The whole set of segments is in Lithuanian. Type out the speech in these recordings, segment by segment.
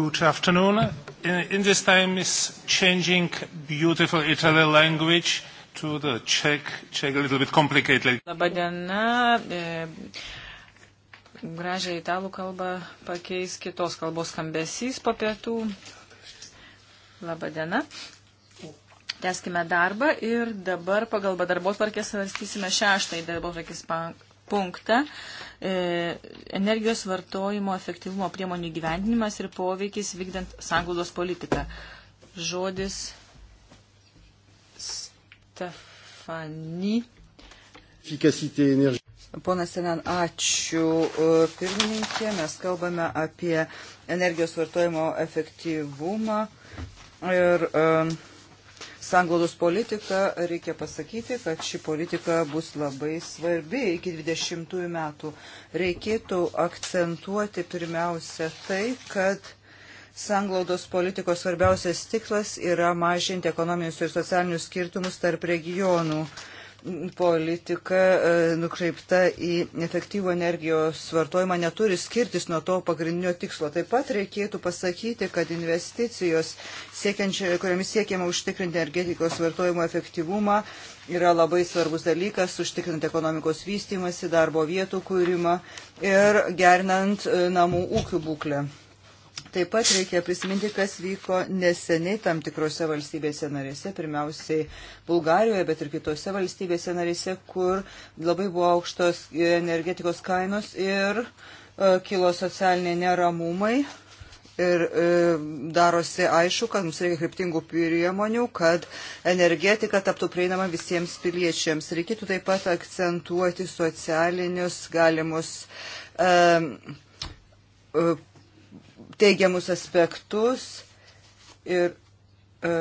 Good afternoon. In this time is changing beautiful Italian language to the Czech, Czech a little bit complicated. Labadiena. E, Gražią italų kalbą pakeis kitos kalbos skambesys po pietų. Labadiena. Teskime darbą ir dabar pagal darbos varkės svarstysime šeštąjį darbos varkės punktą e, energijos vartojimo efektyvumo priemonių gyvendinimas ir poveikis vykdant sanglaudos politiką. Žodis Stefani. Efficacité énergie. Ponas Senan, ačiū e, pirmininkė. Mes kalbame apie energijos vartojimo efektyvumą ir uh, sanglaudos politiką, reikia pasakyti, kad ši politika bus labai svarbi iki 20 metų. Reikėtų akcentuoti pirmiausia tai, kad Sanglaudos politikos svarbiausias tikslas yra mažinti ekonominius ir socialinius skirtumus tarp regionų politika e, nukreipta į efektyvų energijos vartojimą neturi skirtis nuo to pagrindinio tikslo. Taip pat reikėtų pasakyti, kad investicijos, kuriomis siekiama užtikrinti energetikos vartojimo efektyvumą, yra labai svarbus dalykas, užtikrinant ekonomikos vystimasi, darbo vietų kūrimą ir gerinant e, namų ūkių būklę. Taip pat reikia prisiminti, kas vyko neseniai tam tikrose valstybėse narėse, pirmiausiai Bulgarijoje, bet ir kitose valstybėse narėse, kur labai buvo aukštos energetikos kainos ir e, kilo socialiniai neramumai. Ir e, darosi aišku, kad mums reikia kryptingų priemonių, kad energetika taptų prieinama visiems piliečiams. Reikėtų taip pat akcentuoti socialinius galimus. E, e teigiamus aspektus ir e,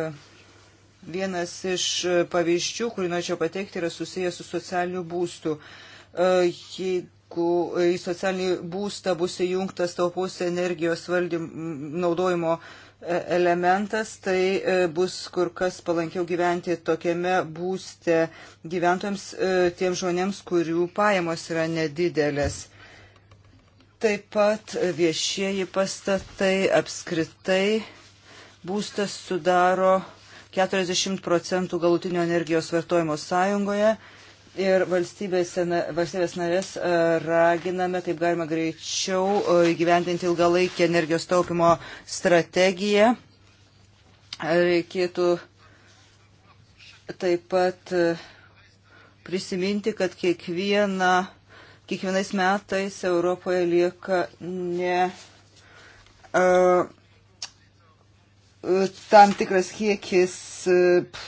vienas iš pavyzdžių, kurį norėčiau pateikti, yra susijęs su socialiniu būstu. E, jeigu į socialinį būstą bus įjungtas taupus energijos valdym, naudojimo e, elementas, tai e, bus kur kas palankiau gyventi tokiame būste gyventojams, e, tiems žmonėms, kurių pajamos yra nedidelės. Taip pat viešieji pastatai apskritai būstas sudaro 40 procentų galutinio energijos vartojimo sąjungoje ir valstybės, valstybės narės e, raginame, kaip galima greičiau, e, įgyvendinti ilgalaikį energijos taupimo strategiją. Reikėtų taip pat e, prisiminti, kad kiekvieną kiekvienais metais Europoje lieka ne uh, tam tikras kiekis uh,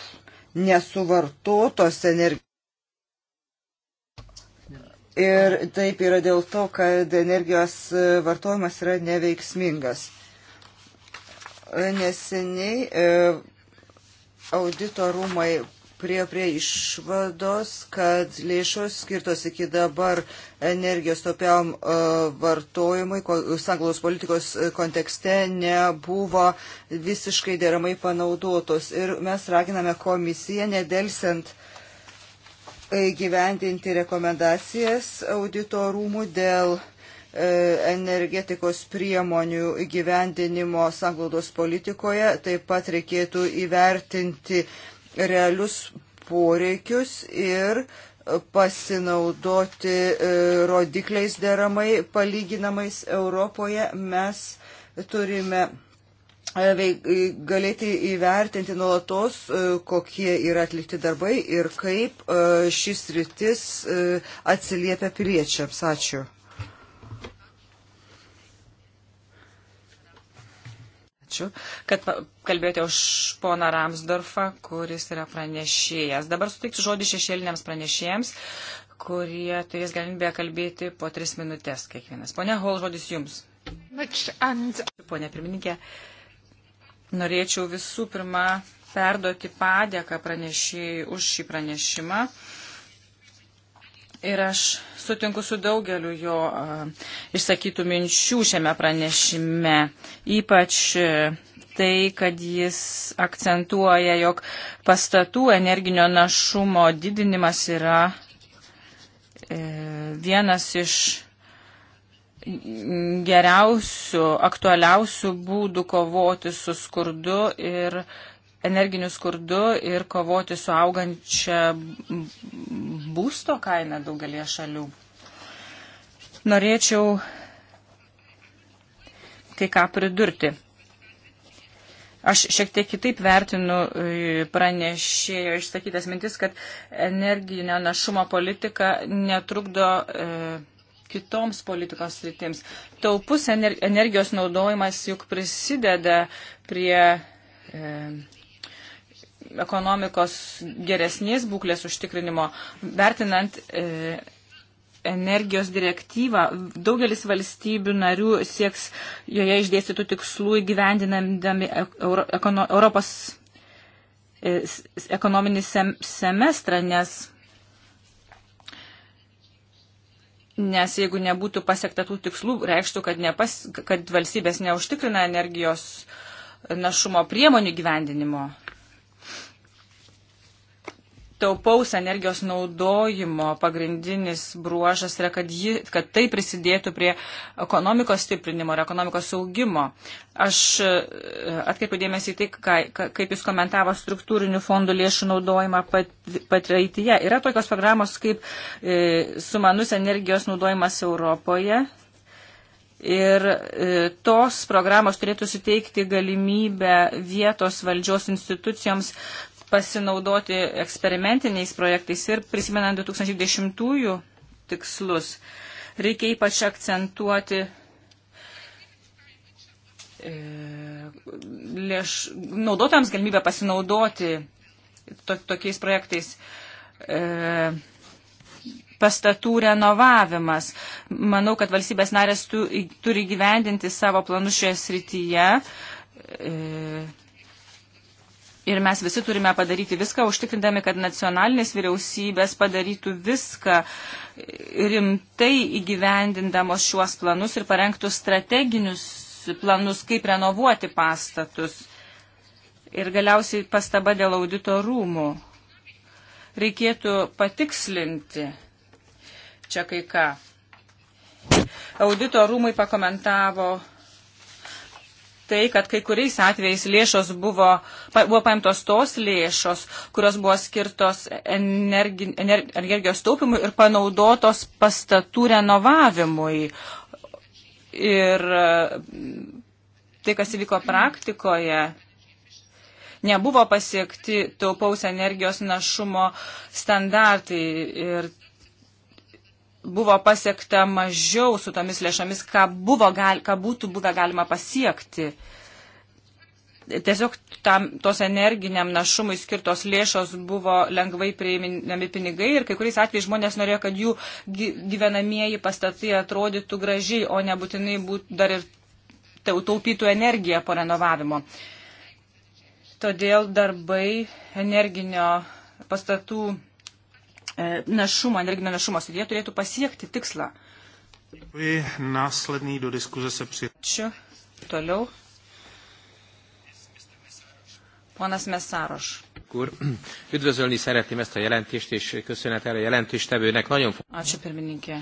nesuvartotos energijos. Ir taip yra dėl to, kad energijos e, vartojimas yra neveiksmingas. Neseniai audito rūmai priejo prie išvados, kad lėšos skirtos iki dabar energijos topiam e, vartojimui, sanglaus politikos e, kontekste nebuvo visiškai deramai panaudotos. Ir mes raginame komisiją nedelsiant gyvendinti rekomendacijas auditorumų dėl e, energetikos priemonių įgyvendinimo sanglaudos politikoje. Taip pat reikėtų įvertinti realius poreikius ir pasinaudoti e, rodikliais deramai palyginamais Europoje. Mes turime e, e, galėti įvertinti nuolatos, kokie yra atlikti darbai ir kaip šis rytis atsiliepia piliečiams. Ačiū. Ačiū, kad kalbėjote už poną Ramsdorfą, kuris yra pranešėjas. Dabar suteiksiu žodį šešėliniams pranešėjams, kurie turės galimybę kalbėti po tris minutės kiekvienas. Pone Hol, žodis jums. Pone pirmininkė, norėčiau visų pirma perduoti padėką pranešėjai už šį pranešimą. Ir aš sutinku su daugeliu jo išsakytų minčių šiame pranešime, ypač e, tai, kad jis akcentuoja, jog pastatų energinio našumo didinimas yra e, vienas iš geriausių, aktualiausių būdų kovoti su skurdu ir energiniu skurdu ir kovoti su augančia būsto kaina daugelie šalių. Norėčiau kai ką pridurti. Aš šiek tiek kitaip vertinu e, pranešėjo išsakytas mintis, kad energinio našumo politika netrukdo e, kitoms politikos sritims. Taupus energijos naudojimas juk prisideda prie e, ekonomikos geresnės būklės užtikrinimo, vertinant e, energijos direktyvą, daugelis valstybių narių sieks joje išdėstytų tikslų įgyvendinami Euro, ekono, Europos e, ekonominį sem, semestrą, nes nes jeigu nebūtų pasiekta tų tikslų, reikštų, kad, nepas, kad valstybės neužtikrina energijos našumo priemonių gyvendinimo taupaus energijos naudojimo pagrindinis bruožas yra, kad, ji, kad tai prisidėtų prie ekonomikos stiprinimo ir ekonomikos saugimo. Aš e, atkreipiu dėmesį į tai, ką, ka, kaip jūs komentavo struktūrinių fondų lėšų naudojimą patraityje. Pat yra tokios programos kaip e, sumanus energijos naudojimas Europoje. Ir e, tos programos turėtų suteikti galimybę vietos valdžios institucijoms pasinaudoti eksperimentiniais projektais ir prisimenant 2010-ųjų tikslus. Reikia ypač akcentuoti e, lėš, naudotams galimybę pasinaudoti to, tokiais projektais. E, pastatų renovavimas. Manau, kad valstybės narės tu, turi gyvendinti savo planus šioje srityje. E, Ir mes visi turime padaryti viską, užtikrindami, kad nacionalinės vyriausybės padarytų viską rimtai įgyvendindamos šiuos planus ir parengtų strateginius planus, kaip renovuoti pastatus. Ir galiausiai pastaba dėl audito rūmų. Reikėtų patikslinti čia kai ką. Audito rūmai pakomentavo tai, kad kai kuriais atvejais lėšos buvo, buvo paimtos tos lėšos, kurios buvo skirtos energi, energijos taupimui ir panaudotos pastatų renovavimui. Ir mm, tai, kas įvyko praktikoje, nebuvo pasiekti taupaus energijos našumo standartai ir buvo pasiekta mažiau su tomis lėšomis, ką, buvo, gal, ką būtų buvę galima pasiekti. Tiesiog tam, tos energiniam našumui skirtos lėšos buvo lengvai prieiminami pinigai ir kai kuriais atvejais žmonės norėjo, kad jų gyvenamieji pastatai atrodytų gražiai, o nebūtinai būt dar ir taupytų energiją po renovavimo. Todėl darbai energinio pastatų E, našumo, energinio našumo srityje turėtų pasiekti tikslą. Ačiū. Toliau. Ponas Messzáros. Úr, üdvözölni szeretném ezt a jelentést, és köszönet el a jelentéstevőnek. Nagyon Ačiū pirmininkė.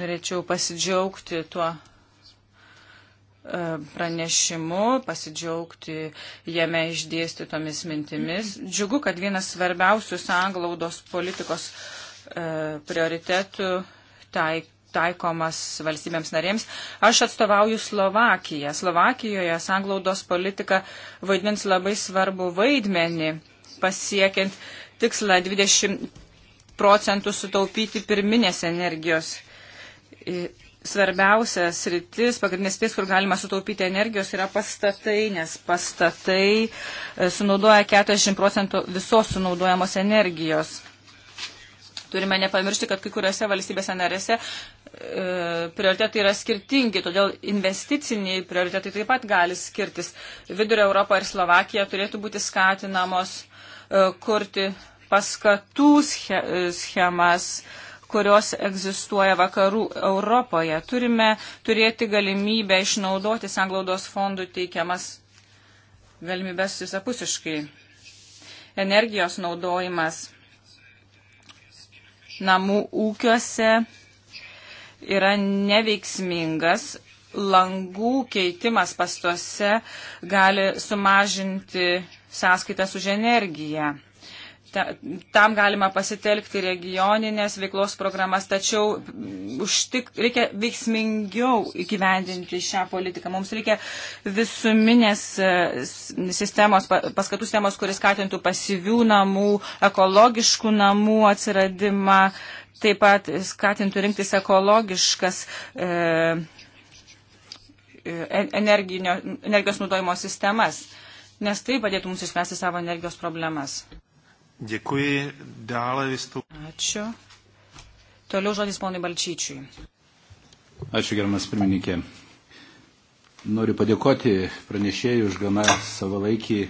Norėčiau pasidžiaugti tuo E, pranešimu, pasidžiaugti jame išdėstytomis mintimis. Džiugu, kad vienas svarbiausių sąnglaudos politikos e, prioritetų taik, taikomas valstybėms narėms. Aš atstovauju Slovakiją. Slovakijoje sąnglaudos politika vaidins labai svarbu vaidmenį pasiekiant tikslą 20 procentų sutaupyti pirminės energijos svarbiausias rytis, pagrindinės rytis, kur galima sutaupyti energijos, yra pastatai, nes pastatai e, sunaudoja 40 procentų visos sunaudojamos energijos. Turime nepamiršti, kad kai kuriuose valstybėse narėse e, prioritetai yra skirtingi, todėl investiciniai prioritetai taip pat gali skirtis. Vidurio Europą ir Slovakiją turėtų būti skatinamos e, kurti paskatų e, schemas. E, kurios egzistuoja vakarų Europoje. Turime turėti galimybę išnaudoti sanglaudos fondų teikiamas galimybės visapusiškai. Energijos naudojimas namų ūkiuose yra neveiksmingas. Langų keitimas pastuose gali sumažinti sąskaitas už energiją tam galima pasitelkti regioninės veiklos programas, tačiau užtik, reikia veiksmingiau įgyvendinti šią politiką. Mums reikia visuminės e, sistemos, paskatų sistemos, kuris skatintų pasyvių namų, ekologiškų namų atsiradimą, taip pat skatintų rinktis ekologiškas. E, e energijos naudojimo sistemas, nes tai padėtų mums išspręsti savo energijos problemas. Dėkui, dalai vis tų. Ačiū. Toliau žodis ponui Balčyčiui. Ačiū, germas pirmininkė. Noriu padėkoti pranešėjui už gana savalaikį,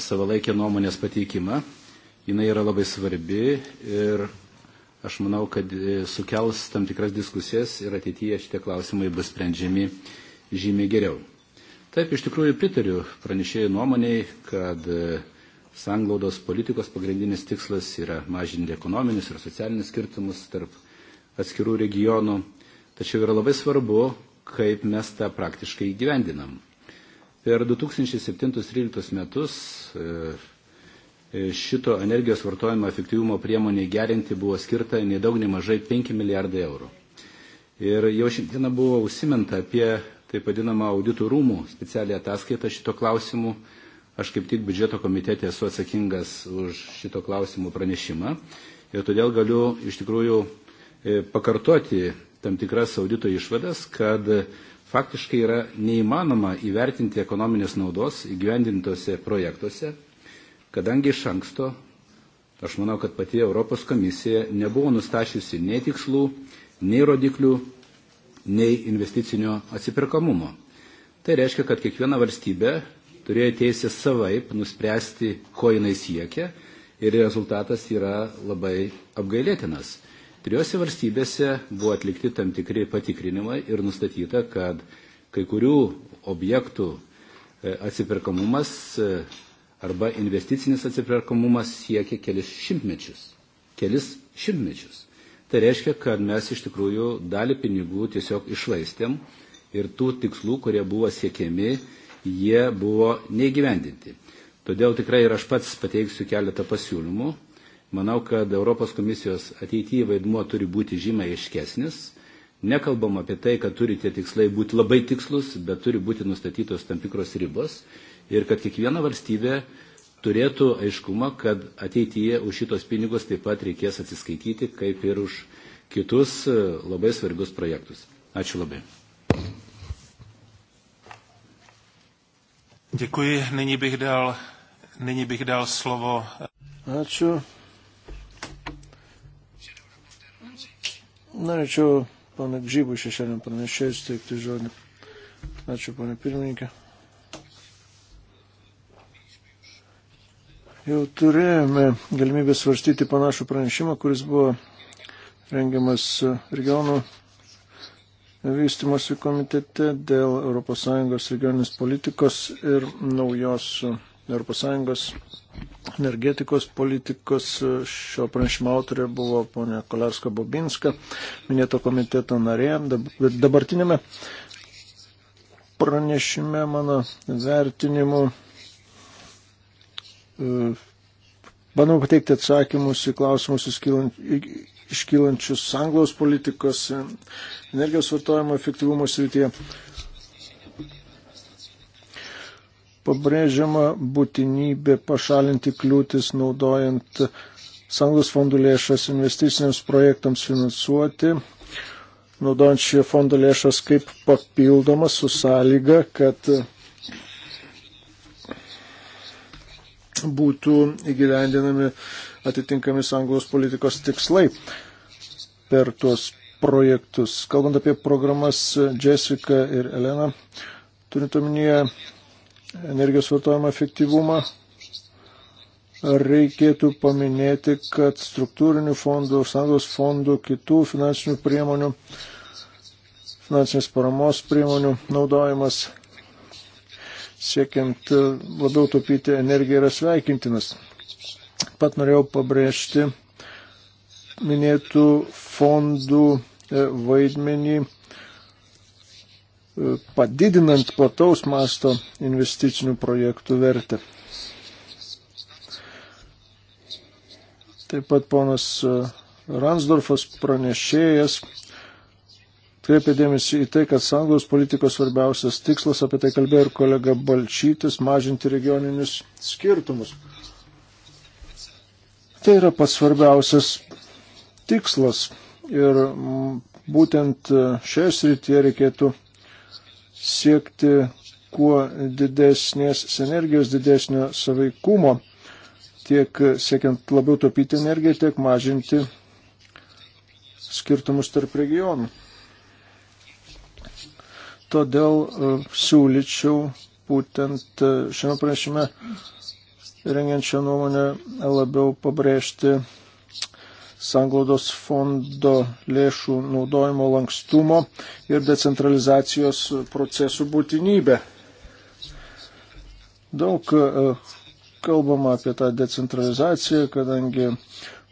savalaikę nuomonės pateikimą. Jis yra labai svarbi ir aš manau, kad sukels tam tikras diskusijas ir ateityje šitie klausimai bus sprendžiami žymiai geriau. Taip, iš tikrųjų pritariu pranešėjų nuomoniai, kad sanglaudos politikos pagrindinis tikslas yra mažinti ekonominius ir socialinius skirtumus tarp atskirų regionų, tačiau yra labai svarbu, kaip mes tą praktiškai įgyvendinam. Per 2007-2013 metus e, e, šito energijos vartojimo efektyvumo priemonė gerinti buvo skirta nei daug nei mažai 5 milijardai eurų. Ir jau šiandieną buvo užsiminta apie taip vadinamą auditų rūmų specialią ataskaitą šito klausimu Aš kaip tik biudžeto komitete esu atsakingas už šito klausimų pranešimą ir todėl galiu iš tikrųjų e, pakartoti tam tikras audito išvadas, kad faktiškai yra neįmanoma įvertinti ekonominės naudos įgyvendintose projektuose, kadangi iš anksto, aš manau, kad pati Europos komisija nebuvo nustačiusi nei tikslų, nei rodiklių, nei investicinio atsipirkamumo. Tai reiškia, kad kiekviena valstybė turėjo teisę savaip nuspręsti, ko jinai siekia ir rezultatas yra labai apgailėtinas. Trijose valstybėse buvo atlikti tam tikri patikrinimai ir nustatyta, kad kai kurių objektų e, atsiperkamumas e, arba investicinis atsiperkamumas siekia kelis šimtmečius. Kelis šimtmečius. Tai reiškia, kad mes iš tikrųjų dalį pinigų tiesiog išlaistėm ir tų tikslų, kurie buvo siekiami, jie buvo neįgyvendinti. Todėl tikrai ir aš pats pateiksiu keletą pasiūlymų. Manau, kad Europos komisijos ateityje vaidmuo turi būti žymiai aiškesnis. Nekalbam apie tai, kad turi tie tikslai būti labai tikslus, bet turi būti nustatytos tam tikros ribos ir kad kiekviena valstybė turėtų aiškumą, kad ateityje už šitos pinigus taip pat reikės atsiskaityti, kaip ir už kitus e, labai svarbius projektus. Ačiū labai. Děkuji. Nyní bych dal, nyní bych dal slovo. Eh, Ačiū. Norėčiau pana Gžybų šešėlėm pranešėjus teikti žodį. Ačiū, pana pirmininkė. Jau turėjome galimybę svarstyti panašų pranešimą, kuris buvo rengiamas regionų vystimosi komitete dėl ES regioninės politikos ir naujos ES energetikos politikos. Šio pranešimo autorė buvo ponė Kolarska Bobinska, minėto komiteto narė. Dabartinėme pranešime mano vertinimu e, Bandau pateikti atsakymus į klausimus iškylančius sanglaus politikos energijos vartojimo efektyvumo srityje. Pabrėžiama būtinybė pašalinti kliūtis naudojant sanglaus fondų lėšas investiciniams projektams finansuoti, naudojant šio fondo lėšas kaip papildomą su sąlyga, kad būtų įgyvendinami atitinkami sąjungos politikos tikslai per tuos projektus. Kalbant apie programas Jessica ir Elena, turint omenyje energijos vartojimo efektyvumą, reikėtų paminėti, kad struktūrinių fondų, sąjungos fondų, kitų finansinių priemonių, finansinės paramos priemonių naudojimas siekiant labiau taupyti energiją yra sveikintinas. Pat norėjau pabrėžti minėtų fondų e, vaidmenį e, padidinant plataus masto investicinių projektų vertę. Taip pat ponas e, Ransdorfas pranešėjas kreipė dėmesį į tai, kad sąjungos politikos svarbiausias tikslas, apie tai kalbėjo ir kolega Balčytis, mažinti regioninius skirtumus. Tai yra pats svarbiausias tikslas ir būtent šioje srityje reikėtų siekti kuo didesnės sinergijos, didesnio saveikumo, tiek siekiant labiau taupyti energiją, tiek mažinti skirtumus tarp regionų. Todėl e, siūlyčiau būtent e, šiame pranešime rengiančią nuomonę labiau pabrėžti sanglaudos fondo lėšų naudojimo lankstumo ir decentralizacijos procesų būtinybę. Daug e, kalbama apie tą decentralizaciją, kadangi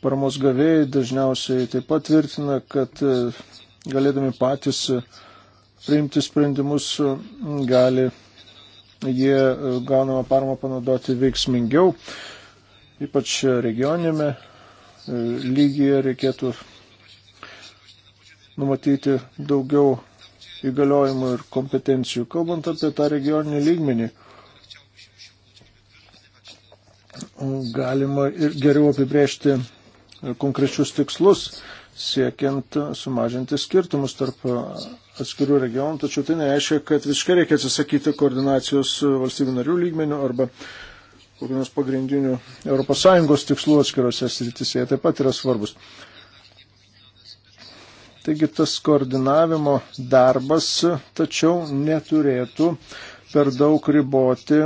paramos gavėjai dažniausiai taip pat tvirtina, kad e, galėdami patys priimti sprendimus e, gali jie e, gaunama parama panaudoti veiksmingiau, ypač regioninėme e, lygyje reikėtų numatyti daugiau įgaliojimų ir kompetencijų. Kalbant apie tą regioninį lygmenį, galima ir geriau apibrėžti konkrečius tikslus siekiant sumažinti skirtumus tarp atskirų regionų, tačiau tai nereiškia, kad visiškai reikia atsisakyti koordinacijos valstybių narių lygmenių arba kokios pagrindinių ES tikslų atskirose srityse taip pat yra svarbus. Taigi tas koordinavimo darbas tačiau neturėtų per daug riboti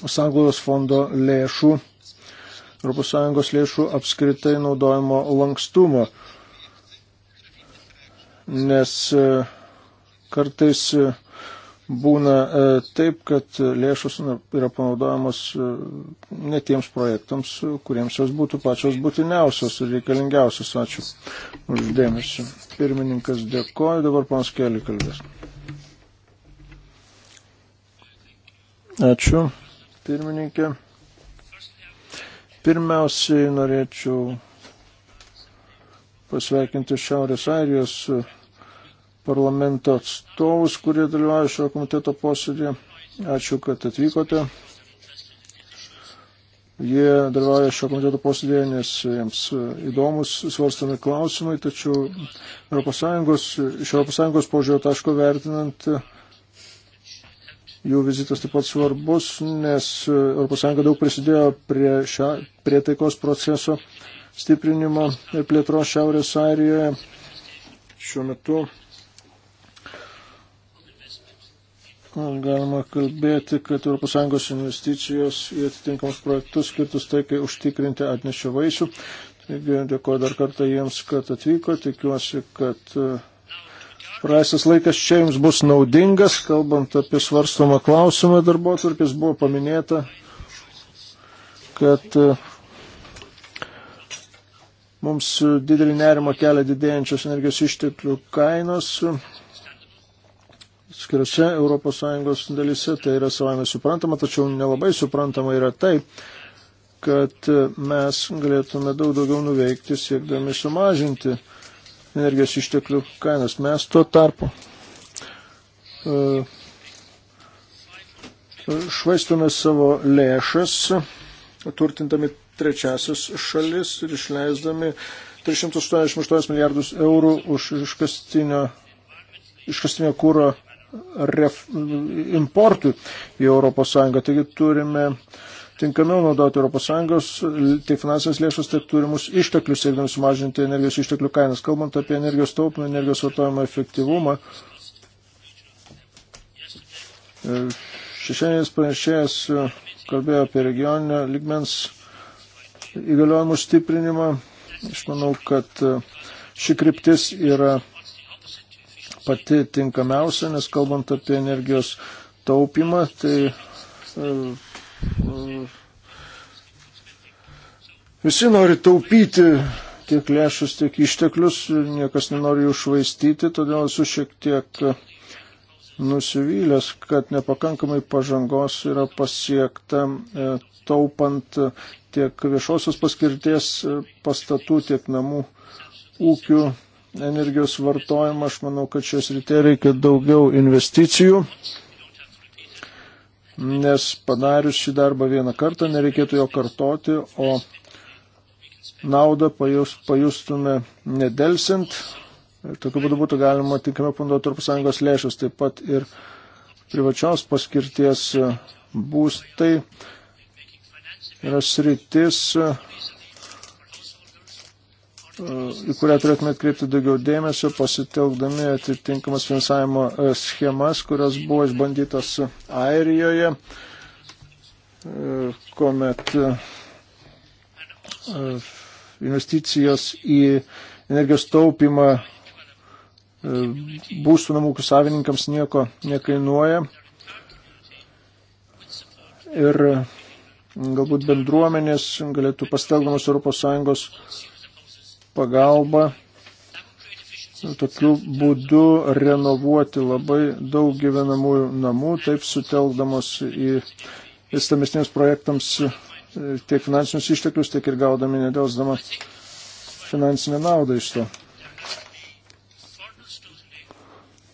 Sanglaudos fondo lėšų ES lėšų apskritai naudojimo lankstumo, nes e, kartais e, būna e, taip, kad lėšos yra panaudojamos ne tiems projektams, kuriems jos būtų pačios būtiniausios ir reikalingiausios. Ačiū uždėmesi. Pirmininkas dėkoju, dabar panas Kelį kalbės. Ačiū, pirmininkė. Pirmiausiai norėčiau pasveikinti Šiaurės Airijos parlamento atstovus, kurie dalyvauja šio komiteto posėdėje. Ačiū, kad atvykote. Jie dalyvauja šio komiteto posėdėje, nes jiems įdomus svarstami klausimai, tačiau ES, iš ES požiūrio taško vertinant Jų vizitas taip pat svarbus, nes ES daug prisidėjo prie, šia, prie taikos proceso stiprinimo ir plėtros Šiaurės Airijoje. Šiuo metu e, galima kalbėti, kad ES investicijos į atitinkamus projektus skirtus taikai užtikrinti atnešė vaisių. Taigi dėkuoju dar kartą jiems, kad atvyko. Tikiuosi, kad uh, Prastas laikas čia jums bus naudingas, kalbant apie svarstomą klausimą darbo atvarkės, buvo paminėta, kad e, mums didelį nerimą kelia didėjančios energijos išteklių kainos skiriose ES dalyse, tai yra savame suprantama, tačiau nelabai suprantama yra tai, kad mes galėtume daug daugiau nuveikti siekdami sumažinti uh, energijos išteklių kainas. Mes tuo tarpu e, švaistome savo lėšas, turtintami trečiasis šalis ir išleisdami 388 milijardus eurų už iškastinio, iškastinio kūro ref, importui į ES. Taigi turime uh, tinkamiau naudoti ES tiek finansinės lėšas, tiek turimus išteklius, siekdami sumažinti energijos išteklių kainas. Kalbant apie energijos taupimą, energijos vartojimo efektyvumą, šešienis pranešėjas kalbėjo apie regioninio ligmens įgaliojimų stiprinimą. Aš manau, kad ši kryptis yra pati tinkamiausia, nes kalbant apie energijos taupimą, tai Visi nori taupyti tiek lėšus, tiek išteklius, niekas nenori jų švaistyti, todėl esu šiek tiek nusivylęs, kad nepakankamai pažangos yra pasiekta e, taupant tiek viešosios paskirties e, pastatų, tiek namų ūkių energijos vartojimą. Aš manau, kad šios rytė reikia daugiau investicijų nes padarius šį darbą vieną kartą nereikėtų jo kartoti, o naudą pajus, pajustume nedelsiant. Ir tokiu būdu būtų galima tinkamiau panaudoti Europos Sąjungos lėšas, taip pat ir privačios paskirties būstai yra sritis, į kurią turėtume atkreipti daugiau dėmesio, pasitelkdami atitinkamas finansavimo e, schemas, kurios buvo išbandytos Airijoje, e, kuomet e, investicijos į energijos taupimą būstų namūkių savininkams nieko nekainuoja. Ir galbūt bendruomenės galėtų pastelgdamas ES pagalba tokiu būdu renovuoti labai daug gyvenamųjų namų, taip sutelkdamos į įstamesniems projektams e, tiek finansinius išteklius, tiek ir gaudami nedelsdama finansinę naudą iš to.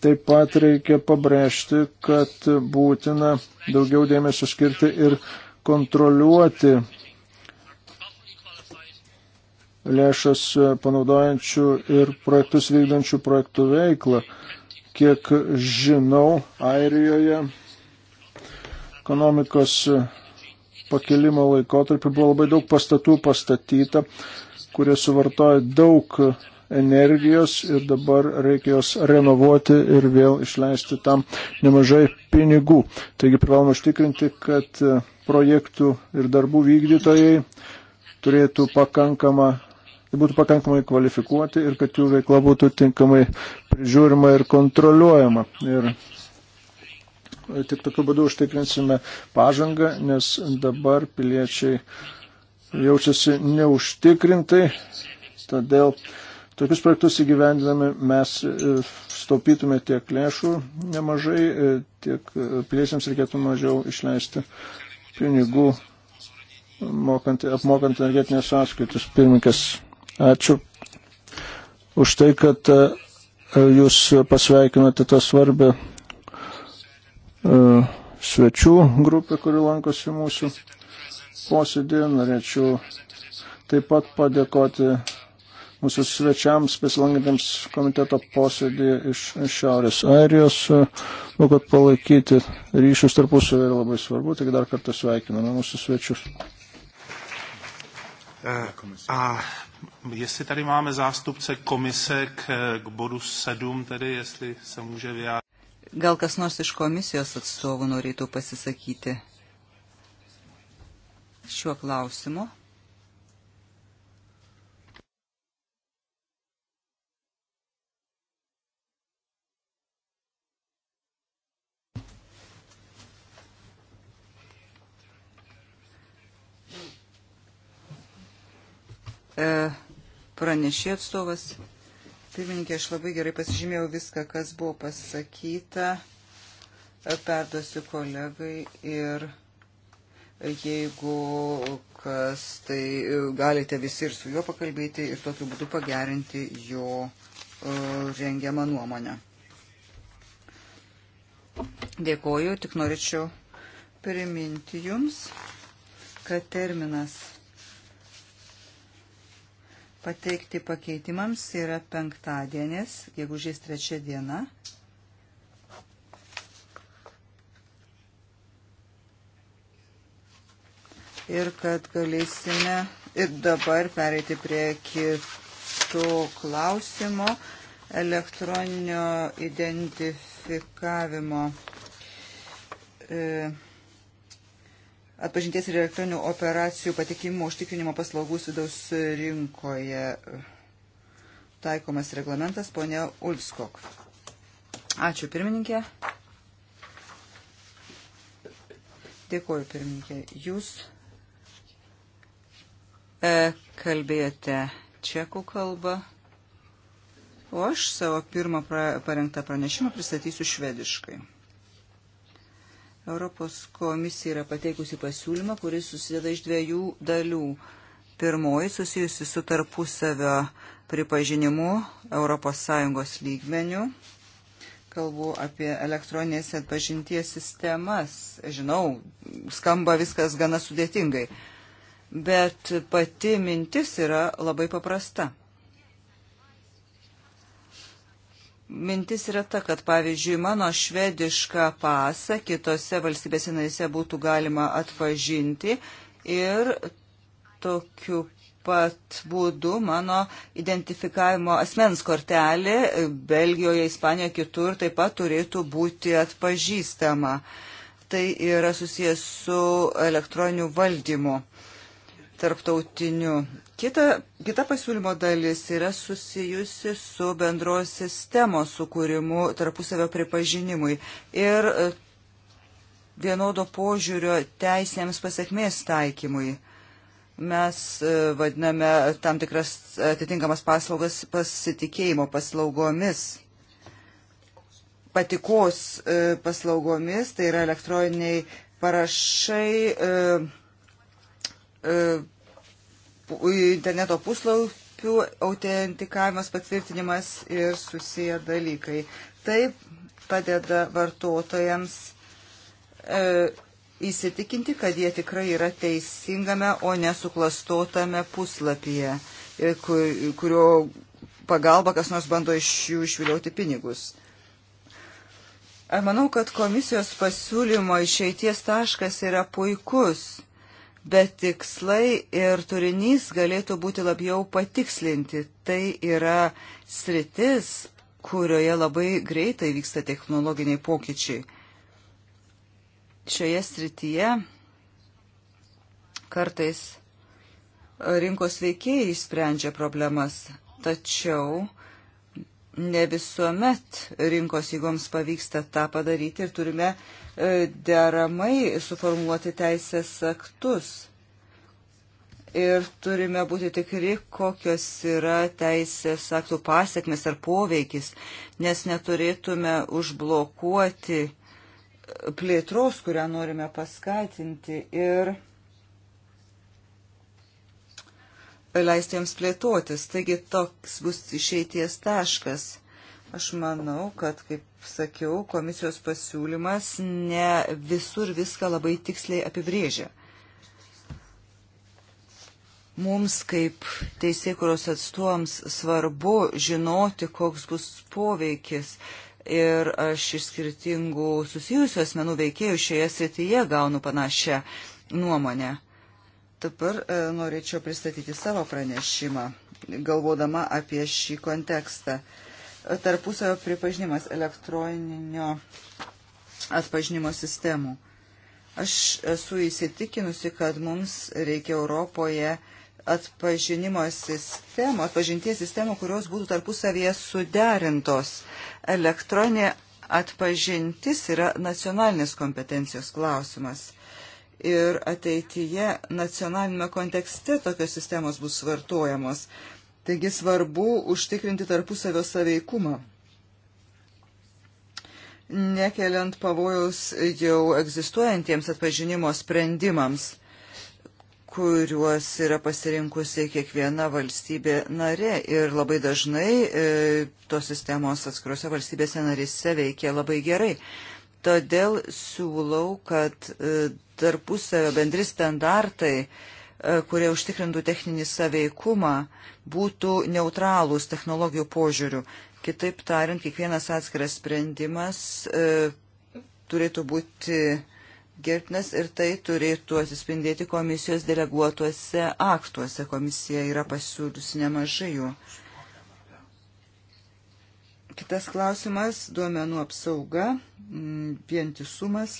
Taip pat reikia pabrėžti, kad būtina daugiau dėmesio skirti ir kontroliuoti lėšas e, panaudojančių ir projektus vykdančių projektų veiklą. Kiek žinau, Airijoje ekonomikos e, pakilimo laikotarpį buvo labai daug pastatų pastatyta, kurie suvartoja daug energijos ir dabar reikia jos renovuoti ir vėl išleisti tam nemažai pinigų. Taigi privalome užtikrinti, kad e, projektų ir darbų vykdytojai turėtų pakankamą kad būtų pakankamai kvalifikuoti ir kad jų veikla būtų tinkamai prižiūrima ir kontroliuojama. Ir tik tokiu būdu užtikrinsime pažangą, nes dabar piliečiai jaučiasi neužtikrintai, todėl tokius projektus įgyvendinami mes e, staupytume tiek lėšų nemažai, e, tiek e, piliečiams reikėtų mažiau išleisti pinigų mokant, apmokant energetinės sąskaitas. Pirmininkas Ačiū už tai, kad e, jūs pasveikinote tą svarbę e, svečių grupę, kuri lankosi mūsų posėdį. Norėčiau taip pat padėkoti mūsų svečiams, besilankantiems komiteto posėdį iš Šiaurės Airijos, nu, kad palaikyti ryšius tarpusavį yra labai svarbu, taigi dar kartą sveikiname mūsų svečius. Uh, uh jestli tady máme zástupce komise k, k bodu 7, tedy jestli se může vyjádřit. Gal kas nors iš komisijos atstovų norėtų pasisakyti šiuo klausimu? E, pranešė atstovas. Pirmininkė, aš labai gerai pasižymėjau viską, kas buvo pasakyta. E, perduosiu kolegai ir jeigu kas, tai e, galite visi ir su juo pakalbėti ir tokiu būdu pagerinti jo rengiamą nuomonę. Dėkoju, tik norėčiau priminti jums, kad terminas pateikti pakeitimams yra penktadienis, gegužės trečia diena. Ir kad galėsime ir dabar pereiti prie kito klausimo elektroninio identifikavimo. E, atpažinties ir elektroninių operacijų patikimų užtikrinimo paslaugų vidaus rinkoje e, taikomas reglamentas ponia Ulskok. Ačiū pirmininkė. Dėkuoju pirmininkė. Jūs e, kalbėjote čekų kalbą, o aš savo pirmą pra, parengtą pranešimą pristatysiu švediškai. Europos komisija yra pateikusi pasiūlymą, kuris susideda iš dviejų dalių. Pirmoji susijusi su tarpusavio pripažinimu ES lygmeniu. Kalbu apie elektroninės atpažinties sistemas. Žinau, skamba viskas gana sudėtingai. Bet pati mintis yra labai paprasta. Mintis yra ta, kad pavyzdžiui mano švedišką pasą kitose valstybėse narėse būtų galima atpažinti ir tokiu pat būdu mano identifikavimo asmens kortelė Belgijoje, Ispanijoje, kitur taip pat turėtų būti atpažįstama. Tai yra susijęs su elektroniniu valdymu tarptautiniu. Kita, kita pasiūlymo dalis yra susijusi su bendros sistemos sukūrimu tarpusavio pripažinimui ir e, vienodo požiūrio teisėms pasiekmės taikymui. Mes e, vadiname tam tikras atitinkamas paslaugas pasitikėjimo paslaugomis patikos e, paslaugomis, tai yra elektroniniai parašai, interneto puslapių autentikavimas, patvirtinimas ir susiję dalykai. Tai padeda vartotojams e, įsitikinti, kad jie tikrai yra teisingame, o nesuklastotame puslapyje, e, kur, kurio pagalba kas nors bando iš jų išviliauti pinigus. Ar manau, kad komisijos pasiūlymo išeities taškas yra puikus bet tikslai ir turinys galėtų būti labiau patikslinti. Tai yra sritis, kurioje labai greitai vyksta technologiniai pokyčiai. Šioje srityje kartais rinkos veikėjai sprendžia problemas, tačiau ne visuomet rinkos įgoms pavyksta tą padaryti ir turime e, deramai suformuoti teisės aktus. Ir turime būti tikri, kokios yra teisės aktų pasiekmes ar poveikis, nes neturėtume užblokuoti plėtros, kurią norime paskatinti. Ir leisti jiems plėtotis. Taigi toks bus išeities taškas. Aš manau, kad, kaip sakiau, komisijos pasiūlymas ne visur viską labai tiksliai apibrėžia. Mums kaip teisėkuros atstovams svarbu žinoti, koks bus poveikis. Ir aš iš skirtingų susijusių asmenų veikėjų šioje srityje gaunu panašią nuomonę. Dabar e, norėčiau pristatyti savo pranešimą, galvodama apie šį kontekstą. Tarpusavio pripažinimas elektroninio atpažinimo sistemų. Aš esu įsitikinusi, kad mums reikia Europoje atpažinimo sistemų, atpažinties sistemų, kurios būtų tarpusavėje suderintos. Elektroninė atpažintis yra nacionalinės kompetencijos klausimas ir ateityje nacionalinėme kontekste tokios sistemos bus vartojamos. Taigi svarbu užtikrinti tarpusavio saveikumą, nekeliant pavojaus jau egzistuojantiems atpažinimo sprendimams kuriuos yra pasirinkusi kiekviena valstybė narė. Ir labai dažnai e, tos sistemos atskiruose valstybėse narėse veikia labai gerai. Todėl siūlau, kad e, tarpusavio bendri standartai, e, kurie užtikrintų techninį saveikumą, būtų neutralūs technologijų požiūrių. Kitaip tariant, kiekvienas atskiras sprendimas e, turėtų būti gerbtinas ir tai turėtų atsispindėti komisijos deleguotuose aktuose. Komisija yra pasiūliusi nemažai jų. E, Kitas klausimas - duomenų apsauga, mm, vientisumas.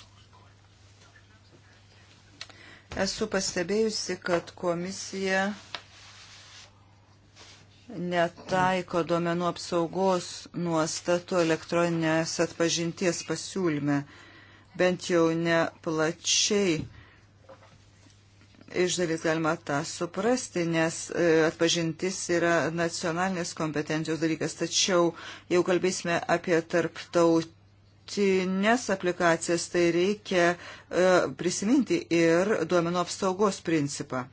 Esu pastebėjusi, kad komisija netaiko duomenų apsaugos nuostatų elektroninės atpažinties pasiūlyme, bent jau ne plačiai iš dalies galima tą suprasti, nes e, atpažintis yra nacionalinės kompetencijos dalykas, tačiau jau kalbėsime apie tarptautinės aplikacijas, tai reikia e, prisiminti ir duomenų apsaugos principą.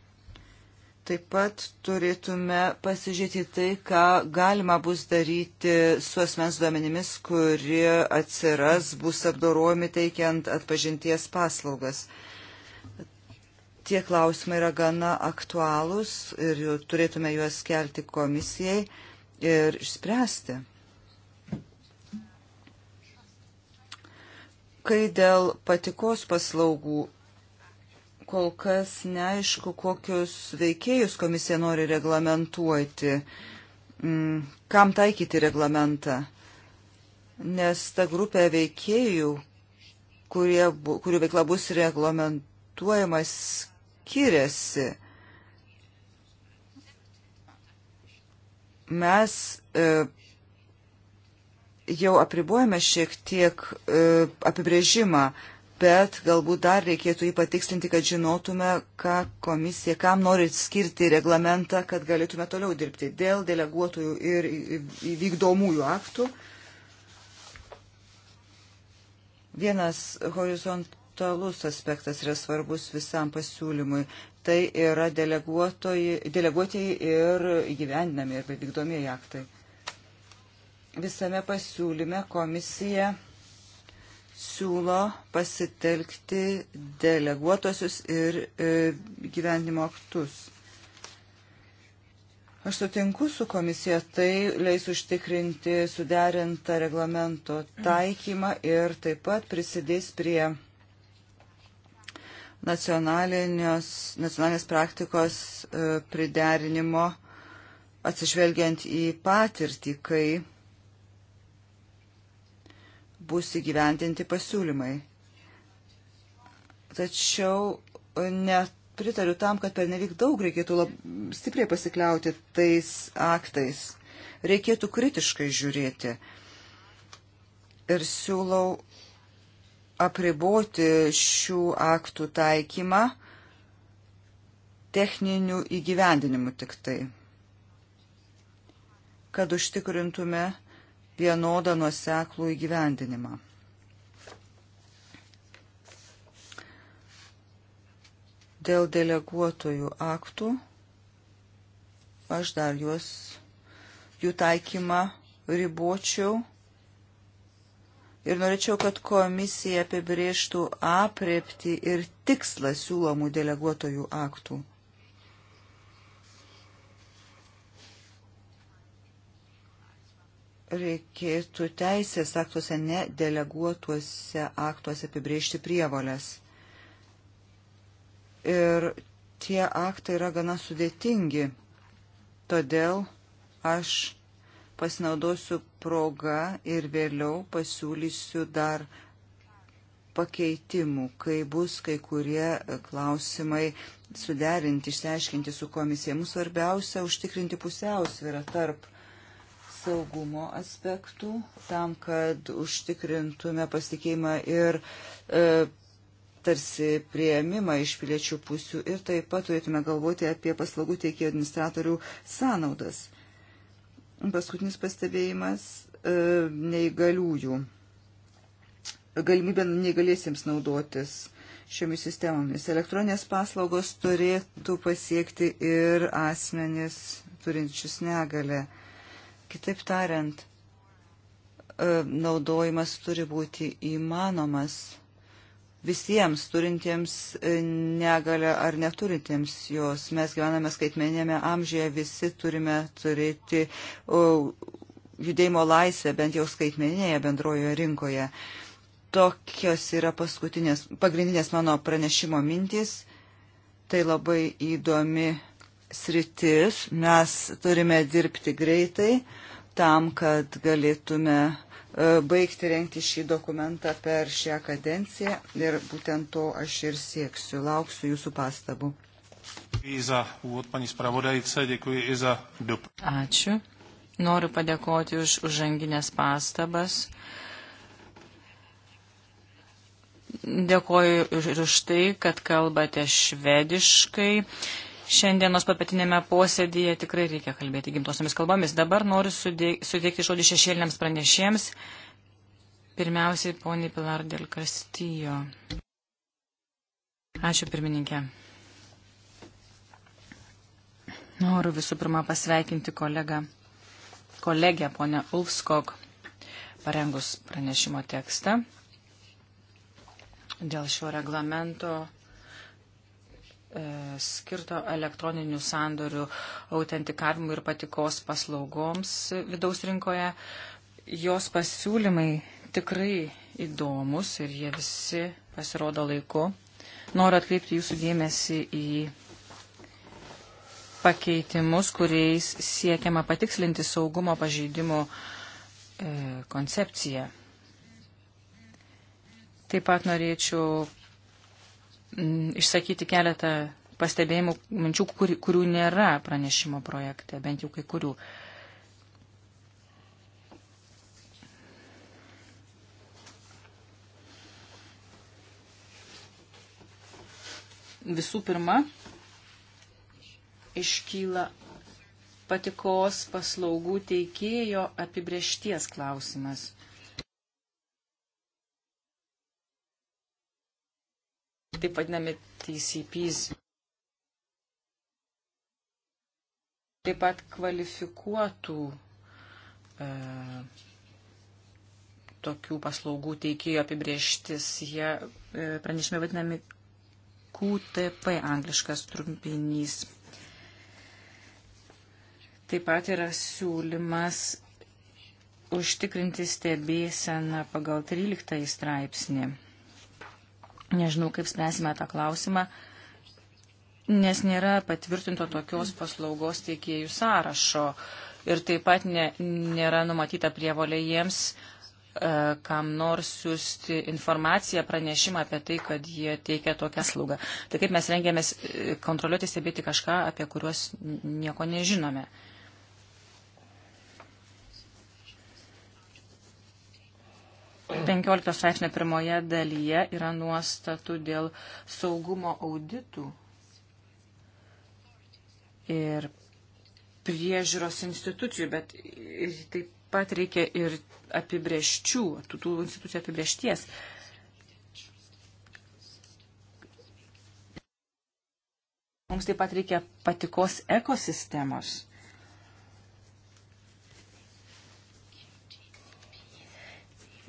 Taip pat turėtume pasižiūrėti tai, ką galima bus daryti su asmens duomenimis, kurie atsiras, bus apdorojami teikiant atpažinties paslaugas. Uh, Tie klausimai yra gana aktualūs ir turėtume juos kelti komisijai ir išspręsti. Kai dėl patikos paslaugų kol kas neaišku, kokius veikėjus komisija nori reglamentuoti, mm, kam taikyti reglamentą, nes ta grupė veikėjų, kurie, kurių veikla bus reglamentuojama, skiriasi. Mes e, jau apribuojame šiek tiek e, apibrėžimą, bet galbūt dar reikėtų jį patikslinti, kad žinotume, ką komisija, kam nori skirti reglamentą, kad galėtume toliau dirbti dėl deleguotojų ir vykdomųjų aktų. Vienas horizont horizontalus aspektas yra svarbus visam pasiūlymui. Tai yra deleguotieji ir gyvendinami arba vykdomieji aktai. Visame pasiūlyme komisija siūlo pasitelkti deleguotosius ir e, gyvenimo aktus. Aš sutinku su komisija, tai leis užtikrinti suderintą reglamento taikymą ir taip pat prisidės prie nacionalinės praktikos e, priderinimo atsižvelgiant į patirtį, kai bus įgyventinti pasiūlymai. Tačiau e, nepritariu tam, kad per nelik daug reikėtų lab, stipriai pasikliauti tais aktais. Reikėtų kritiškai žiūrėti. Ir siūlau apriboti šių aktų taikymą techninių įgyvendinimų tik tai, kad užtikrintume vienodą nuoseklų įgyvendinimą. Dėl deleguotojų aktų aš dar juos, jų taikymą ribočiau ir norėčiau, kad komisija apibrėžtų apriepti ir tikslą siūlomų deleguotojų aktų. Reikėtų teisės aktuose, ne deleguotuose aktuose apibrėžti prievolės. Ir tie aktai yra gana sudėtingi. Todėl aš Pasinaudosiu progą ir vėliau pasiūlysiu dar pakeitimų, kai bus kai kurie klausimai suderinti, išsiaiškinti su komisija. Mums svarbiausia užtikrinti pusiausvyrą tarp saugumo aspektų, tam, kad užtikrintume pasikeimą ir e, tarsi prieimimą iš piliečių pusių ir taip pat turėtume galvoti apie paslaugų teikėjų administratorių sąnaudas. Paskutinis pastebėjimas e, - neįgaliųjų. Galimybė neįgaliesiems naudotis šiomis sistemomis. Elektroninės paslaugos turėtų pasiekti ir asmenis turinčius negalę. Kitaip tariant, e, naudojimas turi būti įmanomas visiems turintiems e, negalę ar neturintiems jos. Mes gyvename skaitmenėme amžiuje, visi turime turėti judėjimo laisvę, bent jau skaitmeninėje bendrojoje rinkoje. Tokios yra paskutinės, pagrindinės mano pranešimo mintys. Tai labai įdomi sritis. Mes turime dirbti greitai tam, kad galėtume E, baigti renkti šį dokumentą per šią kadenciją ir būtent to aš ir sieksiu. Lauksiu jūsų pastabų. Ačiū. Noriu padėkoti už užanginės pastabas. Dėkoju ir už tai, kad kalbate švediškai. Šiandienos papetinėme posėdėje tikrai reikia kalbėti gimtosiamis kalbomis. Dabar noriu suteikti žodį šešėliniams pranešėjams. Pirmiausiai, poniai Pilar del Kastijo. Ačiū, pirmininkė. Noriu visų pirma pasveikinti kolegą, kolegę ponę Ulfskog, parengus pranešimo tekstą dėl šio reglamento E, skirto elektroninių sandorių autentikavimui ir patikos paslaugoms vidaus rinkoje. Jos pasiūlymai tikrai įdomus ir jie visi pasirodo laiku. Noriu atkreipti jūsų dėmesį į pakeitimus, kuriais siekiama patikslinti saugumo pažeidimo e, koncepciją. Taip pat norėčiau Mm, išsakyti keletą pastebėjimų, minčių, kur, kurių nėra pranešimo projekte, bent jau kai kurių. Visų pirma, iškyla patikos paslaugų teikėjo apibriešties klausimas. taip vadinami TCPs. Taip pat kvalifikuotų e, tokių paslaugų teikėjų apibrieštis. Jie e, pranešime vadinami QTP angliškas trumpinys. Taip pat yra siūlymas užtikrinti stebėseną pagal 13 straipsnį. Nežinau, kaip spręsime tą klausimą, nes nėra patvirtinto tokios paslaugos teikėjų sąrašo ir taip pat ne, nėra numatyta prievolė jiems e, kam nors siūsti informaciją, pranešimą apie tai, kad jie teikia tokią slaugą. Tai kaip mes rengėmės e, kontroliuoti, stebėti kažką, apie kuriuos nieko nežinome. Uh, 15 straipsnio pirmoje dalyje yra nuostatų dėl saugumo auditų ir priežiūros institucijų, bet taip pat reikia ir apibrieščių, tų institucijų apibriešties. Mums taip pat reikia patikos ekosistemos.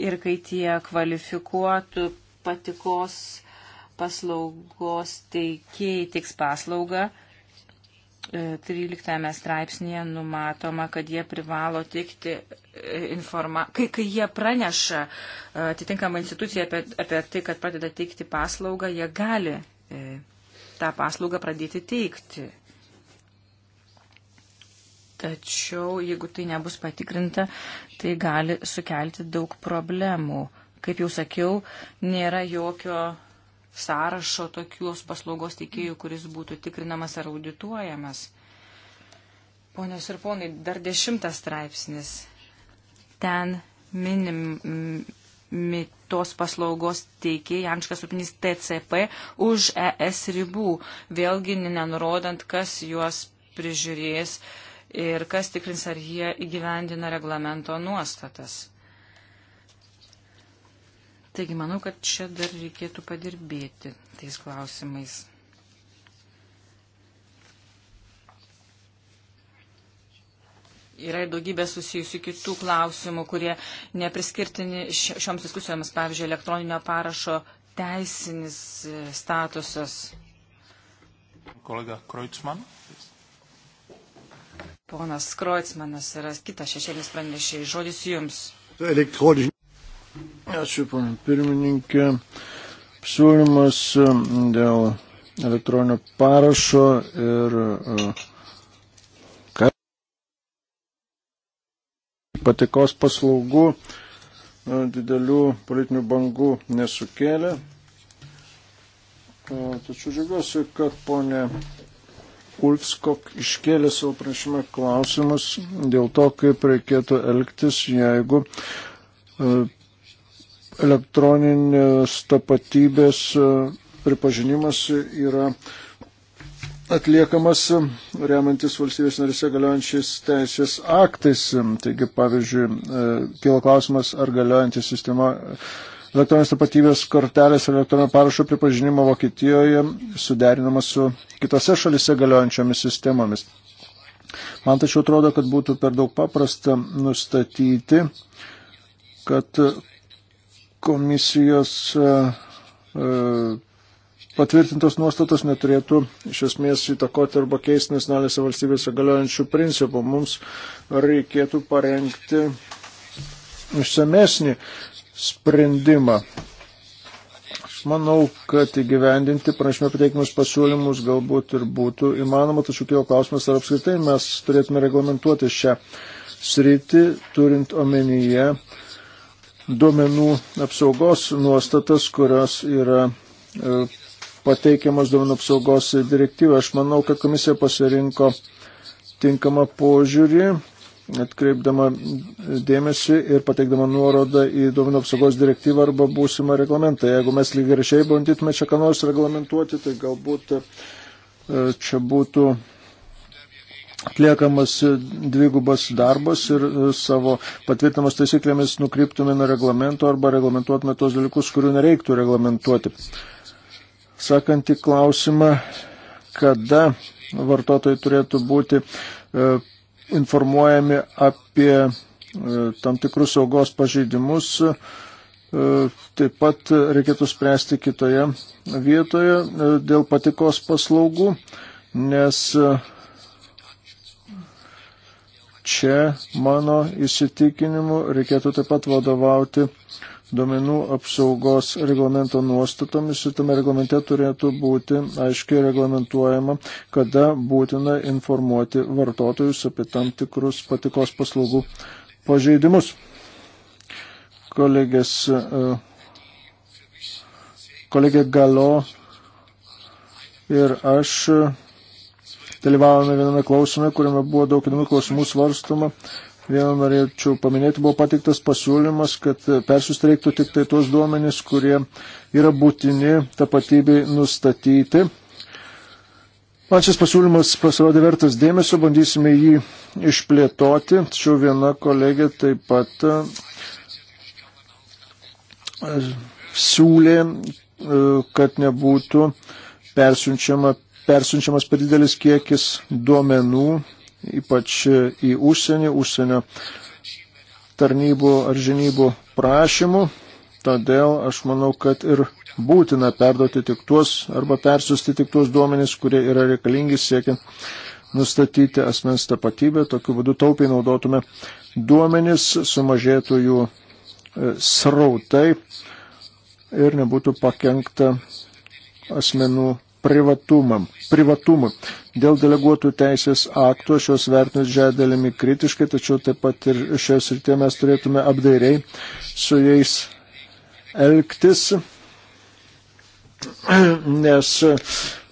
ir kai tie kvalifikuotų patikos paslaugos teikėjai tiks paslaugą, 13 e, straipsnėje numatoma, kad jie privalo teikti e, informaciją, kai, kai jie praneša e, atitinkamą instituciją apie, apie tai, kad pradeda teikti paslaugą, jie gali tą paslaugą pradėti teikti. Tačiau, jeigu tai nebus patikrinta, tai gali sukelti daug problemų. Kaip jau sakiau, nėra jokio sąrašo tokios paslaugos teikėjų, kuris būtų tikrinamas ar audituojamas. Ponios ir ponai, dar dešimtas straipsnis. Ten minimi tos paslaugos teikėjai Janškas Upinis TCP už ES ribų, vėlgi nenurodant, kas juos prižiūrės, ir kas tikrins, ar jie įgyvendina reglamento nuostatas. Taigi manau, kad čia dar reikėtų padirbėti tais klausimais. Yra ir daugybė susijusių kitų klausimų, kurie nepriskirtini šioms diskusijoms, pavyzdžiui, elektroninio parašo teisinis e, statusas. Kolega Kreutzmann. Ponas Kroicmanas yra kitas šešėlis pranešėjai. Žodis jums. Elektroninė. Ačiū, ponė pirmininkė. Siūlymas um, dėl elektroninio parašo ir uh, patikos paslaugų uh, didelių politinių bangų nesukėlė. Uh, tačiau džiugiuosi, kad ponė Ulfskok iškėlė savo prašymą klausimus dėl to, kaip reikėtų elgtis, jeigu e, elektroninės tapatybės e, pripažinimas yra atliekamas e, remiantis valstybės narise galiojančiais teisės aktais. Taigi, pavyzdžiui, kilo klausimas, ar galiojanti sistema elektroninės tapatybės kortelės ir elektroninio parašo pripažinimo Vokietijoje suderinama su kitose šalise galiojančiomis sistemomis. Man tačiau atrodo, kad būtų per daug paprasta nustatyti, kad komisijos e, e, patvirtintos nuostatos neturėtų iš esmės įtakoti arba keisti nacionalinėse valstybėse galiojančių principų. Mums reikėtų parengti išsamesnį sprendimą. Aš manau, kad įgyvendinti pranešime pateikimus pasiūlymus galbūt ir būtų įmanoma, tačiau kilo klausimas, ar apskritai mes turėtume reglamentuoti šią sritį, turint omenyje duomenų apsaugos nuostatas, kurios yra e, pateikiamas duomenų apsaugos direktyva. Aš manau, kad komisija pasirinko tinkamą požiūrį atkreipdama dėmesį ir pateikdama nuorodą į duomenų apsaugos direktyvą arba būsimą reglamentą. Jeigu mes lygiai grešiai bandytume čia ką nors reglamentuoti, tai galbūt e, čia būtų atliekamas dvigubas darbas ir e, savo patvirtinamas taisyklėmis nukryptume nuo reglamento arba reglamentuotume tos dalykus, kurių nereiktų reglamentuoti. Sakant į klausimą, kada vartotojai turėtų būti e, informuojami apie e, tam tikrus saugos pažeidimus, e, taip pat reikėtų spręsti kitoje vietoje e, dėl patikos paslaugų, nes čia mano įsitikinimu reikėtų taip pat vadovauti uh, duomenų apsaugos reglamento nuostatomis ir tame reglamente turėtų būti aiškiai reglamentuojama, kada būtina informuoti vartotojus apie tam tikrus patikos paslaugų pažeidimus. Kolegės, e, kolegė Galo ir aš dalyvavome viename klausime, kuriame buvo daug įdomių klausimų svarstoma Vieną norėčiau paminėti, buvo pateiktas pasiūlymas, kad persiustreiktų tik tai tuos duomenys, kurie yra būtini tapatybei nustatyti. Man šis pasiūlymas pasirodė vertas dėmesio, bandysime jį išplėtoti, tačiau viena kolegė taip pat e, siūlė, e, kad nebūtų persiunčiama, persiunčiamas per didelis kiekis duomenų ypač į užsienį, užsienio tarnybų ar žinybų prašymų. Todėl aš manau, kad ir būtina perduoti tik tuos arba persiusti tik tuos duomenys, kurie yra reikalingi siekiant nustatyti asmens tapatybę. Tokiu būdu taupiai naudotume duomenys, sumažėtų jų e, srautai ir nebūtų pakengta asmenų privatumą. Dėl deleguotų teisės aktų aš juos vertinu didžiąją dalimi kritiškai, tačiau taip pat ir šioje srityje mes turėtume apdairiai su jais elgtis, nes,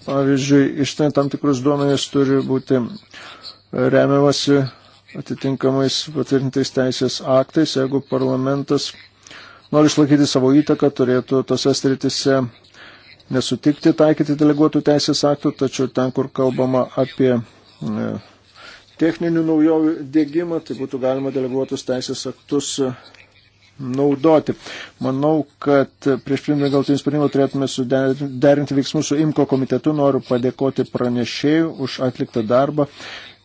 pavyzdžiui, iš ten tam tikrus duomenys turi būti remiamasi atitinkamais patvirtintais teisės aktais, jeigu parlamentas nori išlaikyti savo įtaką, turėtų tose sritise nesutikti taikyti deleguotų teisės aktų, tačiau ten, kur kalbama apie e, techninių naujovių dėgymą, tai būtų galima deleguotus teisės aktus e, naudoti. Manau, kad prieš priimdami galtinį sprendimą turėtume suderinti veiksmus su IMKO komitetu. Noriu padėkoti pranešėjų už atliktą darbą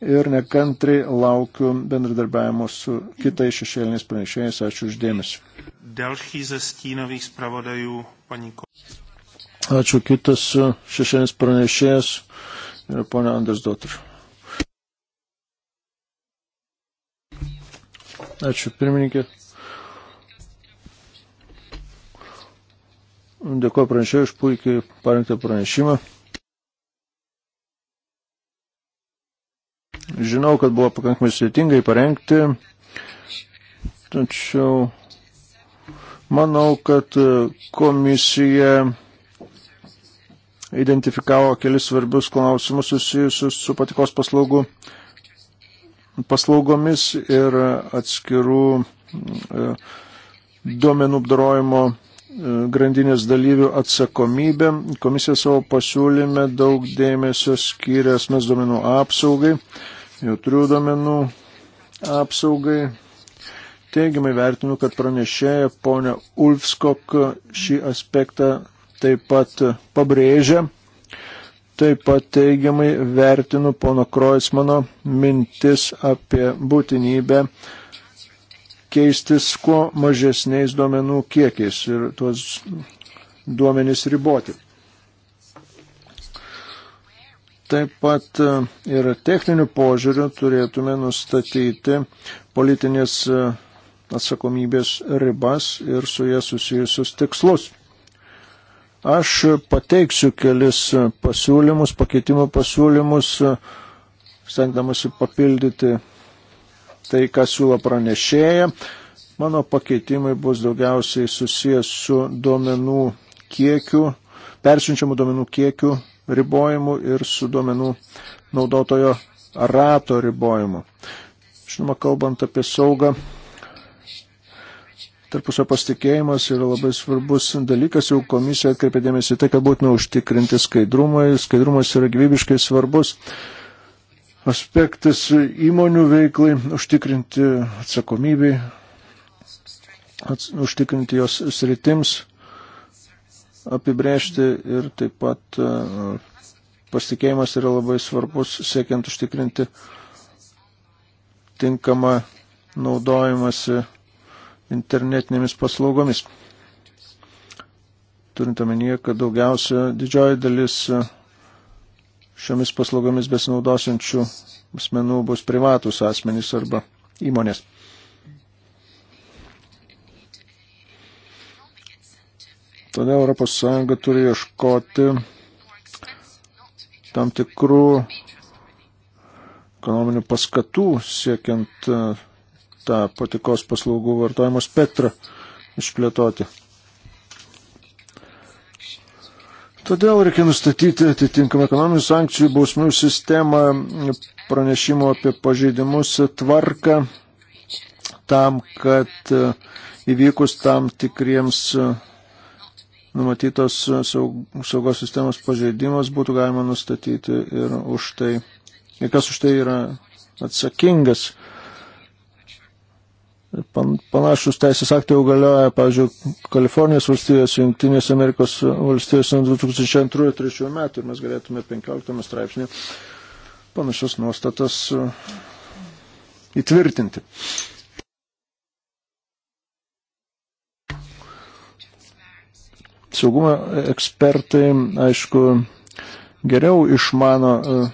ir nekantrai laukiu bendradarbiavimo su kitais šešėliniais pranešėjais. Ačiū uždėmesi. Ačiū kitas e, šešienis pranešėjas ir e, ponia Anders Dotar. Ačiū pirmininkė. Dėkuoju pranešėjui už puikiai parinktą pranešimą. Žinau, kad buvo pakankamai sudėtingai parengti, tačiau manau, kad e, komisija identifikavo kelis svarbius klausimus susijusius su patikos paslaugų, paslaugomis ir atskirų e, duomenų apdarojimo e, grandinės dalyvių atsakomybė. Komisija savo pasiūlyme daug dėmesio skiria asmens duomenų apsaugai, jautrių duomenų apsaugai. Teigiamai vertinu, kad pranešėja ponia Ulfskok šį aspektą taip pat pabrėžia. Taip pat teigiamai vertinu pono Kroismano mintis apie būtinybę keistis kuo mažesniais duomenų kiekiais ir tuos duomenys riboti. Taip pat ir techninių požiūrių turėtume nustatyti politinės atsakomybės ribas ir su jie susijusius tikslus. Aš pateiksiu kelis pasiūlymus, pakeitimo pasiūlymus, stengdamasi papildyti tai, ką siūlo pranešėja. Mano pakeitimai bus daugiausiai susijęs su duomenų kiekiu, persiunčiamų duomenų kiekiu ribojimu ir su duomenų naudotojo rato ribojimu. Žinoma, kalbant apie saugą, tarpusio pasitikėjimas yra labai svarbus dalykas, jau komisija atkreipė dėmesį tai, kad būtina užtikrinti skaidrumą, skaidrumas yra gyvybiškai svarbus aspektas įmonių veiklai, užtikrinti atsakomybei, ats, užtikrinti jos sritims, apibrėžti ir taip pat e, pasitikėjimas yra labai svarbus, siekiant užtikrinti tinkamą naudojimąsi internetinėmis paslaugomis. Turint omenyje, kad daugiausia didžioji dalis e, šiomis paslaugomis besinaudosiančių asmenų bus privatus asmenys arba įmonės. Todėl Europos Sąjunga turi ieškoti tam tikrų ekonominių paskatų siekiant uh, tą patikos paslaugų vartojimo spektrą išplėtoti. Todėl reikia nustatyti atitinkamą ekonominių sankcijų bausmių sistemą, pranešimo apie pažeidimus tvarką tam, kad įvykus tam tikriems numatytos saugos sistemos pažeidimas būtų galima nustatyti ir už tai, ir kas už tai yra atsakingas. Pan, panašus teisės aktai jau galioja, pavyzdžiui, Kalifornijos valstijos, Junktinės Amerikos valstijos nuo 2002-2003 metų ir mes galėtume 15 straipsnį panašias nuostatas uh, įtvirtinti. Saugumo ekspertai, aišku, geriau išmano uh,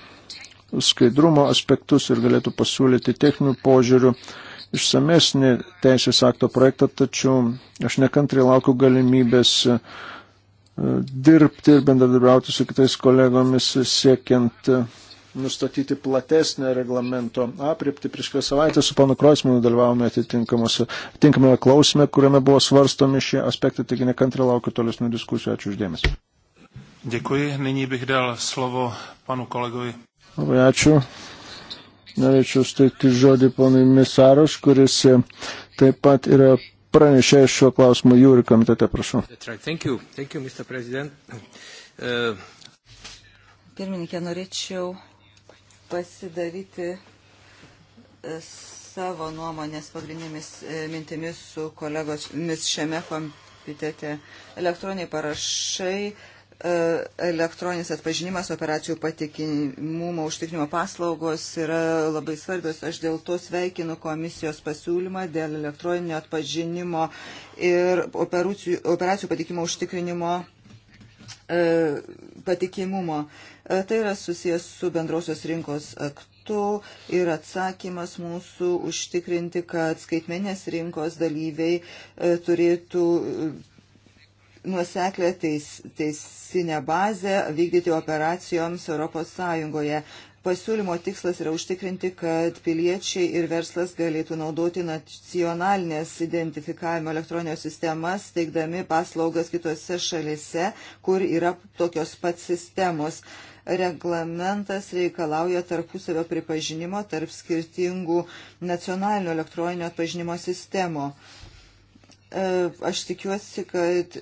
skaidrumo aspektus ir galėtų pasiūlyti techninių požiūrių išsamesnį teisės akto projektą, tačiau aš nekantrai laukiu galimybės e, dirbti ir bendradarbiauti su kitais kolegomis siekiant e, nustatyti platesnę reglamento apriepti. Prieš kelias savaitės su panu Kroismanu dalyvavome atitinkamame klausime, kuriame buvo svarstomi šie aspektai, taigi nekantriai laukiu tolesnių diskusijų. Ačiū uždėmesi. Děkuji. Nyní bych dal slovo panu kolegovi. Labai ačiū. Norėčiau steikti žodį ponui Misaroš, kuris taip pat yra pranešėjęs šiuo klausimu jūrų komitete, prašau. Thank you. Thank you, uh... Pirmininkė, norėčiau pasidaryti e, savo nuomonės pagrindinėmis e, mintimis su kolegomis šiame komitete. Elektroniniai parašai elektroninis atpažinimas operacijų patikimumo užtikrinimo paslaugos yra labai svarbios. Aš dėl to sveikinu komisijos pasiūlymą dėl elektroninio atpažinimo ir operacijų, operacijų patikimo užtikrinimo e, patikimumo. E, tai yra susijęs su bendrosios rinkos aktu metu ir atsakymas mūsų užtikrinti, kad skaitmenės rinkos dalyviai e, turėtų nuoseklę teis, teisinę bazę vykdyti operacijoms ES. Pasiūlymo tikslas yra užtikrinti, kad piliečiai ir verslas galėtų naudoti nacionalinės identifikavimo elektroninės sistemas, teikdami paslaugas kitose šalise, kur yra tokios pat sistemos reglamentas reikalauja tarpusavio pripažinimo tarp skirtingų nacionalinio elektroninio atpažinimo sistemo. E, aš tikiuosi, kad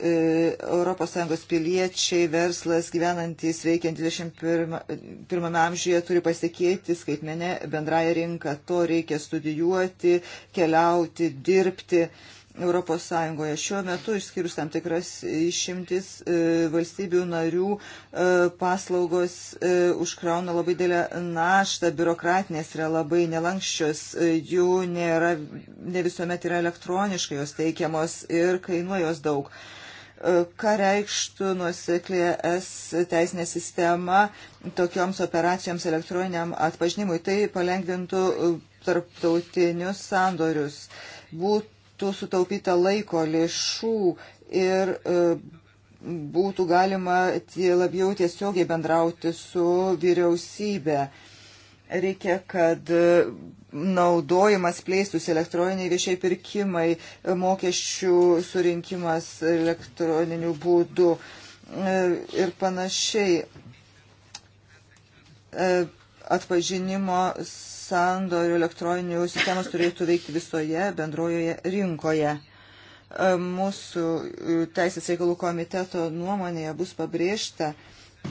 ES piliečiai, verslas gyvenantys veikiant 21 amžiuje turi pasiekėti skaitmenę bendrąją rinką. To reikia studijuoti, keliauti, dirbti. Europos Sąjungoje. Šiuo metu, išskyrus tam tikras išimtis, e, valstybių narių e, paslaugos e, užkrauna labai dėlę naštą, biurokratinės yra labai nelankščios, jų nėra, ne visuomet yra elektroniškai jos teikiamos ir kainuoja jos daug. Ką reikštų nuoseklė S teisinė sistema tokioms operacijoms elektroniniam atpažinimui? Tai palengvintų tarptautinius sandorius. Būtų būtų sutaupyta laiko, lėšų ir e, būtų galima tie labiau tiesiogiai bendrauti su vyriausybė. Reikia, kad e, naudojimas plėstus elektroniniai viešiai pirkimai, e, mokesčių surinkimas elektroniniu būdu ir panašiai atpažinimo sandorių elektroninių sistemos turėtų veikti visoje bendrojoje rinkoje. E, mūsų e, Teisės reikalų komiteto nuomonėje bus pabrėžta,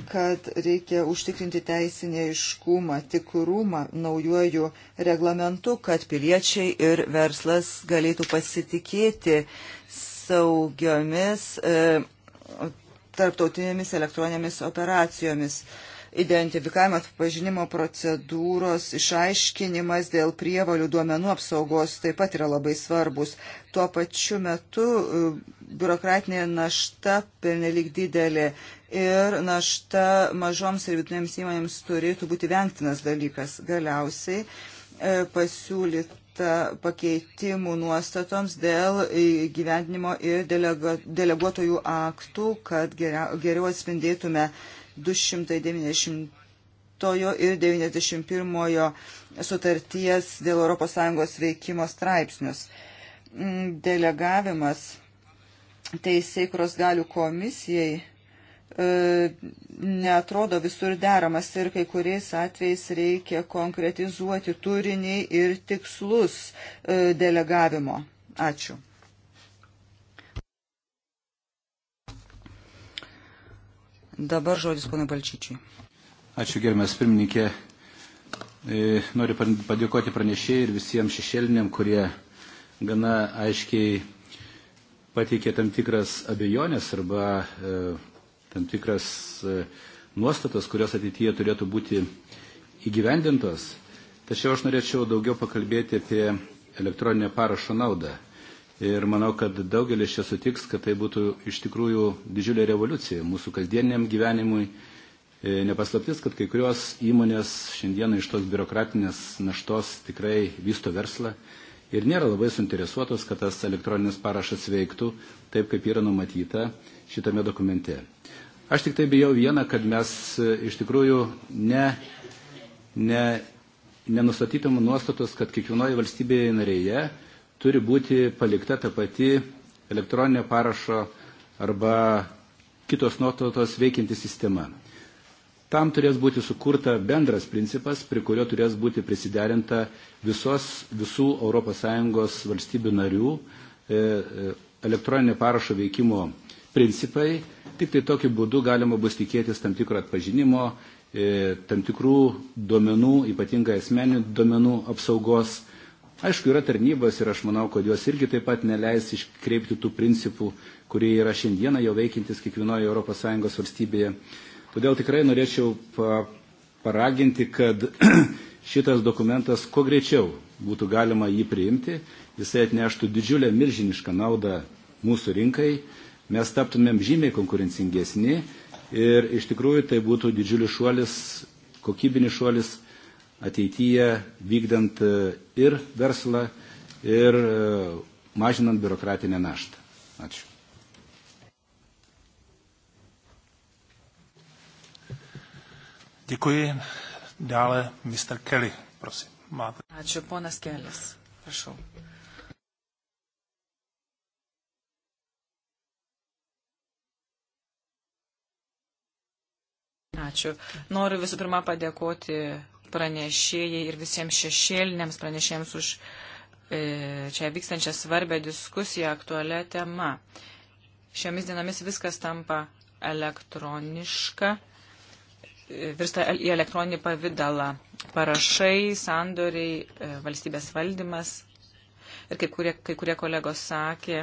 kad reikia užtikrinti teisinį aiškumą, tikrumą naujuoju reglamentu, kad piliečiai ir verslas galėtų pasitikėti saugiomis e, tarptautinėmis elektroninėmis operacijomis. E, identifikavimo atpažinimo procedūros išaiškinimas dėl prievalių duomenų apsaugos taip pat yra labai svarbus. Tuo pačiu metu e, biurokratinė našta pernelyg didelė ir našta mažoms ir vidutinėms įmonėms turėtų būti vengtinas dalykas. Galiausiai e, pasiūlyt pakeitimų nuostatoms dėl gyvendinimo ir delega, deleguotojų aktų, kad geriau, geriau atspindėtume uh, 290 ir 91 sutarties dėl ES veikimo straipsnius. Mm, delegavimas teisėjai, kurios galių komisijai e, neatrodo visur deramas ir kai kuriais atvejais reikia konkretizuoti turinį ir tikslus e, delegavimo. Ačiū. Dabar žodis pono Balčyčiui. Ačiū gerbiamas pirmininkė. E, noriu padėkoti pranešėjai ir visiems šešėliniam, kurie gana aiškiai pateikė tam tikras abejonės arba e, tam tikras e, nuostatas, kurios ateityje turėtų būti įgyvendintos. Tačiau aš norėčiau daugiau pakalbėti apie elektroninio parašo naudą. Ir manau, kad daugelis čia sutiks, kad tai būtų iš tikrųjų didžiulė revoliucija mūsų kasdieniam gyvenimui. E, Nepaslaptis, kad kai kurios įmonės šiandieną iš tos biurokratinės naštos tikrai vysto verslą ir nėra labai suinteresuotos, kad tas elektroninis parašas veiktų taip, kaip yra numatyta šitame dokumente. Aš tik tai bijau vieną, kad mes e, iš tikrųjų ne, ne, nenustatytum nuostatos, kad kiekvienoje valstybėje narėje turi būti palikta ta pati elektroninio parašo arba kitos nuototos veikianti sistema. Tam turės būti sukurta bendras principas, prie kurio turės būti prisiderinta visos, visų ES valstybių narių e, e, elektroninio parašo veikimo principai. Tik tai tokiu būdu galima bus tikėtis tam tikro atpažinimo, e, tam tikrų duomenų, ypatingai asmeninių duomenų apsaugos Aišku, yra tarnybos ir aš manau, kad jos irgi taip pat neleis iškreipti tų principų, kurie yra šiandieną jau veikintis kiekvienoje ES valstybėje. Todėl tikrai norėčiau pa, paraginti, kad šitas dokumentas kuo greičiau būtų galima jį priimti, jisai atneštų didžiulę milžinišką naudą mūsų rinkai, mes taptumėm žymiai konkurencingesni ir iš tikrųjų tai būtų didžiulis šuolis, kokybinis šuolis ateityje vykdant e, ir verslą, ir e, mažinant biurokratinę naštą. Ačiū. Děkuji. Dále Mr. Kelly, prosím. Máte. Ačiū, ponas Kelis. Prašau. Ačiū. Noriu visų pirma padėkoti pranešėjai ir visiems šešėliniams pranešėjams už e, čia vykstančią svarbę diskusiją aktualią temą. Šiomis dienomis viskas tampa elektroniška, e, virsta į elektroninį pavydalą. Parašai, sandoriai, e, valstybės valdymas. Ir kaip kurie, kai kurie kolegos sakė,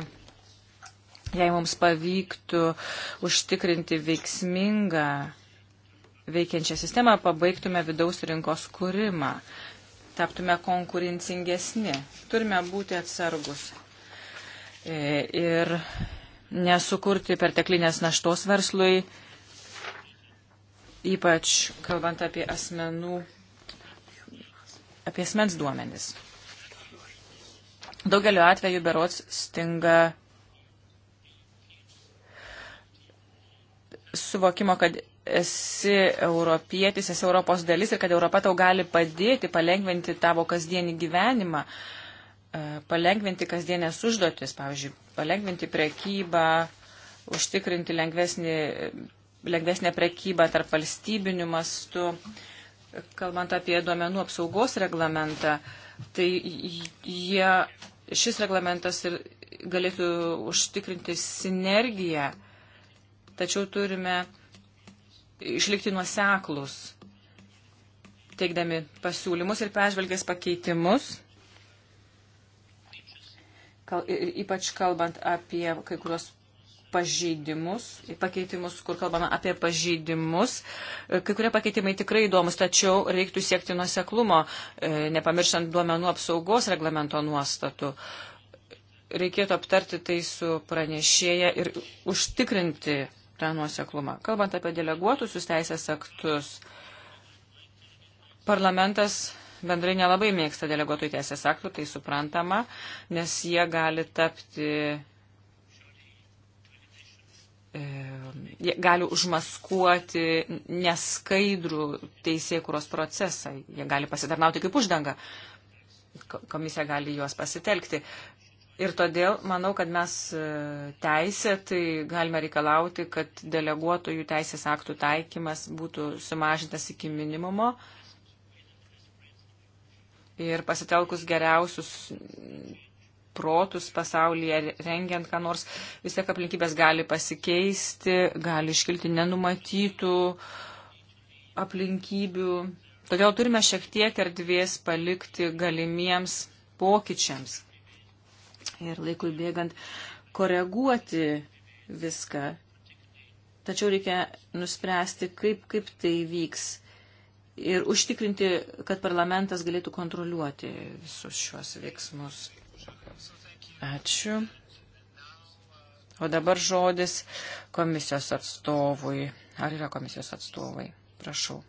jei mums pavyktų užtikrinti veiksmingą veikiančią sistemą pabaigtume vidaus rinkos kūrimą, taptume konkurencingesni. Turime būti atsargus e, ir nesukurti perteklinės naštos verslui, ypač kalbant apie asmenų, apie asmens duomenis. Daugeliu atveju berots stinga suvokimo, kad esi europietis, esi Europos dalis ir kad Europa tau gali padėti palengventi tavo kasdienį gyvenimą, e, palengventi kasdienės užduotis, pavyzdžiui, palengventi prekybą, užtikrinti lengvesnį, lengvesnę prekybą tarp valstybinių mastų. Kalbant apie duomenų apsaugos reglamentą, tai jie, šis reglamentas ir galėtų užtikrinti sinergiją, tačiau turime išlikti nuoseklus, teikdami pasiūlymus ir peržvelgęs pakeitimus, kal, ypač kalbant apie kai kurios pažeidimus, pakeitimus, kur kalbame apie pažeidimus. E, kai kurie pakeitimai tikrai įdomus, tačiau reiktų siekti nuoseklumo, e, nepamirštant duomenų apsaugos reglamento nuostatų. Reikėtų aptarti tai su pranešėja ir užtikrinti tą nuoseklumą. Kalbant apie deleguotusius teisės aktus, parlamentas bendrai nelabai mėgsta deleguotų teisės aktų, tai suprantama, nes jie gali tapti, e, jie gali užmaskuoti neskaidrų teisėkuros procesą, jie gali pasitarnauti kaip uždanga, komisija gali juos pasitelkti. Ir todėl manau, kad mes e, teisė, tai galime reikalauti, kad deleguotojų teisės aktų taikymas būtų sumažintas iki minimumo. Ir pasitelkus geriausius protus pasaulyje rengiant, ką nors vis tiek aplinkybės gali pasikeisti, gali iškilti nenumatytų aplinkybių. Todėl turime šiek tiek erdvės palikti galimiems pokyčiams ir laikui bėgant koreguoti viską. Tačiau reikia nuspręsti, kaip, kaip tai vyks ir užtikrinti, kad parlamentas galėtų kontroliuoti visus šiuos veiksmus. Ačiū. O dabar žodis komisijos atstovui. Ar yra komisijos atstovai? Prašau.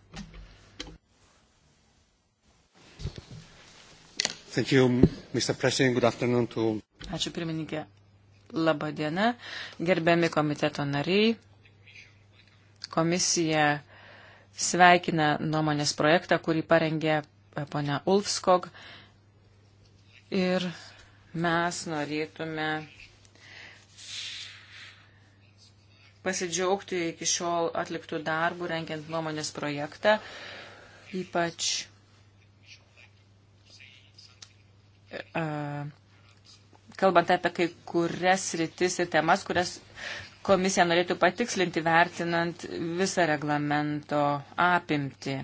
Thank you, Mr. President. Good afternoon to. Ačiū pirmininkė. Labą dieną, gerbiami komiteto nariai. Komisija sveikina nuomonės projektą, kurį parengė ponia Ulfskog. Ir mes norėtume pasidžiaugti iki šiol atliktų darbų rengiant nuomonės projektą, ypač kalbant apie kai kurias rytis ir temas, kurias komisija norėtų patikslinti vertinant visą reglamento apimti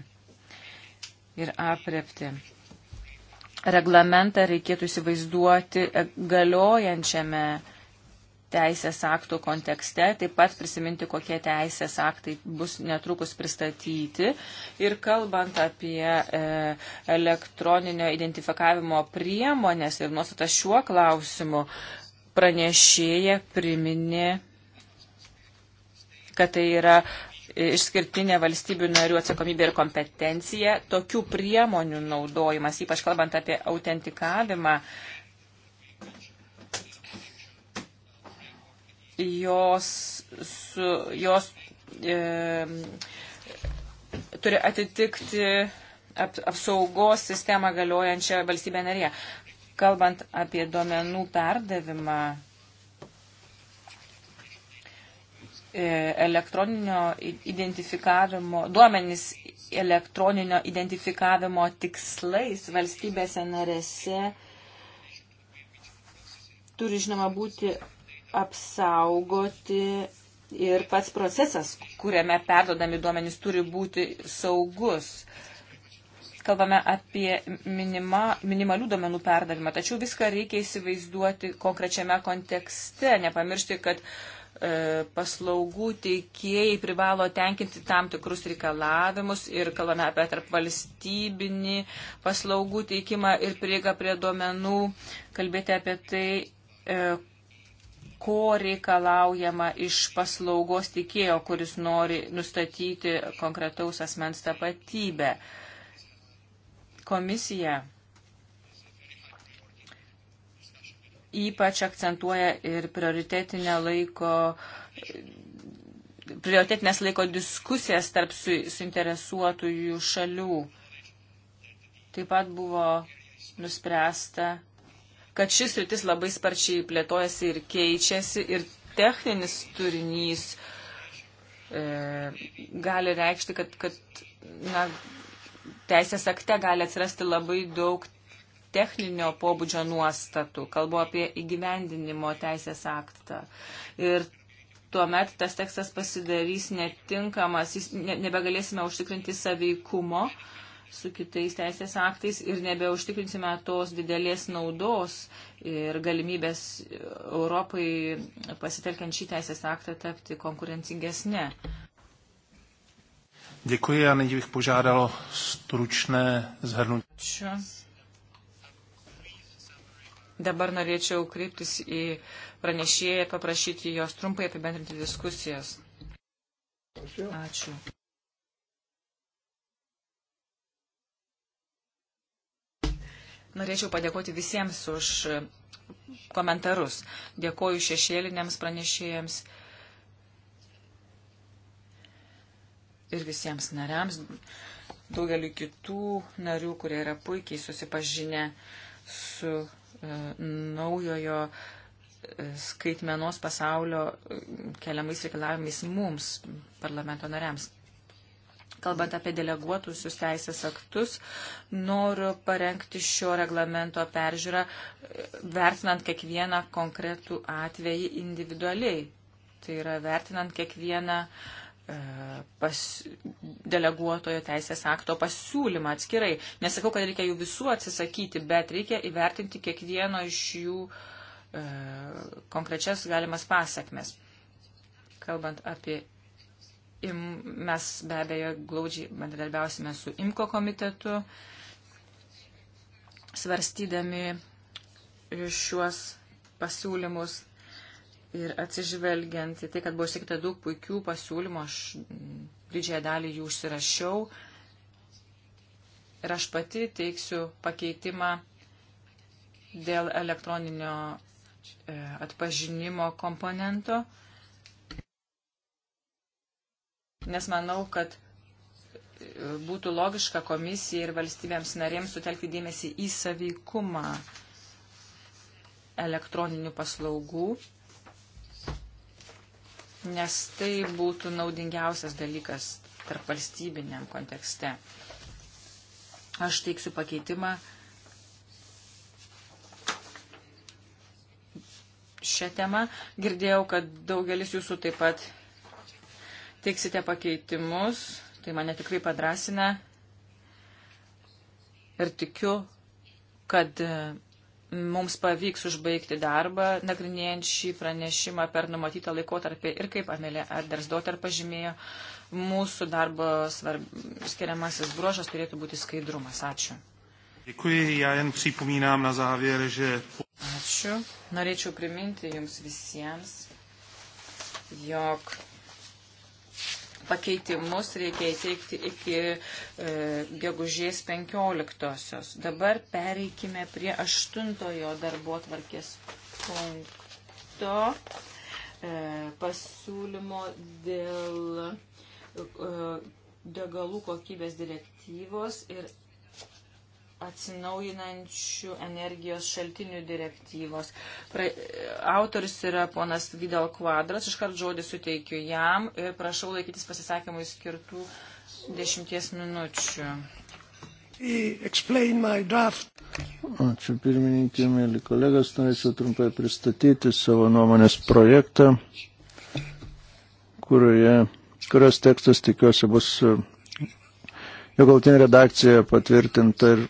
ir aprepti. Reglamentą reikėtų įsivaizduoti galiojančiame teisės aktų kontekste, taip pat prisiminti, kokie teisės aktai bus netrukus pristatyti. Ir kalbant apie e, elektroninio identifikavimo priemonės ir nuostata šiuo klausimu, pranešėja priminė, kad tai yra išskirtinė valstybių narių atsakomybė ir kompetencija. Tokių priemonių naudojimas, ypač kalbant apie autentikavimą, e, jos, su, jos e, turi atitikti ap, apsaugos sistemą galiojančią valstybę narėje. Kalbant apie duomenų perdavimą e, elektroninio identifikavimo, duomenys elektroninio identifikavimo tikslais valstybėse narėse turi, žinoma, būti apsaugoti ir pats procesas, kuriame perdodami duomenys turi būti saugus. Kalbame apie minima, minimalių duomenų perdavimą, tačiau viską reikia įsivaizduoti konkrečiame kontekste, nepamiršti, kad e, paslaugų teikėjai privalo tenkinti tam tikrus reikalavimus ir kalbame apie tarp valstybinį paslaugų teikimą ir prieigą prie duomenų, kalbėti apie tai, e, ko reikalaujama iš paslaugos tikėjo, kuris nori nustatyti konkretaus asmens tapatybę. Komisija ypač akcentuoja ir prioritetinę laiko prioritetinės laiko diskusijas tarp su, suinteresuotųjų šalių. Taip pat buvo nuspręsta kad šis rytis labai sparčiai plėtojasi ir keičiasi ir techninis turinys e, gali reikšti, kad, kad na, teisės akte gali atsirasti labai daug techninio pobūdžio nuostatų. Kalbu apie įgyvendinimo teisės aktą. Ir tuomet tas tekstas pasidarys netinkamas, ne, nebegalėsime užtikrinti saveikumo. E, su kitais teisės aktais ir nebeužtikrinsime tos didelės naudos ir galimybės Europai pasitelkiant šį teisės aktą tapti konkurencingesnė. Děkuji a nyní bych požádal stručné zhrnutí. Ačiū. Dabar norėčiau kreiptis į pranešėją ir paprašyti jos trumpai apibendrinti diskusijas. Ačiū. Ačiū. Norėčiau padėkoti visiems už komentarus. Dėkoju šešėliniams pranešėjams ir visiems nariams, daugeliu kitų narių, kurie yra puikiai susipažinę su e, naujojo e, skaitmenos pasaulio e, keliamais reikalavimais mums, parlamento nariams kalbant apie deleguotusius teisės aktus, noriu parengti šio reglamento peržiūrą, vertinant kiekvieną konkretų atvejį individualiai. Tai yra vertinant kiekvieną e, pas, deleguotojo teisės akto pasiūlymą atskirai. Nesakau, kad reikia jų visų atsisakyti, bet reikia įvertinti kiekvieno iš jų e, konkrečias galimas pasiekmes. Kalbant apie Mes be abejo glaudžiai bendradarbiausime su IMKO komitetu, svarstydami šiuos pasiūlymus ir atsižvelgiant į tai, kad buvo išsakyta daug puikių pasiūlymų, aš didžiąją dalį jų užsirašiau ir aš pati teiksiu pakeitimą dėl elektroninio e, atpažinimo komponento nes manau, kad e, būtų logiška komisija ir valstybėms narėms sutelkti dėmesį į savykumą elektroninių paslaugų, nes tai būtų naudingiausias dalykas tarp valstybiniam kontekste. Aš teiksiu pakeitimą šią temą. Girdėjau, kad daugelis jūsų taip pat teiksite pakeitimus, tai mane tikrai padrasina ir tikiu, kad e, mums pavyks užbaigti darbą, nagrinėjant šį pranešimą per numatytą laikotarpį ir kaip Amelė Erdersdoter pažymėjo, mūsų darbo svarb... skiriamasis bruožas turėtų būti skaidrumas. Ačiū. Děkuji, já jen připomínám na závěr, že... Ačiū. Norėčiau priminti jums visiems, jog pakeitimus reikia įteikti iki e, gegužės 15-osios. Dabar pereikime prie aštuntojo darbo atvarkės punkto e, pasiūlymo dėl e, degalų kokybės direktyvos ir atsinaujinančių energijos šaltinių direktyvos. Pra, autoris yra ponas Vidal Quadras, iškart žodį suteikiu jam ir prašau laikytis pasisakymui skirtų dešimties minučių. Ačiū pirmininkė, mėly kolegas, norėčiau trumpai pristatyti savo nuomonės projektą, kurioje, kurios tekstas tikiuosi bus e, jo galtinė redakcija patvirtinta ir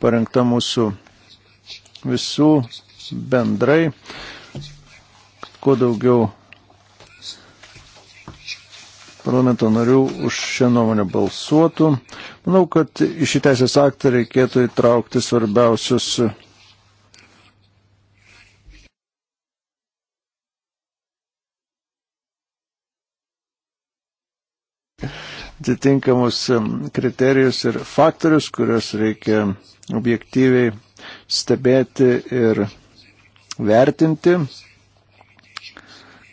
parengta mūsų visų bendrai, kuo daugiau parlamento narių už šią nuomonę balsuotų. Manau, kad į šį teisės aktą reikėtų įtraukti svarbiausius atitinkamus kriterijus ir faktorius, kuriuos reikia objektyviai stebėti ir vertinti,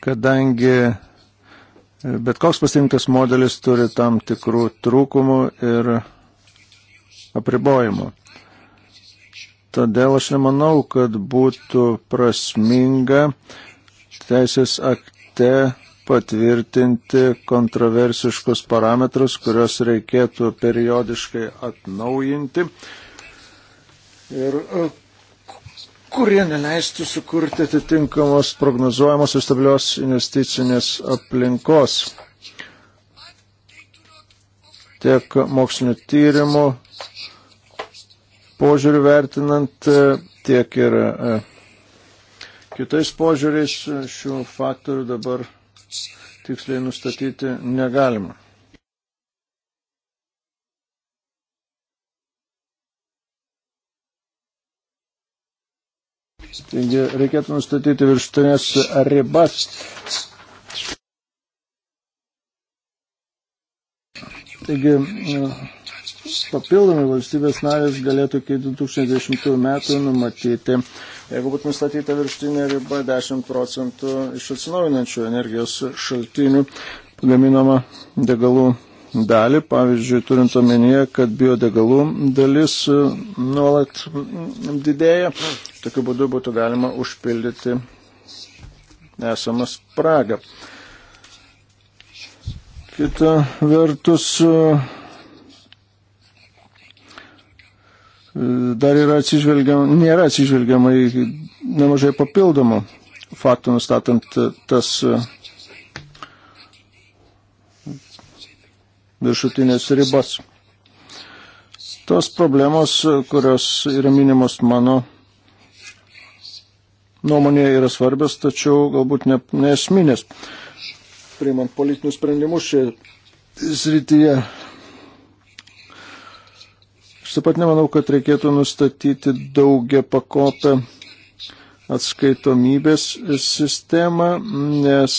kadangi bet koks pasirinktas modelis turi tam tikrų trūkumų ir apribojimų. Todėl aš nemanau, kad būtų prasminga teisės akte patvirtinti kontroversiškus parametrus, kuriuos reikėtų periodiškai atnaujinti ir e, kurie neleistų sukurti atitinkamos prognozuojamos ir stabilios investicinės aplinkos. Tiek mokslinio tyrimų požiūrių vertinant, e, tiek ir e, kitais požiūriais šių faktorių dabar tiksliai nustatyti negalima. Taigi reikėtų nustatyti viršutinės ribas. Taigi papildomai valstybės narės galėtų iki 2010 metų numatyti, jeigu būtų nustatyta virštinė riba 10 procentų iš atsinaujinančių energijos šaltinių gaminama degalų dalį, pavyzdžiui, turint omenyje, kad biodegalų dalis nuolat didėja, Tokiu būdu būtų galima užpildyti esamą spragą. Kita vertus, dar yra atsižvelgiama, nėra atsižvelgiama į nemažai papildomų faktų nustatant tas viršutinės ribas. Tos problemos, kurios yra minimos mano nuomonėje yra svarbios, tačiau galbūt ne, nesminės, priimant politinius sprendimus šioje srityje. Aš taip pat nemanau, kad reikėtų nustatyti daugia pakopę atskaitomybės sistemą, nes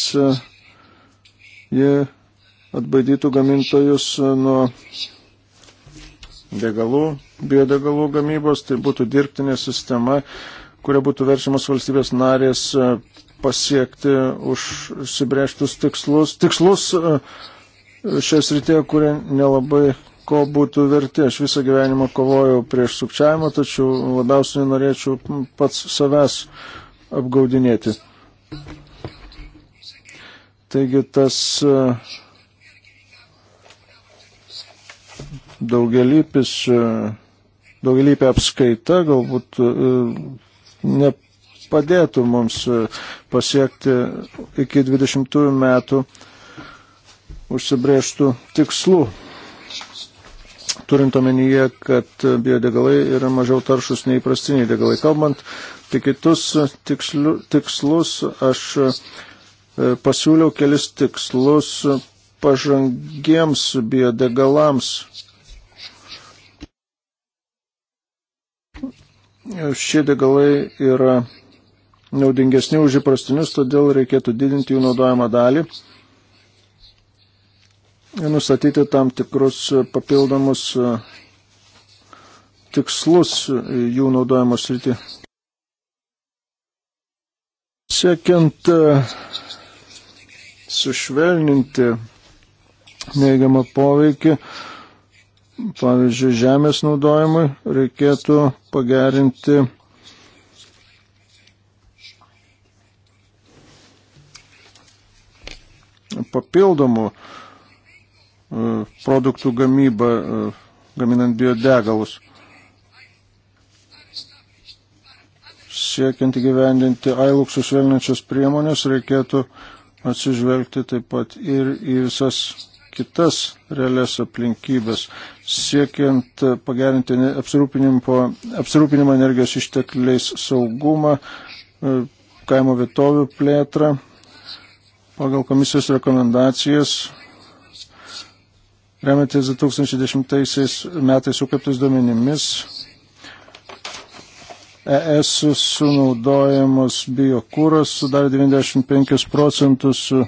ji atbaidytų gamintojus nuo degalų, biodegalų gamybos, tai būtų dirbtinė sistema, kuria būtų verčiamas valstybės narės e, pasiekti užsibrėžtus tikslus, tikslus e, šioje srityje, kurie nelabai ko būtų verti. Aš visą gyvenimą kovojau prieš sukčiavimą, tačiau labiausiai norėčiau pats savęs apgaudinėti. Taigi tas e, daugelypis, daugelįpė apskaita galbūt nepadėtų mums e, pasiekti iki 20 metų užsibrėžtų tikslų. Turint omenyje, kad biodegalai yra mažiau taršus nei įprastiniai degalai. Kalbant apie kitus tiksliu, tikslus, aš e, pasiūliau kelis tikslus pažangiems biodegalams šie degalai yra naudingesni už įprastinius, todėl reikėtų didinti jų naudojamą dalį ir nustatyti tam tikrus papildomus e, tikslus jų naudojimo srity. Siekiant e, sušvelninti neigiamą poveikį, pavyzdžiui, žemės naudojimui reikėtų pagerinti papildomų e, produktų gamybą, e, gaminant biodegalus. Siekiant įgyvendinti ailuksų švelninančias priemonės, reikėtų atsižvelgti taip pat ir į visas kitas realias aplinkybės, siekiant pagerinti apsirūpinimą energijos ištekliais saugumą, e, kaimo vietovių plėtrą. Pagal komisijos rekomendacijas, remiantis 2010 metais sukaiptais duomenimis, ES sunaudojamas biokūras sudarė 95 procentus su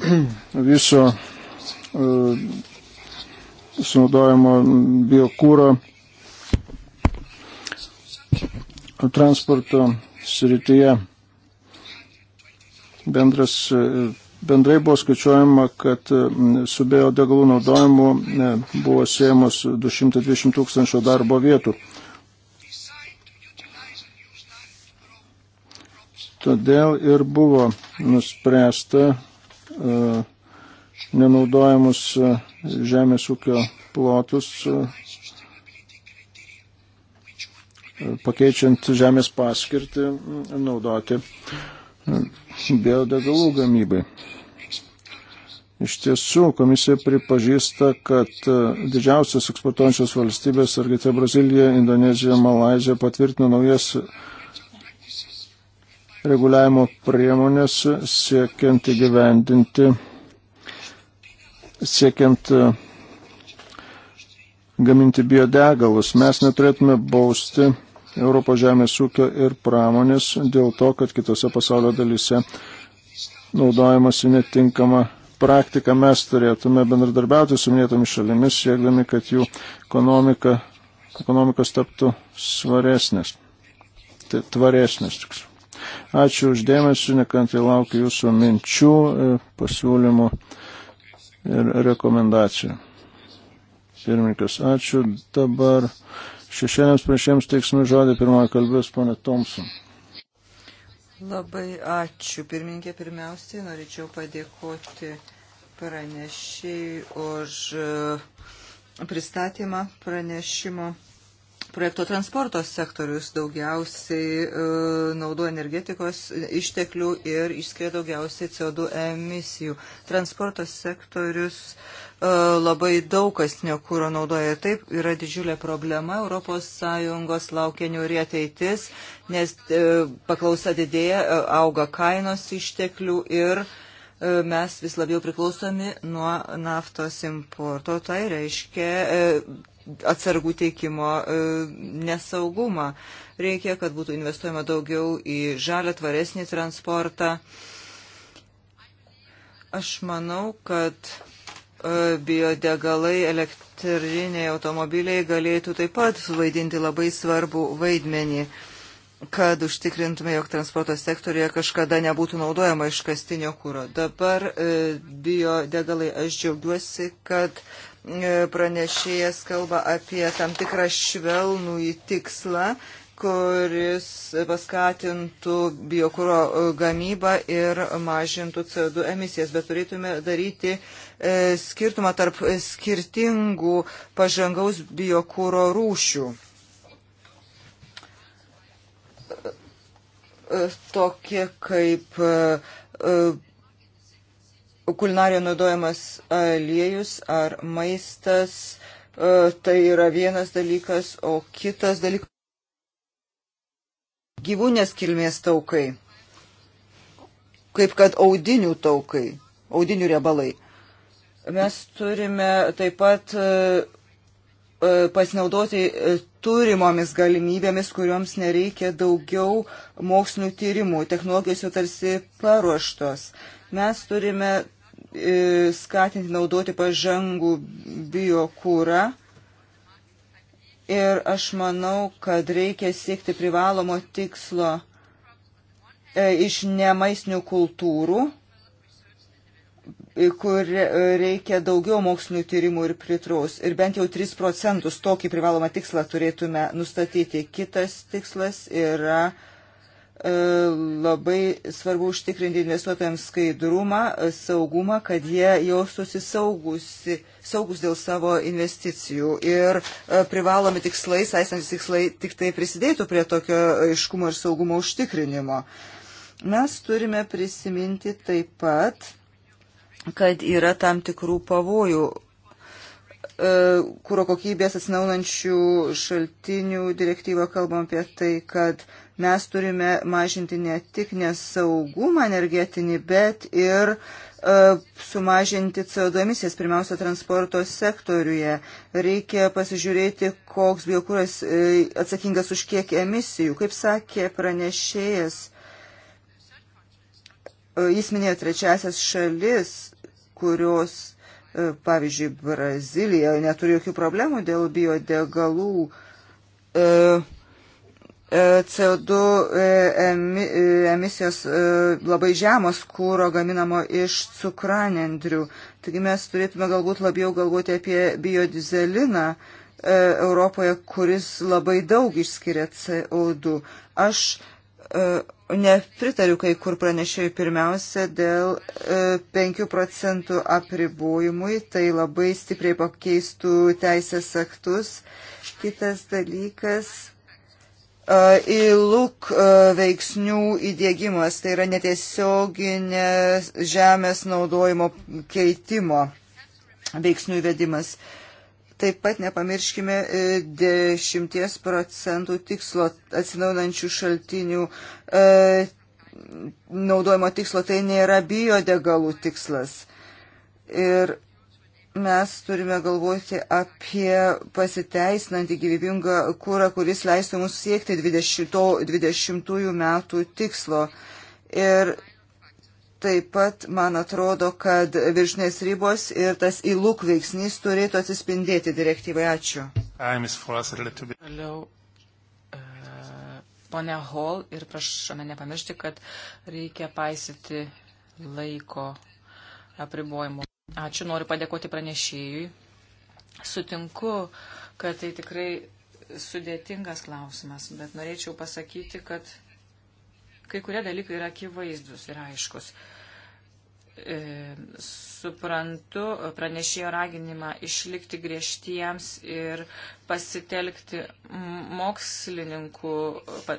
viso e, sunaudojimo biokūro transporto srityje. Bendras, e, bendrai buvo skaičiuojama, kad e, su biodegalų naudojimu buvo siejamos 220 tūkstančio darbo vietų. Todėl ir buvo nuspręsta E, nenaudojamus e, žemės ūkio plotus, e, pakeičiant žemės paskirtį, naudoti biodegalų gamybai. Iš tiesų, komisija pripažįsta, kad didžiausios eksportuojančios valstybės - Argentina, Brazilija, Indonezija, Malazija - patvirtino naujas reguliavimo priemonės siekiant įgyvendinti, siekiant e, gaminti biodegalus. Mes neturėtume bausti Europos žemės ūkio ir pramonės dėl to, kad kitose pasaulio dalyse naudojamasi netinkama praktika. Mes turėtume bendradarbiauti su minėtomis šalimis, siekdami, kad jų ekonomika, ekonomikos taptų svaresnės, tvaresnės. Tiksliau. Ačiū uždėmesi, nekantriai laukiu jūsų minčių, e, pasiūlymų ir rekomendacijų. Pirmininkas, ačiū. Dabar šešėliams priešiems teiksmų žodį pirmoji kalbės ponė Thompson. Labai ačiū. Pirmininkė, pirmiausiai norėčiau padėkoti pranešiai už e, pristatymą pranešimo projekto transporto sektorius daugiausiai e, naudoja energetikos išteklių ir išskiria daugiausiai CO2 emisijų. Transporto sektorius e, labai daug kas nekūro naudoja ir taip yra didžiulė problema. ES laukia niuri ateitis, nes e, paklausa didėja, auga kainos išteklių ir mes vis labiau priklausomi nuo naftos importo. Tai reiškia atsargų teikimo e, nesaugumą. Reikia, kad būtų investuojama daugiau į žalę tvaresnį transportą. Aš manau, kad e, biodegalai, elektriniai automobiliai galėtų taip pat suvaidinti labai svarbų vaidmenį kad užtikrintume, jog transporto sektorija kažkada nebūtų naudojama iškastinio kūro. Dabar e, biodegalai, aš džiaugiuosi, kad E, pranešėjas kalba apie tam tikrą švelnų į tikslą, kuris paskatintų biokūro e, gamybą ir mažintų CO2 emisijas, bet turėtume daryti e, skirtumą tarp skirtingų pažangaus biokūro rūšių. Tokie kaip kulinarijoje naudojamas aliejus ar maistas, tai yra vienas dalykas, o kitas dalykas - gyvūnės kilmės taukai, kaip kad audinių taukai, audinių riebalai. Mes turime taip pat pasinaudoti turimomis galimybėmis, kuriuoms nereikia daugiau mokslinių tyrimų. Technologijos jau tarsi paruoštos. Mes turime e, skatinti naudoti pažangų biokūrą. Ir aš manau, kad reikia siekti privalomo tikslo e, iš nemaisnių kultūrų, e, kur reikia daugiau mokslinių tyrimų ir pritraus. Ir bent jau 3 procentus tokį privalomą tikslą turėtume nustatyti. Kitas tikslas yra uh, E, labai svarbu užtikrinti investuotojams skaidrumą, e, saugumą, kad jie jaustųsi saugusi, saugus dėl savo investicijų. Ir e, privalomi tikslai, saistantis tikslai, tik tai prisidėtų prie tokio aiškumo ir saugumo užtikrinimo. Mes turime prisiminti taip pat, kad yra tam tikrų pavojų kūro kokybės atsinaunančių šaltinių direktyvą kalbam apie tai, kad Mes turime mažinti ne tik nesaugumą energetinį, bet ir uh, sumažinti CO2 emisijas, pirmiausia, transporto sektoriuje. Reikia pasižiūrėti, koks biokūras uh, e, atsakingas už kiek emisijų. Kaip sakė pranešėjas, uh, jis minėjo trečiasias šalis, kurios pavyzdžiui, Brazilija neturi jokių problemų dėl biodegalų. E, E, CO2 e, e, emisijos labai žemos kūro gaminamo iš cukranendrių. Taigi mes turėtume galbūt labiau galvoti apie biodizeliną Europoje, kuris labai daug išskiria CO2. Aš nepritariu kai kur pranešėjai pirmiausia dėl 5 procentų apribojimui, tai labai stipriai pakeistų teisės aktus. Kitas dalykas E, Įluk e, veiksnių įdėgymas, tai yra netiesioginė žemės naudojimo keitimo veiksnių įvedimas. Taip pat nepamirškime 10 e, procentų tikslo atsinaunančių šaltinių naudojimo tikslo, tai nėra biodegalų tikslas. Ir mes turime galvoti apie pasiteisinantį gyvybingą kūrą, kuris leistų mums siekti 20, 20 metų tikslo. Ir taip pat man atrodo, kad viršnės ribos ir tas įlūk veiksnys turėtų atsispindėti direktyvai. Ačiū. Toliau, e, ponia Hall, ir prašome nepamiršti, kad reikia paisyti laiko apribojimų. Ačiū, noriu padėkoti pranešėjui. Sutinku, kad tai tikrai sudėtingas klausimas, bet norėčiau pasakyti, kad kai kurie dalykai yra akivaizdus ir aiškus. E, suprantu pranešėjo raginimą išlikti griežtiems ir pasitelkti mokslininkų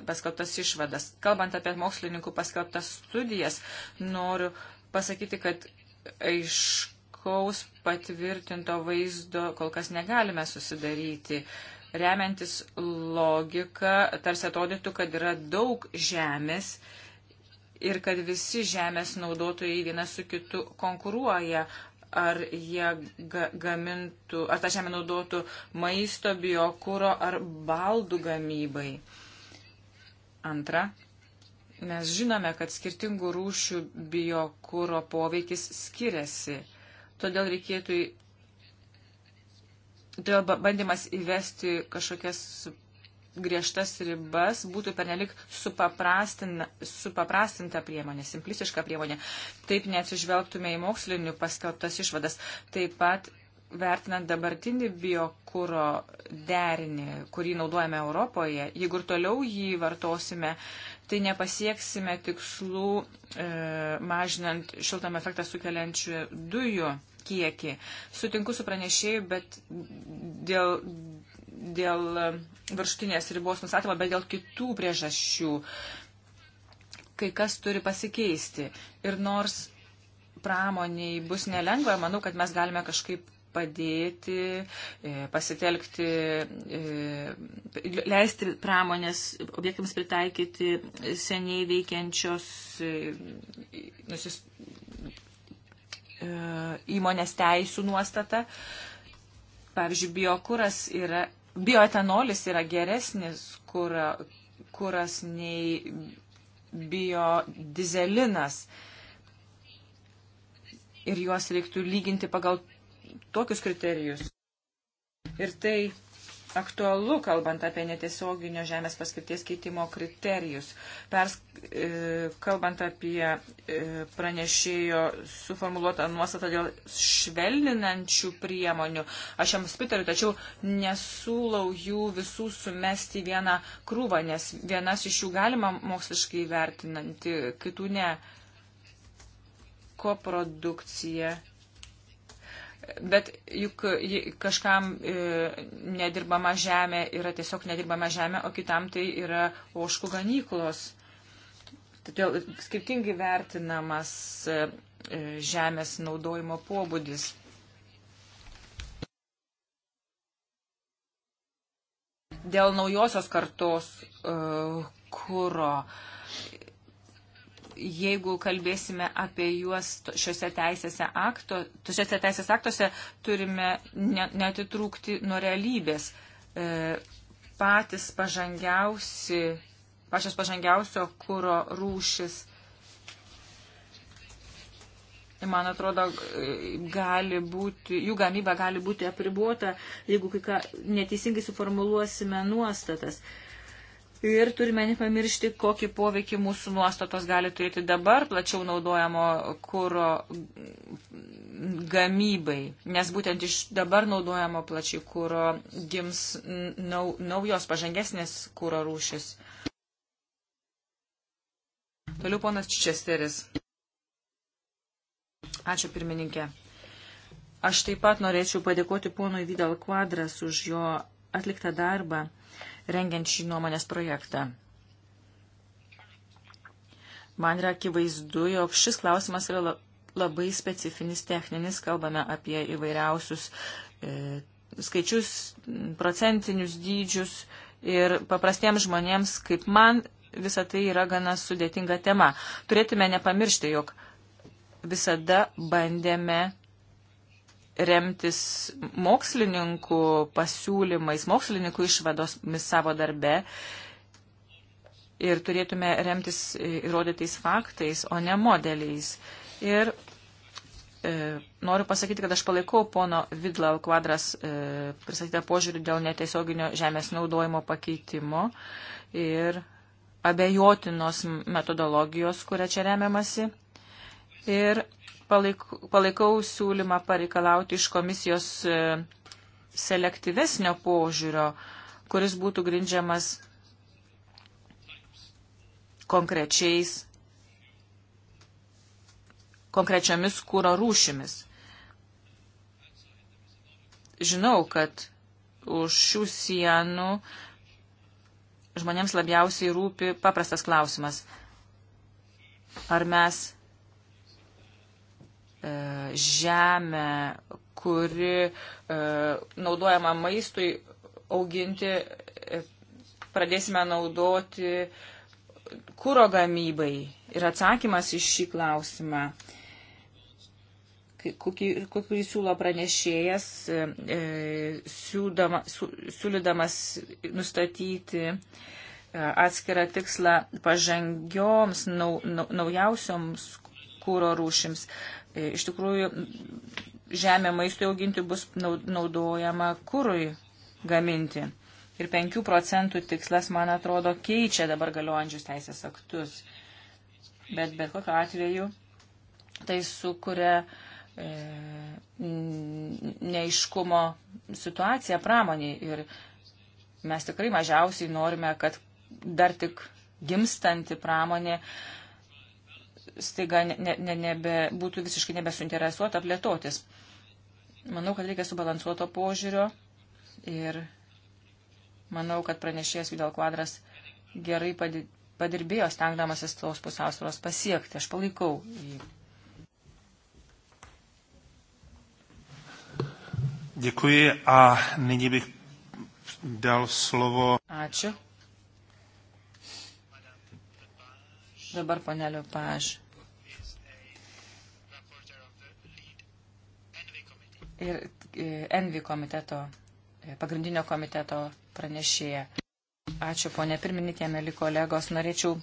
paskelbtas išvadas. Kalbant apie mokslininkų paskelbtas studijas, noriu pasakyti, kad aišku aiškaus patvirtinto vaizdo kol kas negalime susidaryti. Remiantis logika, tarsi atrodytų, kad yra daug žemės ir kad visi žemės naudotojai vienas su kitu konkuruoja, ar jie ga gamintų, ar tą žemę naudotų maisto, biokūro ar baldų gamybai. Antra, mes žinome, kad skirtingų rūšių biokūro poveikis skiriasi. Todėl reikėtų todėl bandymas įvesti kažkokias griežtas ribas būtų pernelik supaprastinta, supaprastinta priemonė, simplistiška priemonė. Taip neatsižvelgtume į mokslinių paskelbtas išvadas. Taip pat vertinant dabartinį biokūro derinį, kurį naudojame Europoje, jeigu ir toliau jį vartosime, tai nepasieksime tikslų e, mažinant šiltam efektą sukeliančių dujų kiekį. Sutinku su pranešėju, bet dėl, dėl e, viršutinės ribos nustatymo, bet dėl kitų priežasčių kai kas turi pasikeisti. Ir nors pramoniai bus nelengva, manau, kad mes galime kažkaip padėti, e, pasitelkti, e, leisti pramonės objektams pritaikyti seniai veikiančios nusis, E, įmonės teisų nuostata. Pavyzdžiui, biokuras yra, bioetanolis yra geresnis kura, kuras nei biodizelinas. Ir juos reiktų lyginti pagal tokius kriterijus. Ir tai aktualu, kalbant apie netiesioginio žemės paskirties keitimo kriterijus. Pers, e, kalbant apie e, pranešėjo suformuluotą nuostatą dėl švelninančių priemonių, aš jam spitariu, tačiau nesūlau jų visų sumesti vieną krūvą, nes vienas iš jų galima moksliškai vertinanti, kitų ne. Koprodukcija Bet juk kažkam e, nedirbama žemė yra tiesiog nedirbama žemė, o kitam tai yra oškų ganyklos. Todėl skirtingai vertinamas e, e, žemės naudojimo pobūdis. Dėl naujosios kartos kūro. Uh, jeigu kalbėsime apie juos šiuose teisėse akto, šiuose teisės aktuose, turime ne, netitrūkti nuo realybės. E, patys pažangiausi, pačios pažangiausio kūro rūšis, man atrodo, gali būti, jų gamyba gali būti apribuota, jeigu kai ką neteisingai suformuluosime nuostatas. E, Ir turime nepamiršti, kokį poveikį mūsų nuostatos gali turėti dabar plačiau naudojamo kūro gamybai, nes būtent iš dabar naudojamo plačiai kūro gims nau, naujos pažangesnės kūro rūšis. Toliau ponas Česteris. Ačiū pirmininkė. Aš taip pat norėčiau padėkoti ponui Vidal Kvadras už jo atliktą darbą rengiant šį nuomonės projektą. Man yra akivaizdu, jog šis klausimas yra labai specifinis techninis, kalbame apie įvairiausius e, skaičius, procentinius dydžius ir paprastiems žmonėms, kaip man, visa tai yra gana sudėtinga tema. Turėtume nepamiršti, jog visada bandėme remtis mokslininkų pasiūlymais, mokslininkų išvadosmis savo darbe ir turėtume remtis įrodytais faktais, o ne modeliais. Ir e, noriu pasakyti, kad aš palaikau pono Vidlal kvadras e, pristatytą požiūrį dėl netiesioginio žemės naudojimo pakeitimo ir abejotinos metodologijos, kuria čia remiamasi. Ir palaik, palaikau siūlymą pareikalauti iš komisijos e, selektyvesnio požiūrio, kuris būtų grindžiamas konkrečiais, konkrečiomis kūro rūšimis. Žinau, kad už šių sienų žmonėms labiausiai rūpi paprastas klausimas. Ar mes E, žemę, kuri e, naudojama maistui auginti, e, pradėsime naudoti kūro gamybai. Ir atsakymas iš šį klausimą, kurį siūlo pranešėjas, siūdama, siūlydamas nustatyti atskirą tikslą pažangioms, nau, nau, naujausioms kūro rūšims. E, iš tikrųjų žemė maistui auginti bus naudojama kūrui gaminti. Ir 5 procentų tikslas, man atrodo, keičia dabar galiojančius teisės aktus. Bet bet kokiu atveju tai sukuria e, neiškumo situaciją pramoniai. Ir mes tikrai mažiausiai norime, kad dar tik gimstanti pramonė e, staiga ne, ne, nebe, būtų visiškai nebesuinteresuota plėtotis. Manau, kad reikia subalansuoto požiūrio ir manau, kad pranešėjas Vidal Kvadras gerai padirbėjo stengdamasis tos pusiausvėros pasiekti. Aš palaikau jį. Děkuji a nyní bych dal slovo. Ačiū. Dabar panelio paž. ir e, Envi komiteto, e, pagrindinio komiteto pranešėja. Ačiū, ponė pirmininkė, mėly kolegos. Norėčiau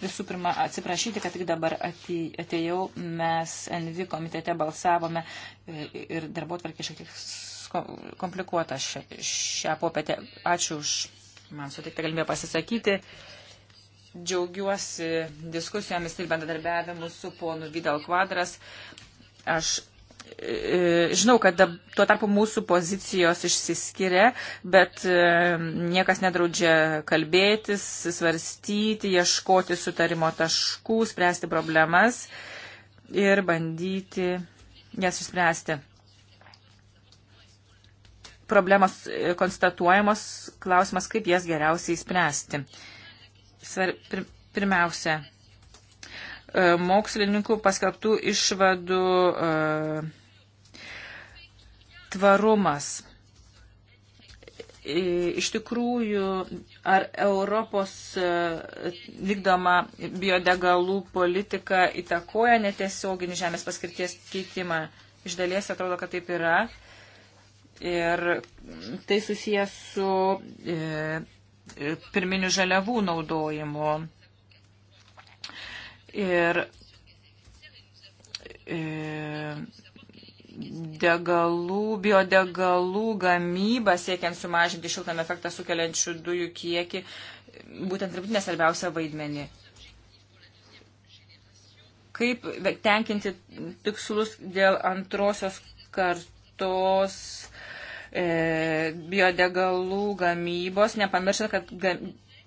visų pirma atsiprašyti, kad tik dabar atėjau. Mes NV komitete balsavome e, ir darbo tvarkė šiek tiek komplikuota šią popietę. Ačiū už man suteiktą galimybę pasisakyti. Džiaugiuosi diskusijomis ir bendradarbiavimu su ponu Vidal Kvadras. Aš E, žinau, kad dab, tuo tarpu mūsų pozicijos išsiskiria, bet e, niekas nedraudžia kalbėtis, svarstyti, ieškoti sutarimo taškų, spręsti problemas ir bandyti jas išspręsti. Problemos e, konstatuojamos, klausimas, kaip jas geriausiai spręsti. Svar, pir, pirmiausia, mokslininkų paskelbtų išvadų uh, tvarumas. Iš tikrųjų, ar Europos e, vykdoma biodegalų politika įtakoja netiesioginį žemės paskirties keitimą? Iš dalies atrodo, kad taip yra. Ir tai susijęs su e, e, pirminių žaliavų naudojimu. Ir, ir degalų, biodegalų gamybą, siekiant sumažinti šiltam efektą sukeliančių dujų kiekį, būtent ir būtinė svarbiausia vaidmenį. Kaip tenkinti tikslus dėl antrosios kartos e, biodegalų gamybos, nepamirštant, kad, ga,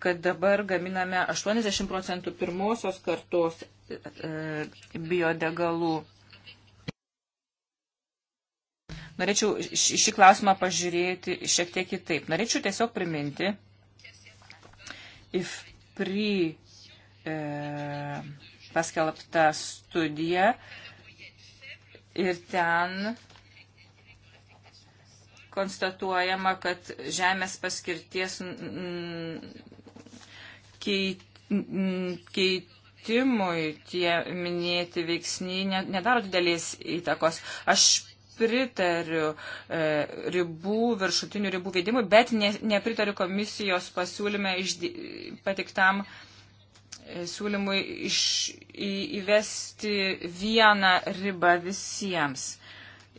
kad dabar gaminame 80 procentų pirmosios kartos e, biodegalų. Norėčiau šį klausimą pažiūrėti šiek tiek kitaip. Norėčiau tiesiog priminti, if pri e, paskelbta studija ir ten konstatuojama, kad žemės paskirties keitimui tie minėti veiksniai nedaro didelės įtakos. Aš pritariu e, ribų, viršutinių ribų veidimui, bet ne, nepritariu komisijos pasiūlyme išdi, patiktam e, siūlymui iš, į, įvesti vieną ribą visiems.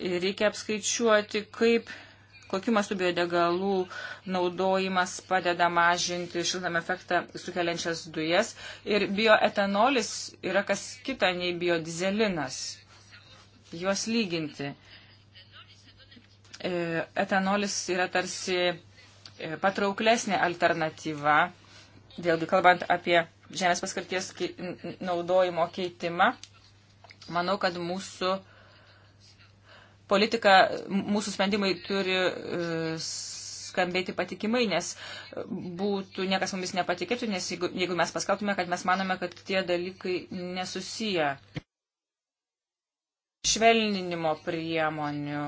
Ir reikia apskaičiuoti, kaip kokiu mastu biodegalų naudojimas padeda mažinti šiltnamio efektą sukeliančias dujas. Ir bioetanolis yra kas kita nei biodizelinas. Juos lyginti. E, etanolis yra tarsi e, patrauklesnė alternatyva, vėlgi kalbant apie žemės paskirties naudojimo keitimą, manau, kad mūsų politika, mūsų sprendimai turi e, skambėti patikimai, nes būtų niekas mumis nepatikėtų, nes jeigu, jeigu mes paskaltume, kad mes manome, kad tie dalykai nesusiję. Švelninimo priemonių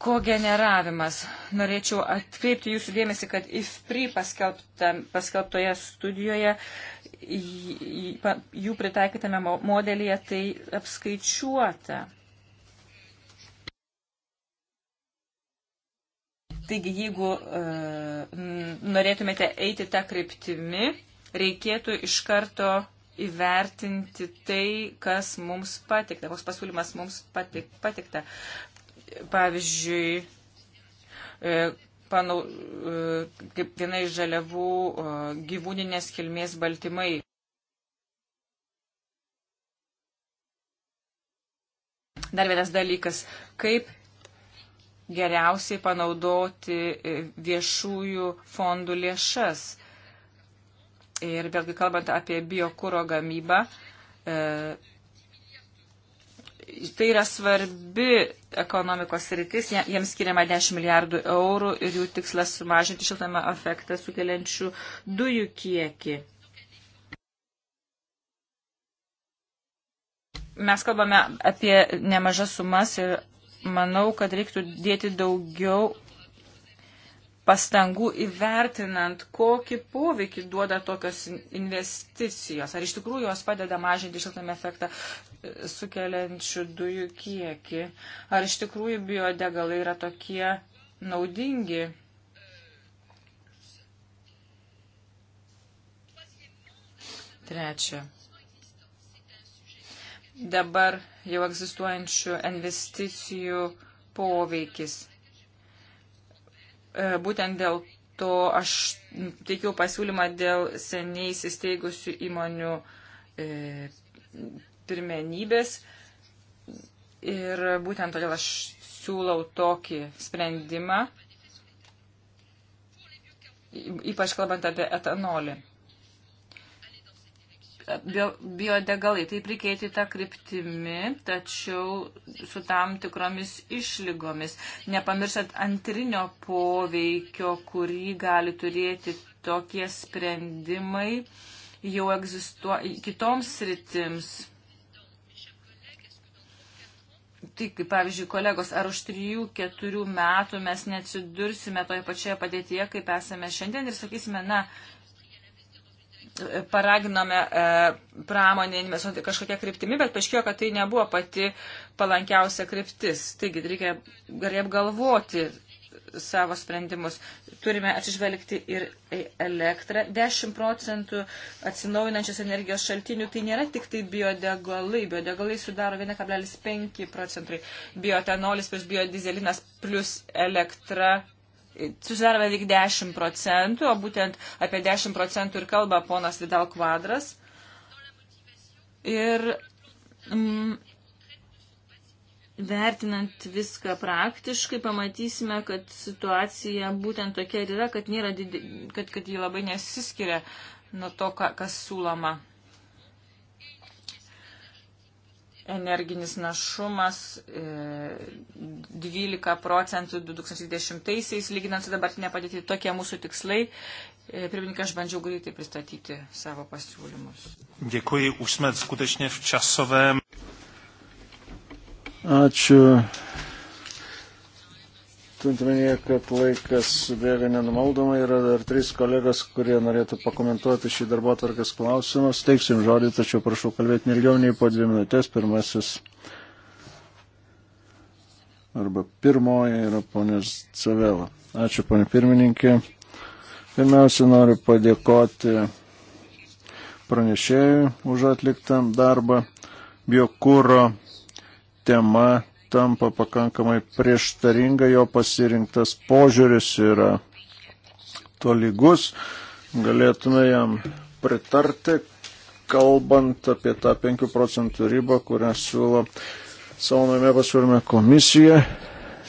kogeneravimas. Norėčiau atkreipti jūsų dėmesį, kad IFPRI paskelbtoje studijoje jų pritaikytame modelyje tai apskaičiuota. Taigi, jeigu uh, norėtumėte eiti tą kryptimi, reikėtų iš karto įvertinti tai, kas mums patikta, koks pasiūlymas mums patik, patikta. Pavyzdžiui, e, panau, e, kaip viena iš žaliavų e, gyvūninės kilmės baltymai. Dar vienas dalykas, kaip geriausiai panaudoti viešųjų fondų lėšas. Ir vėlgi kalbant apie biokūro gamybą, Tai yra svarbi ekonomikos rytis, jiems skiriama 10 milijardų eurų ir jų tikslas sumažinti šiltame efektą sukeliančių dujų kiekį. Mes kalbame apie nemažas sumas ir manau, kad reiktų dėti daugiau pastangų įvertinant, kokį poveikį duoda tokios investicijos. Ar iš tikrųjų jos padeda mažinti šiltame efektą sukeliančių dujų kiekį. Ar iš tikrųjų biodegalai yra tokie naudingi? Trečia. Dabar jau egzistuojančių investicijų poveikis. E, būtent dėl to aš teikiau pasiūlymą dėl seniai įsisteigusių įmonių e, pirmenybės ir būtent todėl aš siūlau tokį sprendimą, ypač kalbant apie etanolį. Biodegalai taip reikėti tą kryptimį, tačiau su tam tikromis išlygomis, nepamirštant antrinio poveikio, kurį gali turėti tokie sprendimai jau egzistuoja kitoms sritims tai, kaip pavyzdžiui, kolegos, ar už 3-4 metų mes neatsidursime toje pačioje padėtyje, kaip esame šiandien ir sakysime, na, paraginome e, pramonę investuoti kažkokią kryptimį, bet paaiškėjo, kad tai nebuvo pati palankiausia kryptis. Taigi reikia gerai apgalvoti savo sprendimus. Turime atsižvelgti ir elektrą. 10 procentų atsinaujinančios energijos šaltinių tai nėra tik tai biodegalai. Biodegalai sudaro 1,5 procentai. Bioetanolis plus biodizelinas plus elektra susidaro beveik 10 procentų, o būtent apie 10 procentų ir kalba ponas Vidal Kvadras. Ir mm, vertinant viską praktiškai, pamatysime, kad situacija būtent tokia ir yra, kad, nėra didi, kad, kad ji labai nesiskiria nuo to, kas siūloma. Energinis našumas 12 e, procentų 2010-aisiais, lyginant su dabartinė padėtį, tokie mūsų tikslai. E, pirmininkai, aš bandžiau greitai pristatyti savo pasiūlymus. Dėkui, už sme skutečne v časovém Ačiū. Tuntmenėje, kad laikas bėga nenumaldomai, yra dar trys kolegos, kurie norėtų pakomentuoti šį darbo tvarkės klausimą. Steiksim žodį, tačiau prašau kalbėti nelgiau nei po dvi minutės. Pirmasis arba pirmoji yra ponės Cavela. Ačiū, ponė pirmininkė. Pirmiausia, noriu padėkoti pranešėjui už atliktą darbą biokūro tema tampa pakankamai prieštaringa, jo pasirinktas požiūris yra tolygus. Galėtume jam pritarti, kalbant apie tą 5 procentų ribą, kurią siūlo savo name pasiūlyme komisija.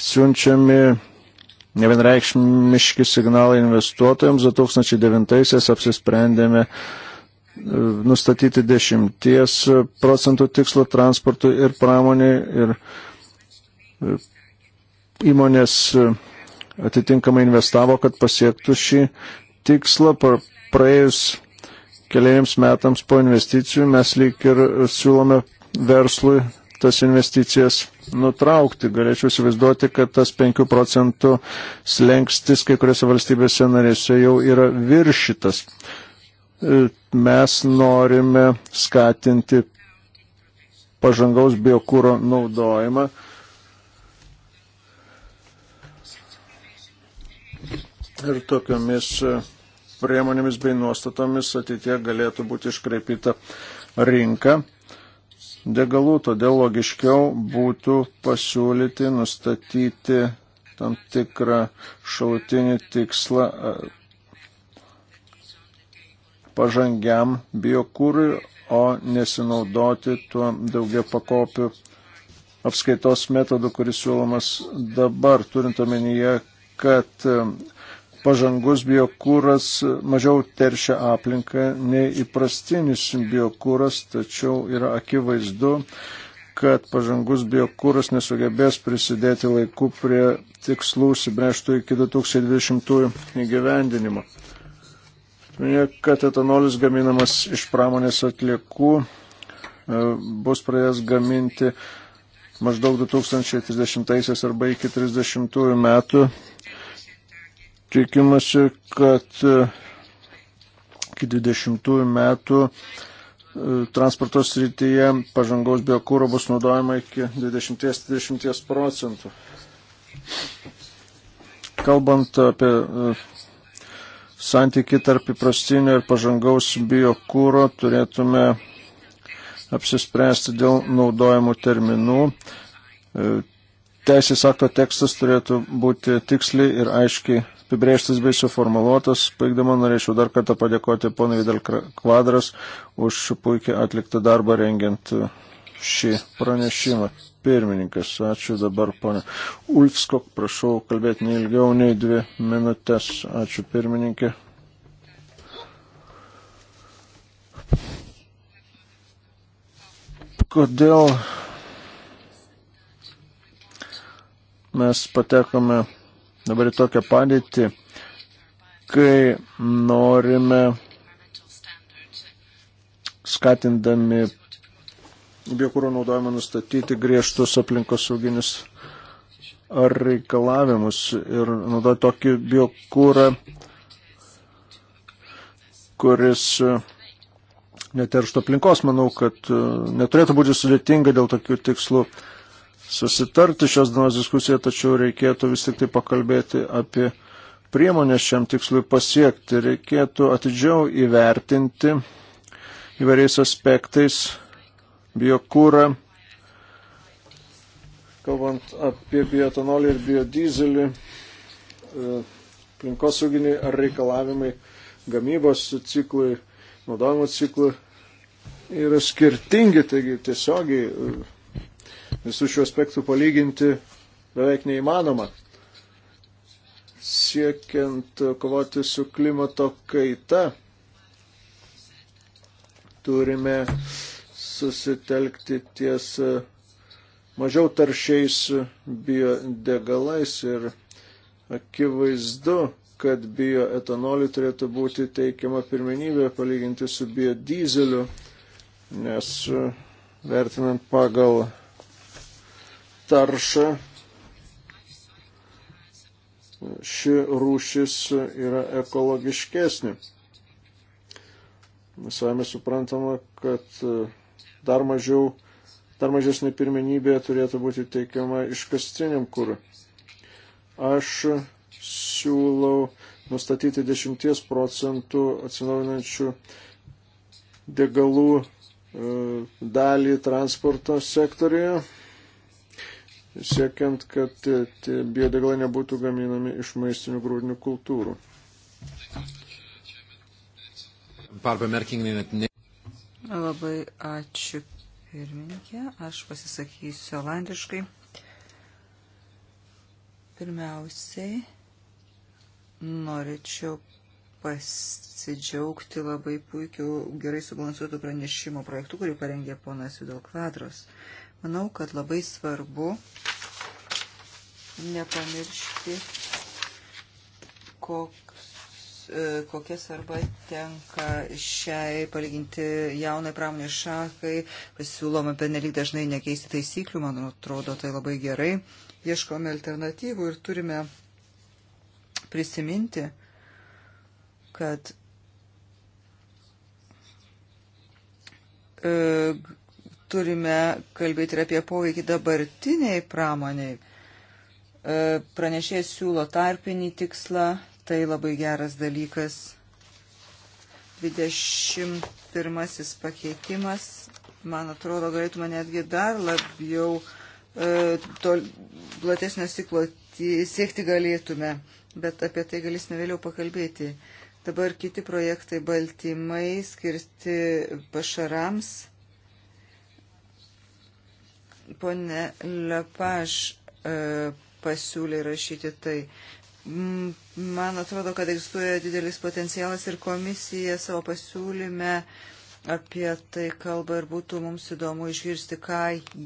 Siunčiami nevienreikšmiški signalai investuotojams. 2009-aisiais apsisprendėme nustatyti 10 procentų tikslo transportui ir pramoniai ir e, įmonės e, atitinkamai investavo, kad pasiektų šį tikslą. Praėjus keliariems metams po investicijų mes lyg ir siūlome verslui tas investicijas nutraukti. Galėčiau įsivaizduoti, kad tas 5 procentų slengstis kai kuriuose valstybėse narėse jau yra viršytas mes norime skatinti pažangaus biokūro naudojimą. Ir tokiamis e, priemonėmis bei nuostatomis ateitie galėtų būti iškreipyta rinka degalų, todėl logiškiau būtų pasiūlyti, nustatyti tam tikrą šautinį tikslą e, pažangiam biokūrui, o nesinaudoti tuo daugia pakopiu apskaitos metodu, kuris siūlomas dabar, turint omenyje, kad e, pažangus biokūras mažiau teršia aplinką nei įprastinis biokūras, tačiau yra akivaizdu, kad pažangus biokūras nesugebės prisidėti laiku prie tikslų užsibrėžtų iki 2020 įgyvendinimo minėjo, kad etanolis gaminamas iš pramonės atliekų e, bus pradės gaminti maždaug 2030 arba iki 30 metų. Tikimasi, kad e, iki 20 metų e, transporto srityje pažangaus biokūro bus naudojama iki 20-30 procentų. Kalbant apie santyki tarp įprastinio ir pažangaus biokūro turėtume apsispręsti dėl naudojimų terminų. E, teisės akto tekstas turėtų būti tiksliai ir aiškiai apibrėžtas bei suformuoluotas. Paigdama norėčiau dar kartą padėkoti ponui Vidal Kvadras už puikiai atliktą darbą rengiant šį pranešimą pirmininkas. Ačiū dabar, ponė Ulfskok, prašau kalbėti neilgiau nei dvi minutės. Ačiū pirmininkė. Kodėl mes patekome dabar į tokią padėtį, kai norime skatindami biokūro naudojimą nustatyti griežtus aplinkosauginius ar reikalavimus ir naudoti tokį biokūrą, kuris e, neterštų aplinkos. Manau, kad e, neturėtų būti sudėtinga dėl tokių tikslų susitarti šios dienos diskusiją, tačiau reikėtų vis tik tai pakalbėti apie priemonės šiam tikslui pasiekti. Reikėtų atidžiau įvertinti įvairiais aspektais biokūrą. Kalbant apie bioetanolį ir biodizelį, e, aplinkosauginiai ar reikalavimai gamybos ciklui, naudojimo ciklui yra skirtingi, taigi tiesiogiai e, visų šių aspektų palyginti beveik neįmanoma. Siekiant kovoti su klimato kaita, turime uh, susitelkti ties e, mažiau taršiais biodegalais ir akivaizdu, kad bioetanoliui turėtų būti teikiama pirmenybė palyginti su biodizeliu, nes e, vertinant pagal taršą ši rūšis yra ekologiškesnė. Visai mes suprantama, kad e, dar, mažiau, dar mažesnė pirmenybė turėtų būti teikiama iškastiniam kūrui. Aš siūlau nustatyti 10 procentų atsinaujinančių degalų e, dalį transporto sektorijoje, siekiant, kad biodegalai nebūtų gaminami iš maistinių grūdinių kultūrų. Een paar bemerkingen in het Labai ačiū pirmininkė. Aš pasisakysiu olandiškai. Pirmiausiai norėčiau pasidžiaugti labai puikiu, gerai subalansuotų pranešimo projektu, kurį parengė ponas Vidal Kvadros. Manau, kad labai svarbu nepamiršti, kok, E, kokia svarba tenka šiai palyginti jaunai pramonės šakai. Pasiūloma penelik dažnai nekeisti taisyklių, man atrodo, tai labai gerai. Ieškome alternatyvų ir turime prisiminti, kad e, turime kalbėti ir apie poveikį dabartiniai pramoniai. E, pranešėjas siūlo tarpinį tikslą Tai labai geras dalykas. 21 pakeitimas, man atrodo, galėtume netgi dar labiau e, tol, platesnio stiklo siekti galėtume, bet apie tai galėsime vėliau pakalbėti. Dabar kiti projektai baltymai skirti pašarams. Pone Lepaš e, pasiūlė rašyti tai. E, Mm, man atrodo, kad egzistuoja didelis potencialas ir komisija savo pasiūlyme apie tai kalba ir būtų mums įdomu išgirsti, ką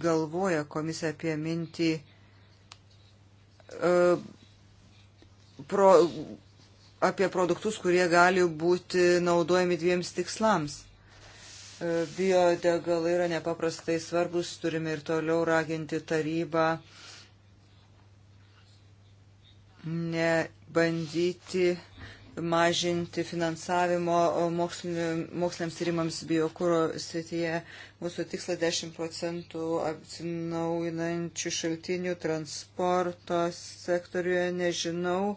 galvoja komisija apie mintį uh, pro, apie produktus, kurie gali būti naudojami dviems tikslams. E, biodegalai yra nepaprastai svarbus, turime ir toliau raginti tarybą uh, nebandyti mažinti finansavimo moksliniams tyrimams biokūro srityje. Mūsų tikslas 10 procentų atsinaujinančių šaltinių transporto sektoriuje. Nežinau,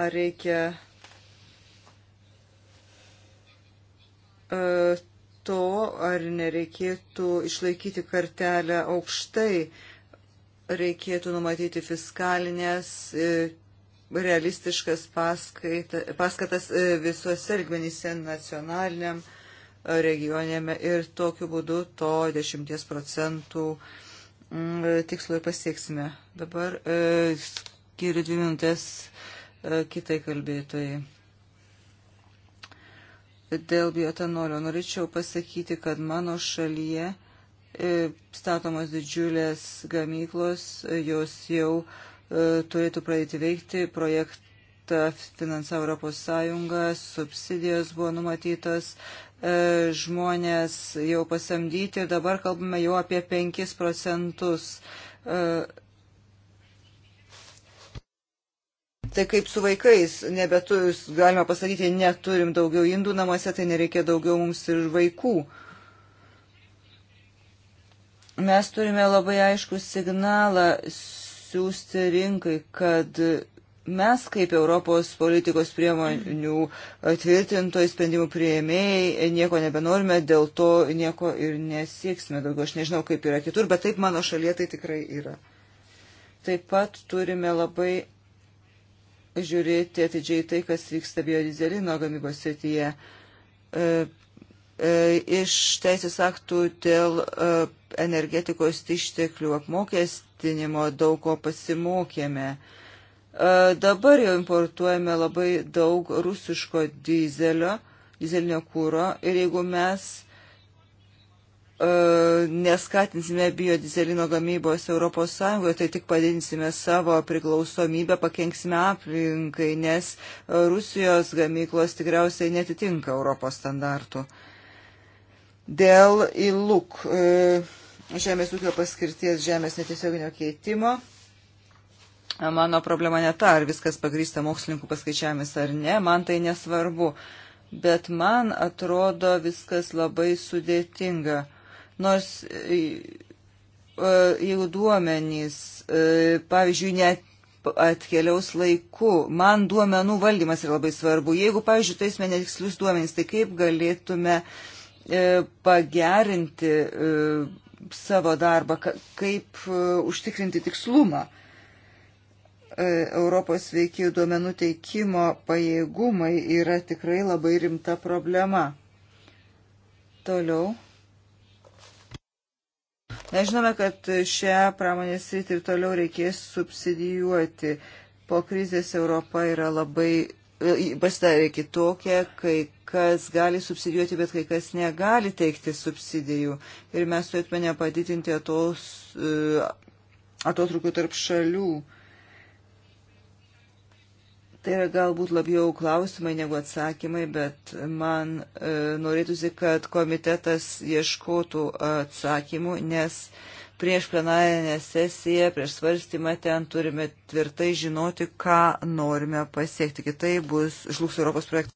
ar reikia e, to, ar nereikėtų išlaikyti kartelę aukštai. Reikėtų numatyti fiskalinės e, realistiškas paskaita, paskatas e, visuose lygmenyse nacionaliniam, e, regioniame ir tokiu būdu to 10 procentų mm, e, tikslo ir pasieksime. Dabar skiriu dvi minutės kitai kalbėtojai. Dėl biotanolio norėčiau pasakyti, kad mano šalyje statomos didžiulės gamyklos, jos jau uh, E, turėtų pradėti veikti. Projektą finansavo Europos Sąjunga, subsidijos buvo numatytos, e, žmonės jau pasamdyti, dabar kalbame jau apie 5 procentus. E, tai kaip su vaikais, nebetu, galima pasakyti, neturim daugiau indų namuose, tai nereikia daugiau mums ir vaikų mes turime labai aišku signalą nusiųsti rinkai, kad mes kaip Europos politikos priemonių tvirtintojai sprendimų prieėmėjai nieko nebenorime, dėl to nieko ir nesieksime. Daugiau aš nežinau, kaip yra kitur, bet taip mano šalyje tai tikrai yra. Taip pat turime labai žiūrėti atidžiai tai, kas vyksta biodizelino gamybos srityje. E, E, iš teisės aktų dėl e, energetikos išteklių apmokestinimo daug ko pasimokėme. E, dabar jau importuojame labai daug rusiško dizelio, dizelinio kūro ir jeigu mes neskatinsime biodizelino gamybos ES, tai tik padidinsime savo priklausomybę, pakenksime aplinkai, nes Rusijos gamyklos tikriausiai netitinka Europos standartų. Uh, dėl įlūk e, žemės ūkio paskirties žemės netiesioginio keitimo. Mano problema ne ta, ar viskas pagrįsta mokslininkų paskaičiavimis ar ne, man tai nesvarbu, bet man atrodo viskas labai sudėtinga. Nors e, e, jeigu duomenys, pavyzdžiui, net atkeliaus laiku. Man duomenų valdymas yra labai svarbu. Jeigu, pavyzdžiui, taisime netikslius duomenys, tai kaip galėtume uh, E, pagerinti e, savo darbą, kaip e, užtikrinti tikslumą. Europos veikėjų duomenų teikimo pajėgumai yra tikrai labai rimta problema. Toliau. Mes žinome, kad šią pramonės rytį ir toliau reikės subsidijuoti. Po krizės Europa yra labai pasidarė kitokia, kai kas gali subsidijuoti, bet kai kas negali teikti subsidijų. Ir mes turėtume nepadidinti atos, e, atotrukų tarp šalių. Tai yra galbūt labiau klausimai negu atsakymai, bet man e, norėtųsi, kad komitetas ieškotų atsakymų, nes e, prieš plenarinę sesiją, prieš svarstymą ten turime tvirtai žinoti, ką norime pasiekti. Kitai bus žlugs Europos projektas.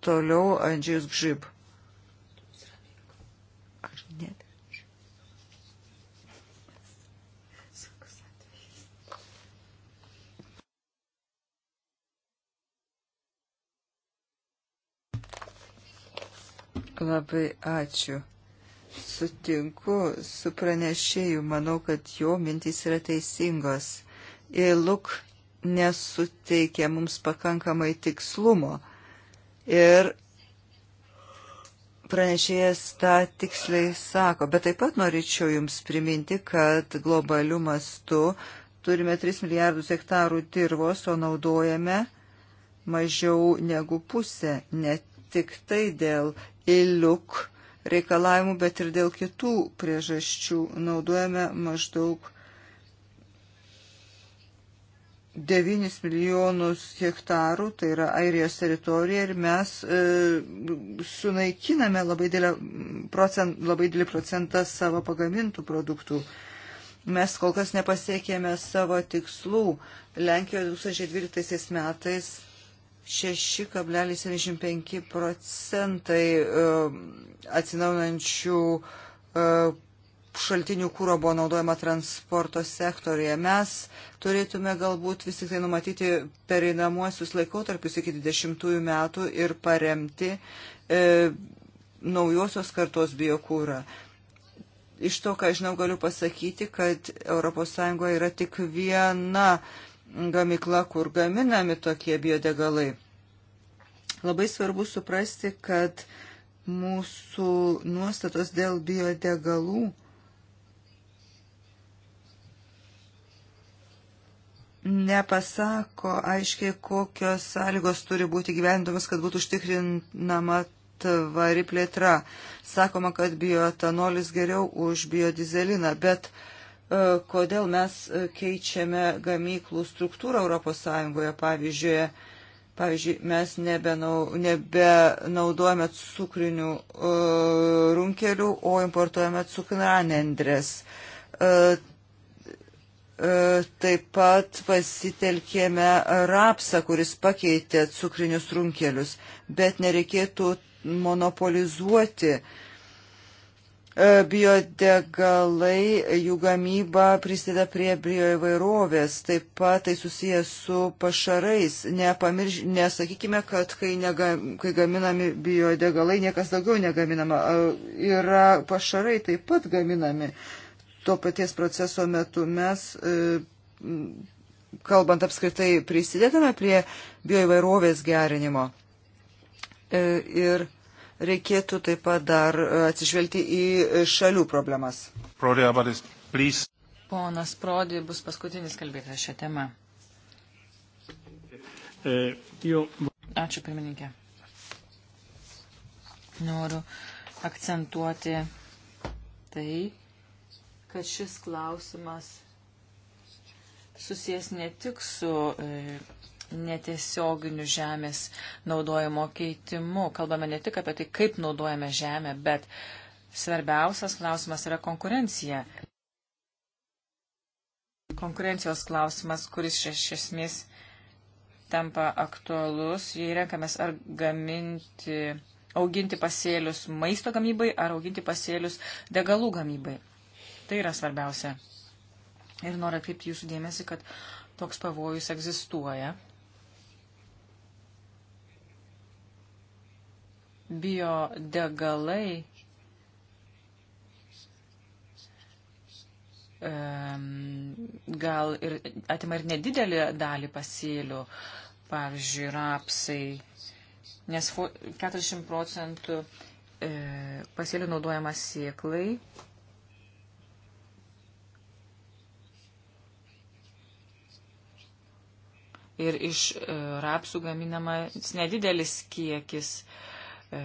Toliau Andžius Gžib. Labai ačiū sutinku su pranešėju, manau, kad jo mintys yra teisingos. Ir luk nesuteikia mums pakankamai tikslumo. Ir pranešėjas tą tiksliai sako, bet taip pat norėčiau Jums priminti, kad globalių mastų turime 3 milijardus hektarų dirvos, o naudojame mažiau negu pusę, ne tik tai dėl iliuk reikalavimų, bet ir dėl kitų priežasčių naudojame maždaug 9 milijonus hektarų, tai yra Airijos teritorija, ir mes e, sunaikiname labai didelį, procent, labai didelį procentą savo pagamintų produktų. Mes kol kas nepasiekėme savo tikslų. Lenkijoje 2012 metais 6,75 procentai e, atsinaujančių e, šaltinių kūro buvo naudojama transporto sektorija. Mes turėtume galbūt vis tik tai numatyti pereinamuosius laikotarpius iki 20 metų ir paremti e, naujosios kartos biokūrą. Iš to, ką žinau, galiu pasakyti, kad ES yra tik viena e, gamykla, kur gaminami tokie biodegalai. Labai svarbu suprasti, kad mūsų nuostatos dėl biodegalų nepasako aiškiai, kokios sąlygos turi būti gyvendomas, kad būtų užtikrinama tvari plėtra. Sakoma, kad bioetanolis geriau už biodizeliną, bet uh, kodėl mes e, keičiame gamyklų struktūrą ES, pavyzdžiui, Pavyzdžiui, mes nebenau, nebenaudojame cukrinių uh, runkelių, o importuojame cukranendrės. Uh, e, uh, taip pat pasitelkėme rapsą, kuris pakeitė cukrinius runkelius, bet nereikėtų monopolizuoti uh, E, biodegalai, jų gamyba prisideda prie bioįvairovės, taip pat tai susijęs su pašarais. Nepamirž, nesakykime, kad kai, nega, kai gaminami biodegalai, niekas daugiau negaminama. E, yra pašarai taip pat gaminami. To paties proceso metu mes, e, kalbant apskritai, prisidedame prie bioįvairovės gerinimo. Ir, ir Reikėtų taip pat dar e, atsižvelgti į šalių problemas. Prodi, abadis, please. Ponas Prodi bus paskutinis kalbėtas šią temą. E, Ačiū, pirmininkė. Noriu akcentuoti tai, kad šis klausimas susijęs ne tik su e, netiesioginiu žemės naudojimo keitimu. Kalbame ne tik apie tai, kaip naudojame žemę, bet svarbiausias klausimas yra konkurencija. Konkurencijos klausimas, kuris iš esmės tampa aktualus, jei renkamės ar gaminti, auginti pasėlius maisto gamybai, ar auginti pasėlius degalų gamybai. Tai yra svarbiausia. Ir noriu atkreipti jūsų dėmesį, kad toks pavojus egzistuoja. biodegalai gal ir atima ir nedidelį dalį pasėlių, pavyzdžiui, rapsai, nes 40 procentų e, pasėlių naudojama sieklai. Ir iš e, rapsų gaminamas nedidelis kiekis uh, E,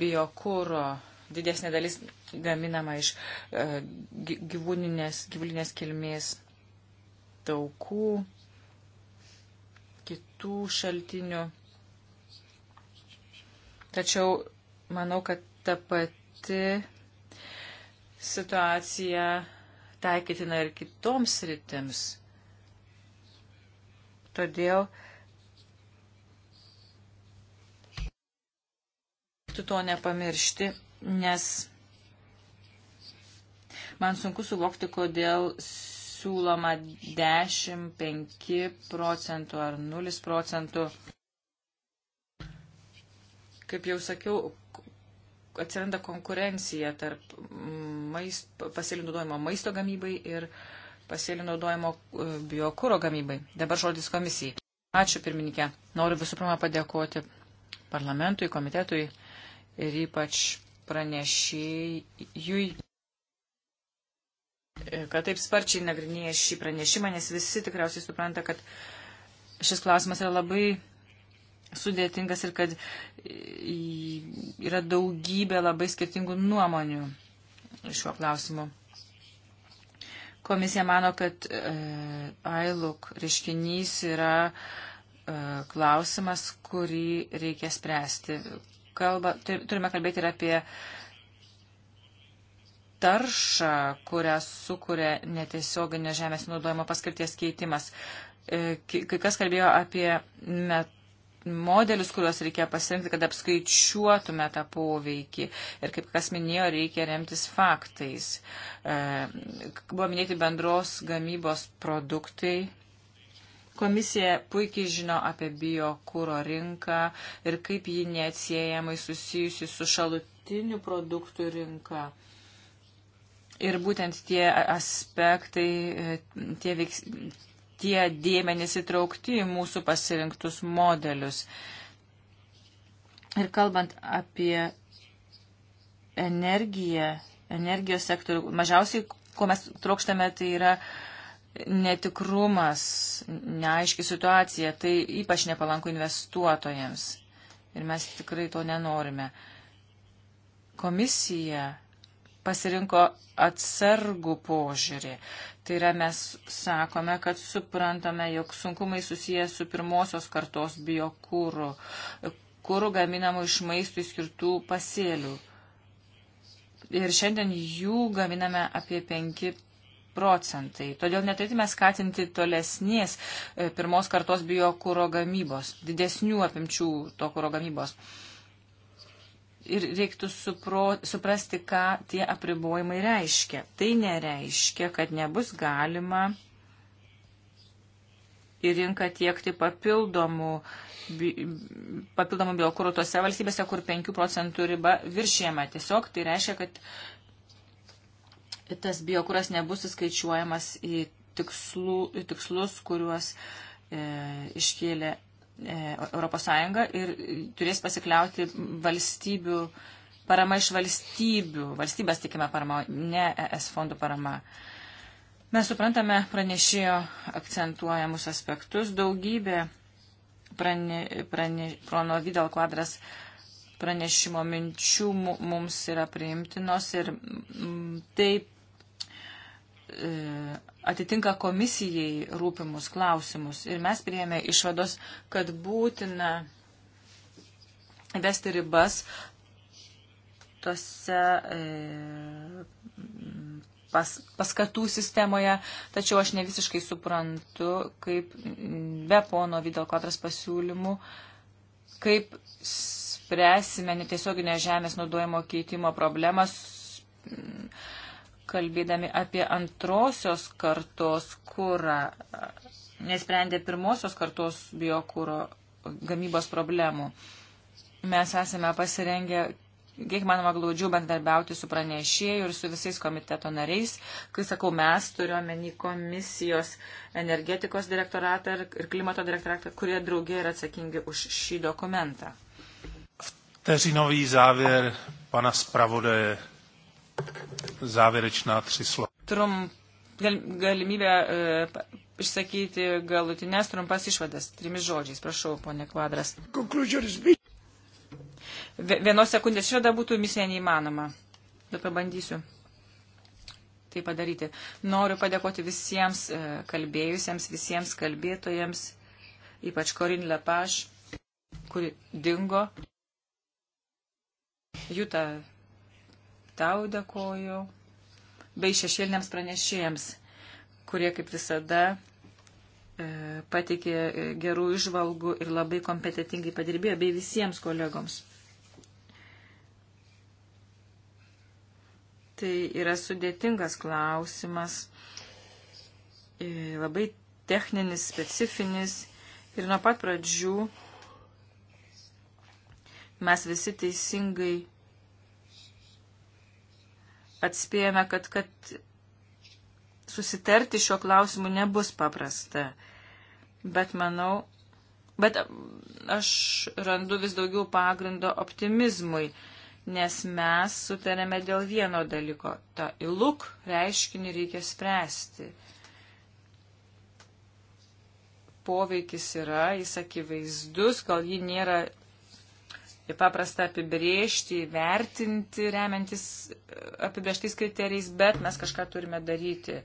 biokūro didesnė dalis gaminama iš e, gyvūninės, gyvulinės kilmės taukų, kitų šaltinių. Tačiau manau, kad ta pati situacija taikytina ir kitoms rytims. Todėl uh, reiktų to nepamiršti, nes man sunku suvokti, kodėl siūloma 10-5 procentų ar 0 procentų. Kaip jau sakiau, atsiranda konkurencija tarp maist, pasėlių naudojimo maisto gamybai ir pasėlių naudojimo e, biokūro gamybai. Dabar žodis komisijai. Ačiū pirmininkė. Noriu visų pirma padėkoti parlamentui, komitetui ir ypač pranešėjui, kad taip sparčiai nagrinėja šį pranešimą, nes visi tikriausiai supranta, kad šis klausimas yra labai sudėtingas ir kad yra daugybė labai skirtingų nuomonių šiuo klausimu. Komisija mano, kad e, ILUK reiškinys yra e, klausimas, kurį reikia spręsti kalba, tai turime kalbėti ir apie taršą, kurią sukuria netiesioginė žemės naudojimo paskirties keitimas. E, kai kas kalbėjo apie met modelius, kuriuos reikia pasirinkti, kad apskaičiuotume tą poveikį. Ir kaip kas minėjo, reikia remtis faktais. E, buvo minėti bendros gamybos produktai Komisija puikiai žino apie biokūro rinką ir kaip ji neatsiejamai susijusi su šalutiniu produktų rinka. Ir būtent tie aspektai, tie, veiks, tie dėmenys įtraukti į mūsų pasirinktus modelius. Ir kalbant apie energiją, energijos sektorių, mažiausiai, ko mes trokštame, tai yra uh, netikrumas, neaiški situacija, tai ypač nepalanku investuotojams. Ir mes tikrai to nenorime. Komisija pasirinko atsargų požiūrį. Tai yra mes sakome, kad suprantame, jog sunkumai susijęs su pirmosios kartos biokūrų, kūrų gaminamų iš maistų skirtų pasėlių. Ir šiandien jų gaminame apie 5 procentai. Todėl neturėtume skatinti tolesnės e, pirmos kartos biokūro gamybos, didesnių apimčių to kūro gamybos. Ir reiktų supro, suprasti, ką tie apribojimai reiškia. Tai nereiškia, kad nebus galima į rinką tiekti papildomų, papildomų biokūrų tose valstybėse, kur 5 procentų riba viršėjama. Tiesiog tai reiškia, kad tas biokuras nebus įskaičiuojamas į tikslų, į tikslus, kuriuos e, iškėlė e, Europos Sąjunga ir turės pasikliauti valstybių, parama iš valstybių, valstybės tikima parama, ne ES fondų parama. Mes suprantame pranešėjo akcentuojamus aspektus. Daugybė prane, prane, prono Vidal kvadras pranešimo minčių mums yra priimtinos ir taip E, atitinka komisijai rūpimus klausimus. Ir mes prieėmė išvados, kad būtina vesti ribas tose e, pas, paskatų sistemoje, tačiau aš ne visiškai suprantu, kaip be pono Vidalkotras pasiūlymų, kaip spręsime netiesioginę žemės naudojimo keitimo problemas kalbėdami apie antrosios kartos kūrą, nesprendė pirmosios kartos biokūro gamybos problemų. Mes esame pasirengę, kiek manoma, glaudžiau bendarbiauti su pranešėju ir su visais komiteto nariais. Kai sakau, mes turiuomenį komisijos energetikos direktoratą ir klimato direktoratą, kurie draugė yra atsakingi už šį dokumentą. Vteřinový závěr pana spravodaje Záverečná tři slova. Trum, gal, galimybė e, išsakyti galutinės trumpas išvadas. Trimis žodžiais, prašau, ponė Kvadras. Vienos sekundės išvada būtų misija neįmanoma. Bet pabandysiu tai padaryti. Noriu padėkoti visiems e, kalbėjusiems, visiems kalbėtojams, ypač Korin Lepaš, kuri dingo. Juta tau dėkoju, bei šešėliniams pranešėjams, kurie kaip visada e, pateikė e, gerų išvalgų ir labai kompetitingai padirbėjo, bei visiems kolegoms. Tai yra sudėtingas klausimas, e, labai techninis, specifinis ir nuo pat pradžių mes visi teisingai atspėjame, kad, kad susitarti šiuo klausimu nebus paprasta. Bet manau, bet aš randu vis daugiau pagrindo optimizmui, nes mes sutarėme dėl vieno dalyko. Ta iluk reiškinį reikia spręsti. Poveikis yra, jis akivaizdus, gal jį nėra paprasta apibriežti, vertinti, remiantis e, apibriežtais kriterijais, bet mes kažką turime daryti,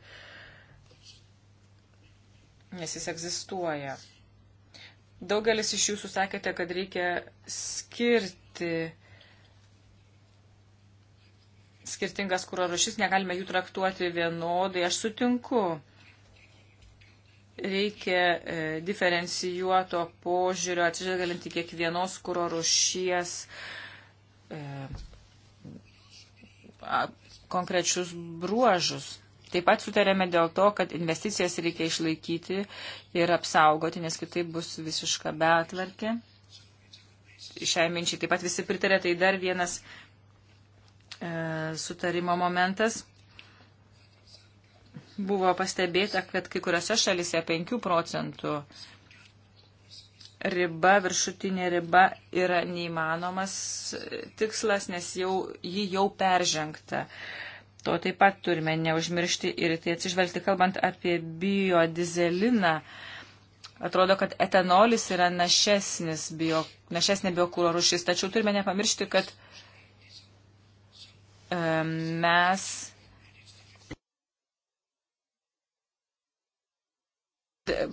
nes jis egzistuoja. Daugelis iš jūsų sakėte, kad reikia skirti skirtingas kūro rušis, negalime jų traktuoti vienodai, aš sutinku reikia e, diferencijuoto požiūrio atsižvelgiant į kiekvienos kūro rušies e, konkrečius bruožus. Taip pat sutarėme dėl to, kad investicijas reikia išlaikyti ir apsaugoti, nes kitaip bus visiška betvarkė. Šiai minčiai taip pat visi pritarė, tai dar vienas e, sutarimo momentas. Buvo pastebėta, kad kai kuriuose šalise 5 procentų riba, viršutinė riba yra neįmanomas tikslas, nes jau, jį jau peržengta. To taip pat turime neužmiršti ir tai atsižvelgti, kalbant apie biodizeliną. Atrodo, kad etanolis yra našesnis bio, našesnė biokūro rušis, tačiau turime nepamiršti, kad um, mes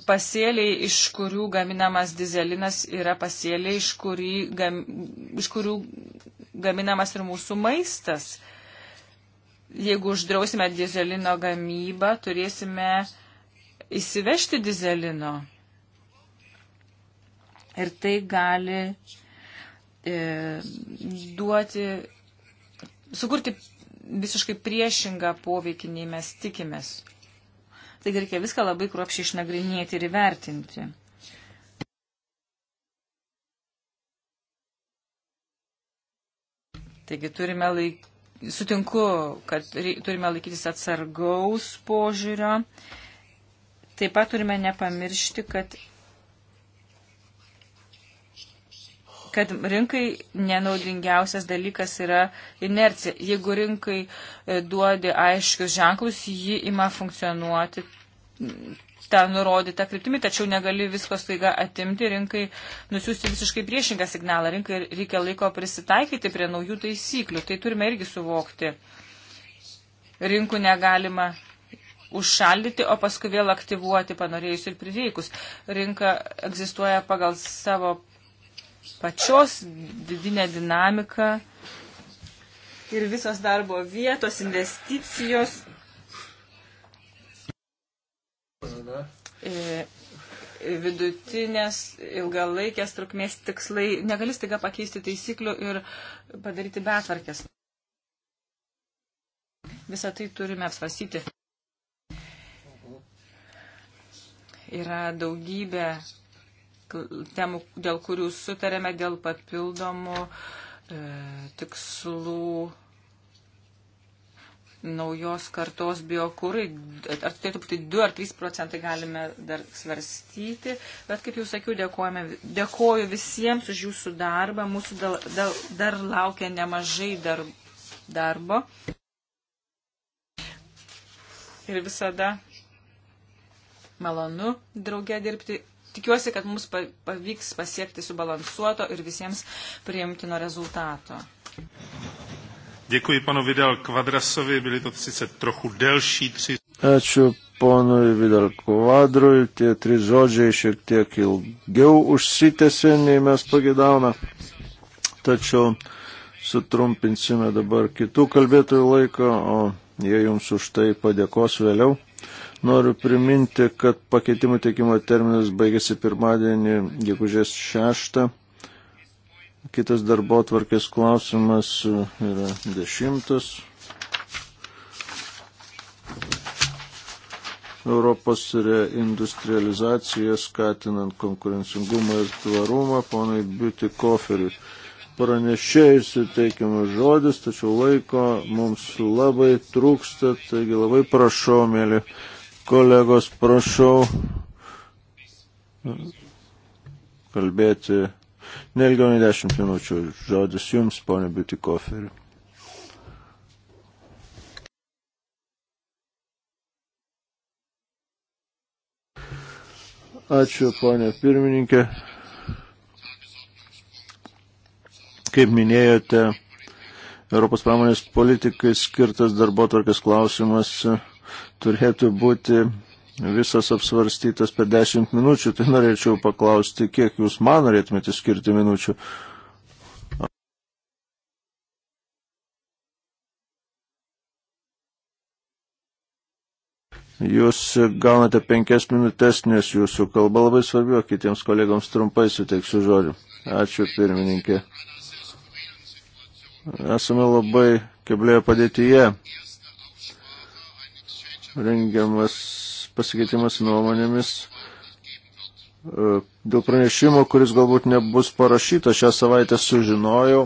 pasėliai, iš kurių gaminamas dizelinas, yra pasėliai, iš, kurį, gam, iš kurių gaminamas ir mūsų maistas. Jeigu uždrausime dizelino gamybą, turėsime įsivežti dizelino. Ir tai gali e, duoti, sukurti visiškai priešingą poveikį, nei mes tikimės. Taigi reikia viską labai kruopšiai išnagrinėti ir įvertinti. Taigi turime laik... sutinku, kad turime laikytis atsargaus požiūrio. Taip pat turime nepamiršti, kad kad rinkai nenaudingiausias dalykas yra inercija. Jeigu rinkai e, duodi aiškius ženklus, ji ima funkcionuoti tą nurodytą kryptimį, tačiau negali visko staiga atimti rinkai, nusiųsti visiškai priešingą signalą. Rinkai reikia laiko prisitaikyti prie naujų taisyklių. Tai turime irgi suvokti. Rinkų negalima užšaldyti, o paskui vėl aktyvuoti panorėjus ir prireikus. Rinka egzistuoja pagal savo pačios vidinę dinamiką ir visos darbo vietos, investicijos. E, vidutinės ilgalaikės trukmės tikslai negali staiga pakeisti taisyklių ir padaryti betvarkės. Visą tai turime apsvarstyti. Yra daugybė temų, dėl kurių sutarėme, dėl papildomų e, tikslų naujos kartos biokūrai, ar turėtų būti 2 ar 3 procentai galime dar svarstyti, bet kaip jau sakiau, dėkojame, dėkoju visiems už jūsų darbą, mūsų dal, dal, dar laukia nemažai dar, darbo. Ir visada malonu draugė dirbti tikiuosi, kad mums pavyks pasiekti subalansuoto ir visiems priimtino rezultato. Děkuji panu Vidal Kvadrasovi, byly to sice trochu delší tři. Ačiū ponui Vidal Kvadrui, tie trys žodžiai šiek tiek ilgiau užsitęsė, nei mes pagėdavome. Tačiau sutrumpinsime dabar kitų kalbėtojų laiką, o jie jums už tai padėkos vėliau. Noriu priminti, kad pakeitimų teikimo terminas baigėsi pirmadienį, gegužės 6. Kitas darbo tvarkės klausimas yra 10. Europos reindustrializacija skatinant konkurencingumą ir tvarumą, ponai Biuti Koferiui. Pranešėjai suteikiamas žodis, tačiau laiko mums labai trūksta, taigi labai prašau, mėly Kolegos, prašau kalbėti nelgiau nei 10 minučių. Žodis jums, ponė Biutikoferi. Ačiū, ponė pirmininkė. Kaip minėjote, Europos pramonės politikai skirtas darbo tvarkės klausimas turėtų būti visas apsvarstytas per dešimt minučių, tai norėčiau paklausti, kiek jūs man norėtumėte skirti minučių. Jūs gaunate penkias minutės, nes jūsų kalba labai svarbi, o kitiems kolegoms trumpai suteiksiu žodžiu. Ačiū, pirmininkė. Esame labai keblėje padėtyje rengiamas pasikeitimas nuomonėmis e, dėl pranešimo, kuris galbūt nebus parašytas. Šią savaitę sužinojau,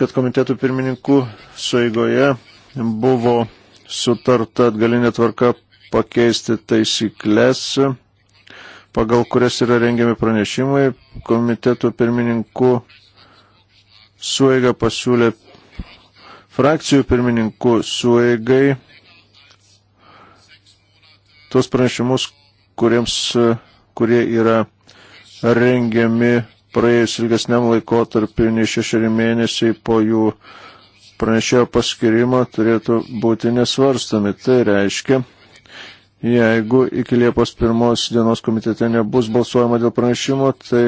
kad komitetų pirmininkų sueigoje buvo sutarta atgalinė tvarka pakeisti taisyklės, pagal kurias yra rengiami pranešimai. Komitetų pirmininkų sueiga pasiūlė frakcijų pirmininkų sueigai tuos pranešimus, kuriems, kurie yra rengiami praėjus ilgesniam laikotarpiu nei šešeri mėnesiai po jų pranešėjo paskirimo turėtų būti nesvarstami. Tai reiškia, jeigu iki Liepos pirmos dienos komitete nebus balsuojama dėl pranešimo, tai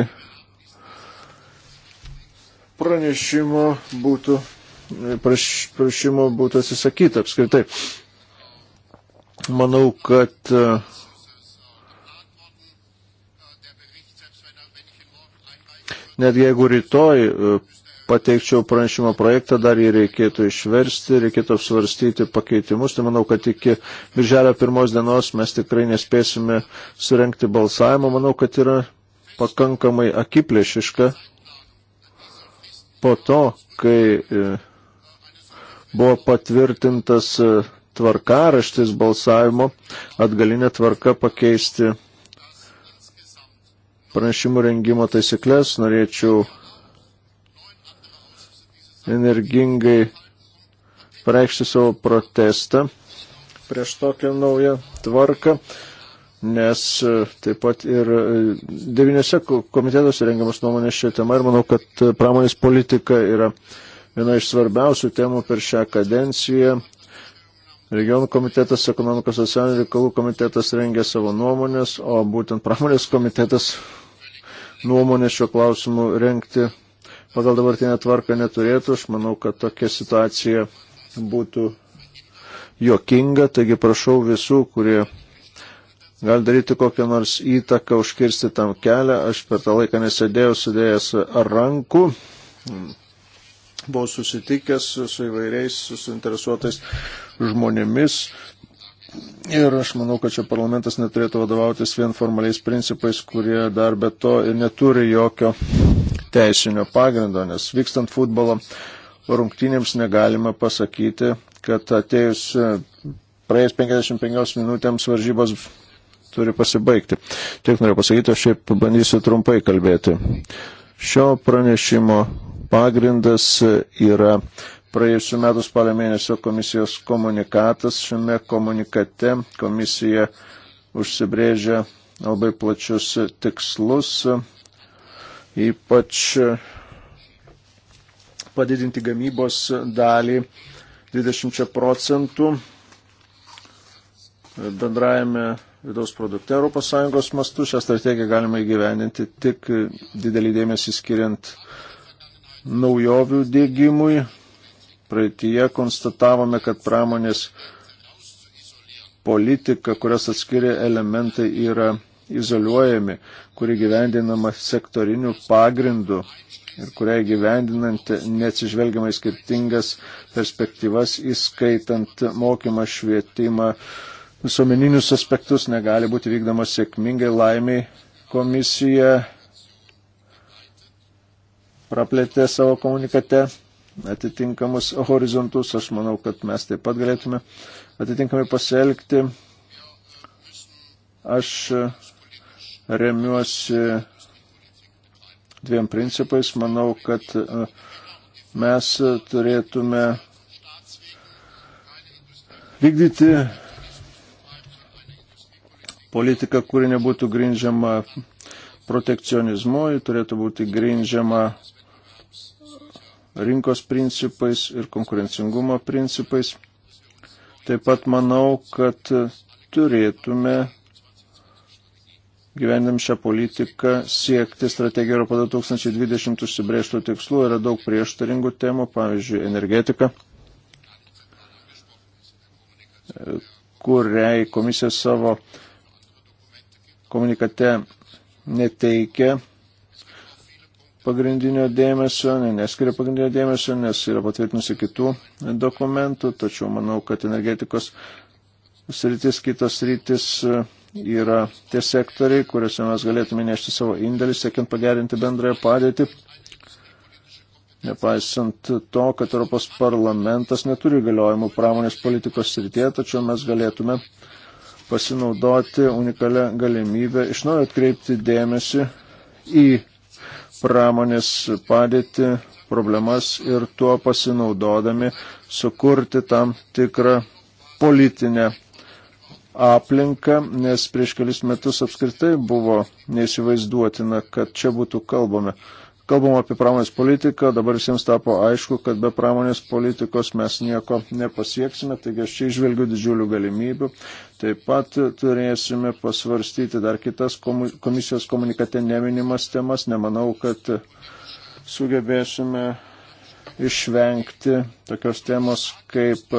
pranešimo būtų, praš, prašymo būtų atsisakyta apskritai. Manau, kad e, netgi jeigu rytoj e, pateikčiau pranešimo projektą, dar jį reikėtų išversti, reikėtų apsvarstyti pakeitimus. Tai manau, kad iki birželio pirmos dienos mes tikrai nespėsime surenkti balsavimo. Manau, kad yra pakankamai akiplėšiška po to, kai e, buvo patvirtintas tvarkaraštis balsavimo atgalinę tvarką pakeisti pranešimų rengimo taisyklės. Norėčiau energingai pareikšti savo protestą prieš tokią naują tvarką, nes e, taip pat ir e, devyniose komitetuose rengiamas nuomonės šią temą ir manau, kad e, pramonės politika yra viena iš svarbiausių temų per šią kadenciją. Regionų komitetas, ekonomikos socialinių reikalų komitetas rengia savo nuomonės, o būtent pramonės komitetas nuomonę šiuo klausimu rengti pagal dabartinę tvarką neturėtų. Aš manau, kad tokia situacija būtų jokinga. Taigi prašau visų, kurie gali daryti kokią nors įtaką, užkirsti tam kelią. Aš per tą laiką nesėdėjau sudėjęs rankų buvau susitikęs su įvairiais suinteresuotais žmonėmis. Ir aš manau, kad čia parlamentas neturėtų vadovautis vien formaliais principais, kurie dar be to ir neturi jokio teisinio pagrindo, nes vykstant futbolo rungtynėms negalime pasakyti, kad atėjus praėjus 55 minutėms varžybos turi pasibaigti. Tiek noriu pasakyti, aš šiaip bandysiu trumpai kalbėti. Šio pranešimo pagrindas yra praėjusiu metu spalio mėnesio komisijos komunikatas. Šiame komunikate komisija užsibrėžia labai plačius tikslus, ypač padidinti gamybos dalį 20 procentų bendrajame vidaus produkte ES mastu. Šią strategiją galima įgyveninti tik didelį dėmesį skiriant uh, naujovių dėgymui. Praeitie konstatavome, kad pramonės politika, kurios atskiria elementai yra izoliuojami, kuri gyvendinama sektoriniu pagrindu ir kuriai gyvendinant neatsižvelgiamai skirtingas perspektyvas, įskaitant mokymą, švietimą, visuomeninius aspektus negali būti vykdoma sėkmingai laimiai komisija praplėtė savo komunikate atitinkamus horizontus. Aš manau, kad mes taip pat galėtume atitinkamai pasielgti. Aš e, remiuosi dviem principais. Manau, kad e, mes turėtume vykdyti politiką, kuri nebūtų grindžiama protekcionizmu, ji turėtų būti grindžiama rinkos principais ir konkurencingumo principais. Taip pat manau, kad turėtume gyvendam šią politiką siekti strategiją Europą 2020 užsibrėžtų tikslų. Yra daug prieštaringų temų, pavyzdžiui, energetika, kuriai komisija savo komunikate neteikia pagrindinio dėmesio, neskiria pagrindinio dėmesio, nes yra patvirtinusi kitų dokumentų, tačiau manau, kad energetikos sritis, kitos sritis e, yra tie sektoriai, kuriuose mes galėtume nešti savo indėlį, siekiant pagerinti bendrąją padėtį. Nepaisant to, kad Europos parlamentas neturi galiojimų pramonės politikos srityje, tačiau mes galėtume pasinaudoti unikalią galimybę iš naujo atkreipti dėmesį į pramonės padėtį, problemas ir tuo pasinaudodami sukurti tam tikrą politinę aplinką, nes prieš kelis metus apskritai buvo neįsivaizduotina, kad čia būtų kalbame Kalbam apie pramonės politiką, dabar visiems tapo aišku, kad be pramonės politikos mes nieko nepasieksime, taigi aš čia išvelgiu didžiulių galimybių. Taip pat turėsime pasvarstyti dar kitas komisijos komunikate neminimas temas. Nemanau, kad sugebėsime išvengti tokios temos kaip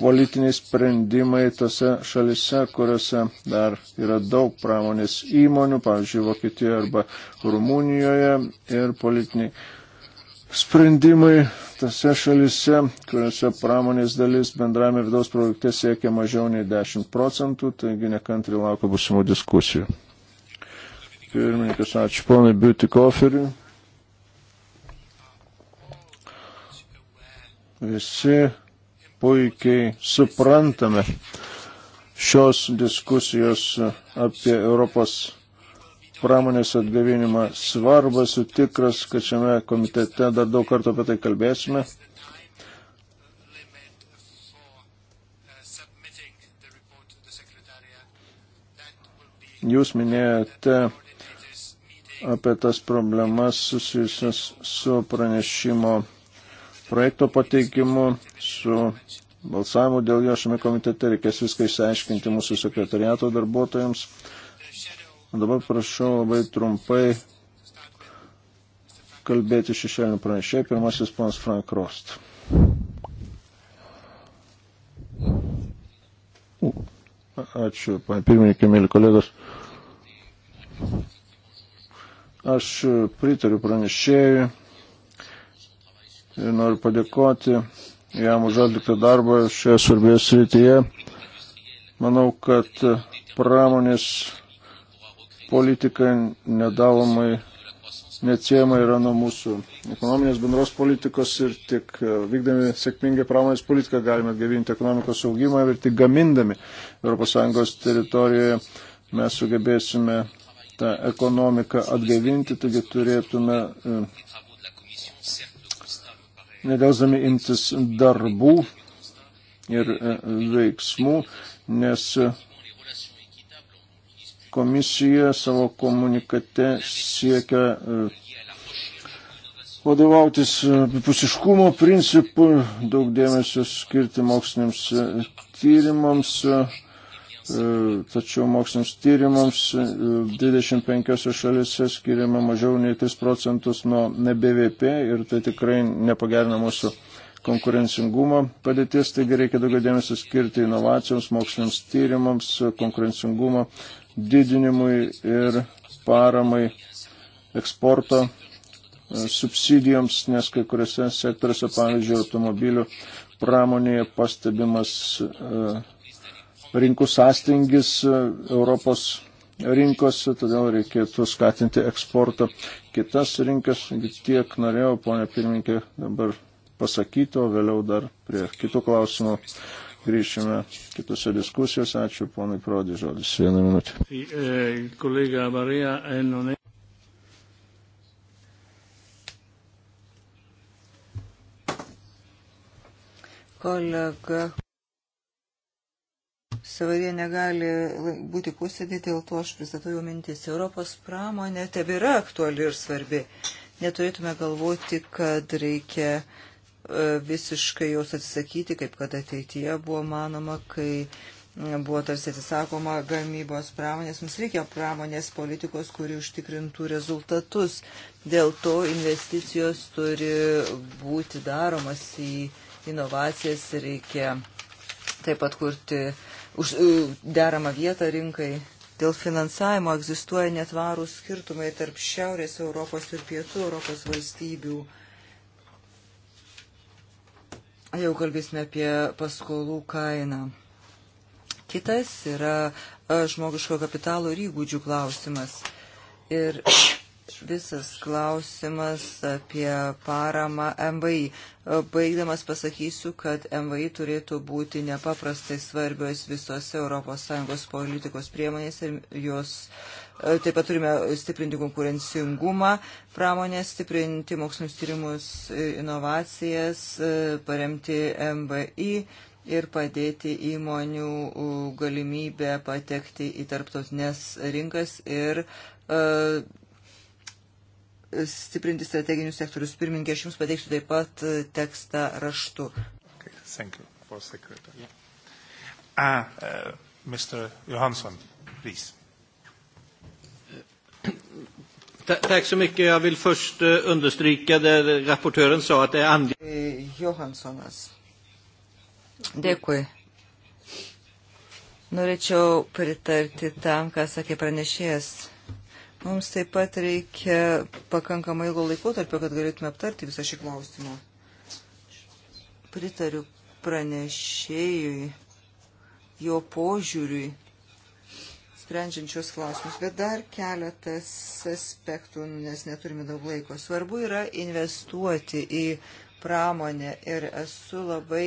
politiniai sprendimai tose šalise, kuriuose dar yra daug pramonės įmonių, pavyzdžiui, Vokietijoje arba Rumunijoje, ir politiniai sprendimai tose šalise, kuriuose pramonės dalis bendrame vidaus produkte siekia mažiau nei 10 procentų, taigi nekantri laukia busimų diskusijų. Pirmininkas, ačiū ponai Beauty Cofferiui. Visi puikiai suprantame šios diskusijos apie Europos pramonės atgavinimą svarbą, esu tikras, kad šiame komitete dar daug kartų apie tai kalbėsime. Jūs minėjote apie tas problemas susijusias su pranešimo projekto pateikimu su balsavimu dėl jo šiame komitete. Reikės viską išsiaiškinti mūsų sekretariato darbuotojams. Dabar prašau labai trumpai kalbėti šešėlinių pranešėjų. Pirmasis ponas Frank Rost. Ačiū, pan pirmininkė, mėly kolegos. Aš pritariu pranešėjui ir noriu padėkoti jam už atliktą darbą šioje svarbioje srityje. Manau, kad pramonės politika nedalomai neatsiejama yra nuo mūsų ekonominės bendros politikos ir tik e, vykdami sėkmingai pramonės politiką galime atgavinti ekonomikos augimą ir tik gamindami ES teritorijoje mes sugebėsime tą ekonomiką atgavinti, taigi turėtume e, nedelsdami imtis darbų ir e, veiksmų, nes e, komisija savo komunikate siekia e, vadovautis pusiškumo principu, daug dėmesio skirti moksliniams tyrimams E, tačiau moksliniams tyrimams 25 e, šalise skiriama mažiau nei 3 procentus nuo BVP ir tai tikrai nepagerina mūsų konkurencingumo padėtis, taigi reikia daugiau dėmesio skirti inovacijoms, moksliniams tyrimams, konkurencingumo didinimui ir paramai eksporto e, subsidijoms, nes kai kuriuose sektoriuose, pavyzdžiui, automobilių pramonėje pastebimas uh, rinkų sąstingis e, Europos rinkose, todėl reikėtų skatinti eksportą kitas rinkas. Tiek norėjau, ponė pirmininkė, dabar pasakyti, o vėliau dar prie kitų klausimų grįšime kitose diskusijose. Ačiū, ponai Prodi, žodis. Vieną minutę. Eh, kolega eh, Savarė negali būti pusėdė, dėl to aš pristatau jau mintis. Europos pramonė tebėra aktuali ir svarbi. Neturėtume galvoti, kad reikia e, visiškai jos atsisakyti, kaip kad ateityje buvo manoma, kai e, buvo tarsi atsisakoma gamybos pramonės. Mums reikia pramonės politikos, kuri užtikrintų rezultatus. Dėl to investicijos turi būti daromas į inovacijas, reikia taip pat kurti uh, už e, deramą vietą rinkai. Dėl finansavimo egzistuoja netvarūs skirtumai tarp Šiaurės Europos ir Pietų Europos valstybių. Jau kalbėsime apie paskolų kainą. Kitas yra e, žmogiško kapitalo ir įgūdžių klausimas. Ir visas klausimas apie paramą MVI. Baigdamas pasakysiu, kad MVI turėtų būti nepaprastai svarbios visose ES politikos priemonės ir jos e, taip pat turime stiprinti konkurencingumą, pramonę stiprinti mokslinius tyrimus, e, inovacijas, e, paremti MVI ir padėti įmonių galimybę patekti į tarptautinės rinkas ir stiprinti strateginius sektorius. Pirmininkė, aš Jums pateiksiu taip pat e, tekstą raštu. Okay, thank you for secretary. Yeah. Ah, uh, Mr. Johansson, please. Tack så mycket. Jag vill först eh, understryka det rapportören sa att det är angeläget. Eh, Johanssonas. Dėkui. Norėčiau pritarti tam, ką sakė pranešėjas. Mums taip pat reikia pakankamai ilgo laikotarpio, kad galėtume aptarti visą šį klausimą. Pritariu pranešėjui, jo požiūriui, sprendžiančios klausimus, bet dar keletas aspektų, nes neturime daug laiko. Svarbu yra investuoti į pramonę ir esu labai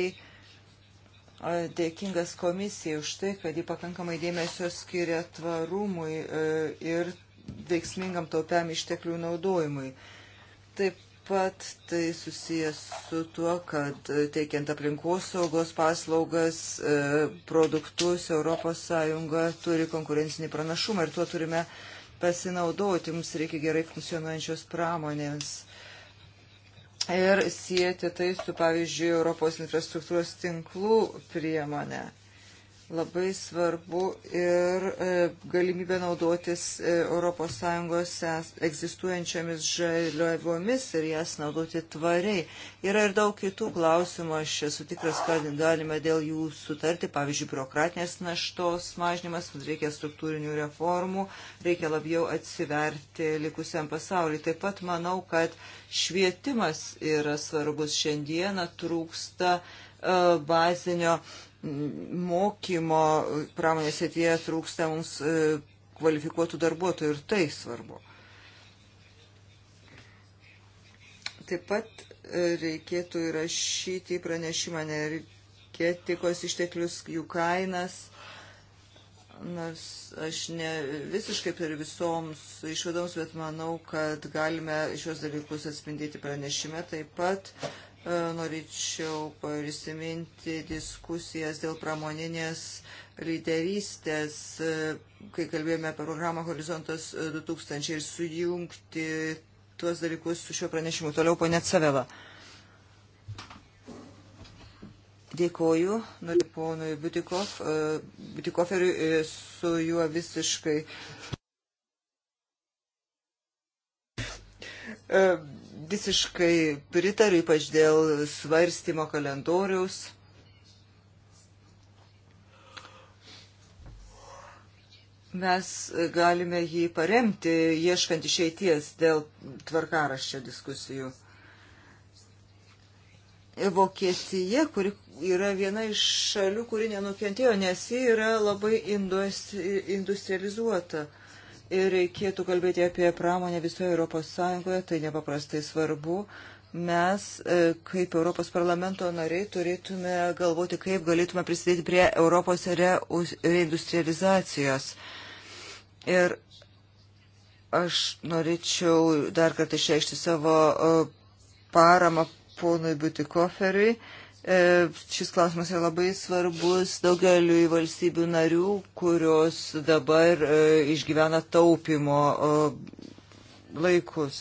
dėkingas komisijai už tai, kad jį pakankamai dėmesio skiria tvarumui e, ir veiksmingam taupiam išteklių naudojimui. Taip pat tai susijęs su tuo, kad e, teikiant aplinkos saugos paslaugas, e, produktus ES turi konkurencinį pranašumą ir tuo turime pasinaudoti. Mums reikia gerai funkcionuojančios pramonės. Ir sieti tai su, pavyzdžiui, Europos infrastruktūros tinklų priemonė Labai svarbu ir e, galimybė naudotis e, ES egzistuojančiamis žaliavomis ir jas naudoti tvariai. Yra ir daug kitų klausimų, aš esu tikras, kad galime dėl jų sutarti, pavyzdžiui, biurokratinės naštos mažinimas, mums reikia struktūrinių reformų, reikia labiau atsiverti likusiam pasauliu. Taip pat manau, kad švietimas yra svarbus šiandieną, trūksta e, bazinio mokymo pramonės atėje trūksta mums e, kvalifikuotų darbuotojų ir tai svarbu. Taip pat e, reikėtų įrašyti į pranešimą energetikos išteklius, jų kainas, nors aš ne visiškai per visoms išvadoms, bet manau, kad galime šios dalykus atspindėti pranešime. Taip pat E, norėčiau prisiminti diskusijas dėl pramoninės lyderystės, e, kai kalbėjome apie programą Horizontas 2000 e, ir sujungti tuos dalykus su šiuo pranešimu. Toliau ponė Cavela. Dėkoju, noriu ponui Butikov, Butikoferiui su juo visiškai. Um visiškai pritariu, ypač dėl svarstymo kalendoriaus. Mes galime jį paremti, ieškant išeities dėl tvarkaraščio diskusijų. Vokietija, kuri yra viena iš šalių, kuri nenukentėjo, nes ji yra labai industrializuota ir reikėtų kalbėti apie pramonę visoje Europos Sąjungoje, tai nepaprastai svarbu. Mes, e, kaip Europos parlamento nariai, turėtume galvoti, kaip galėtume prisidėti prie Europos reindustrializacijos. Ir aš norėčiau dar kartą išreikšti savo e, paramą ponui Butikoferiui. Uh, E, šis klausimas yra labai svarbus daugeliu valstybių narių, kurios dabar e, išgyvena taupimo e, laikus.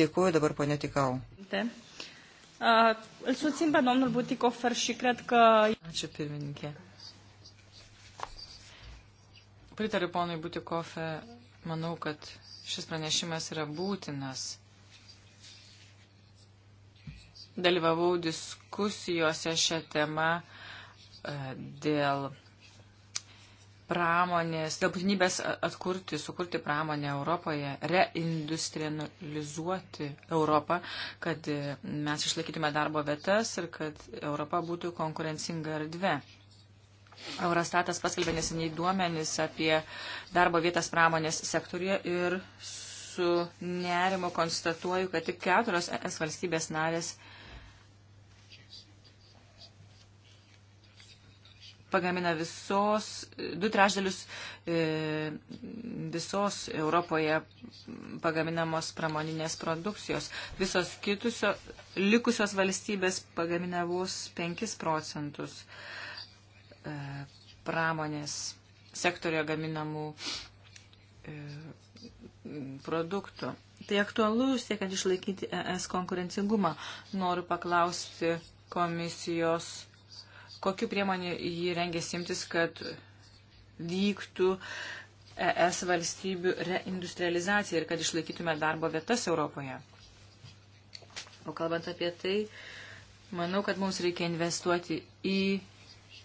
Dėkuoju dabar, ponė Tikau. Îl susțin pe domnul Buticofer și cred că... Ačiū pirmininkė. Pritariu ponui Butikofe, manau, kad šis pranešimas yra būtinas dalyvavau diskusijose šią temą e, dėl pramonės, dėl būtinybės atkurti, sukurti pramonę Europoje, reindustrializuoti Europą, kad e, mes išlaikytume darbo vietas ir kad Europa būtų konkurencinga erdvė. Eurostatas paskelbė neseniai duomenis apie darbo vietas pramonės sektoriuje ir su nerimu konstatuoju, kad tik keturios es valstybės narės pagamina visos, du trešdalius e, visos Europoje pagaminamos pramoninės produkcijos. Visos kitusio, likusios valstybės pagamina vos 5 procentus e, pramonės sektorio gaminamų e, produktų. Tai aktualu, siekiant išlaikyti ES konkurencingumą. Noriu paklausti komisijos kokiu priemonė jį rengėsi imtis, kad vyktų ES valstybių reindustrializacija ir kad išlaikytume darbo vietas Europoje. O kalbant apie tai, manau, kad mums reikia investuoti į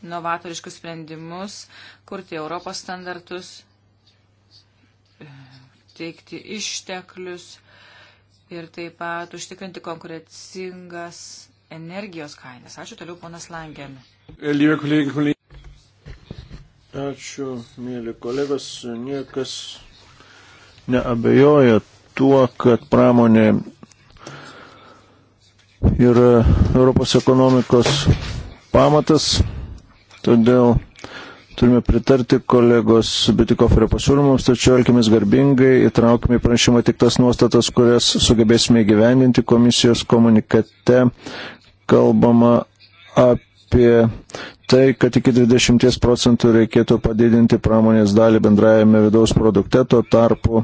novatoriškus sprendimus, kurti Europos standartus, e, teikti išteklius ir taip pat užtikrinti konkurencingas energijos kainas. Ačiū toliau, ponas Langen. E, Ačiū, mėly kolegos. Niekas neabejoja tuo, kad pramonė yra Europos ekonomikos pamatas, todėl turime pritarti kolegos Bitikoferio pasiūlymams, tačiau elkimės garbingai, įtraukime į pranešimą tik tas nuostatas, kurias sugebėsime įgyvendinti komisijos komunikate. Kalbama apie apie tai, kad iki 20 procentų reikėtų padidinti pramonės dalį bendrajame vidaus produkte, tuo tarpu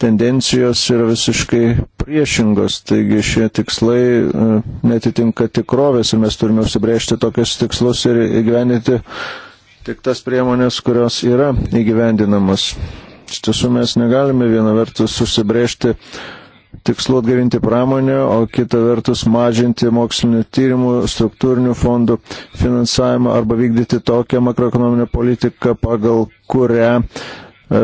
tendencijos yra visiškai priešingos, taigi šie tikslai e, netitinka tikrovės ir mes turime užsibriežti tokius tikslus ir įgyvendinti tik tas priemonės, kurios yra įgyvendinamos. Iš tiesų mes negalime viena vertus susibriežti tikslu atgavinti pramonę, o kita vertus mažinti mokslinio tyrimų struktūrinių fondų finansavimą arba vykdyti tokią makroekonominę politiką, pagal kurią e,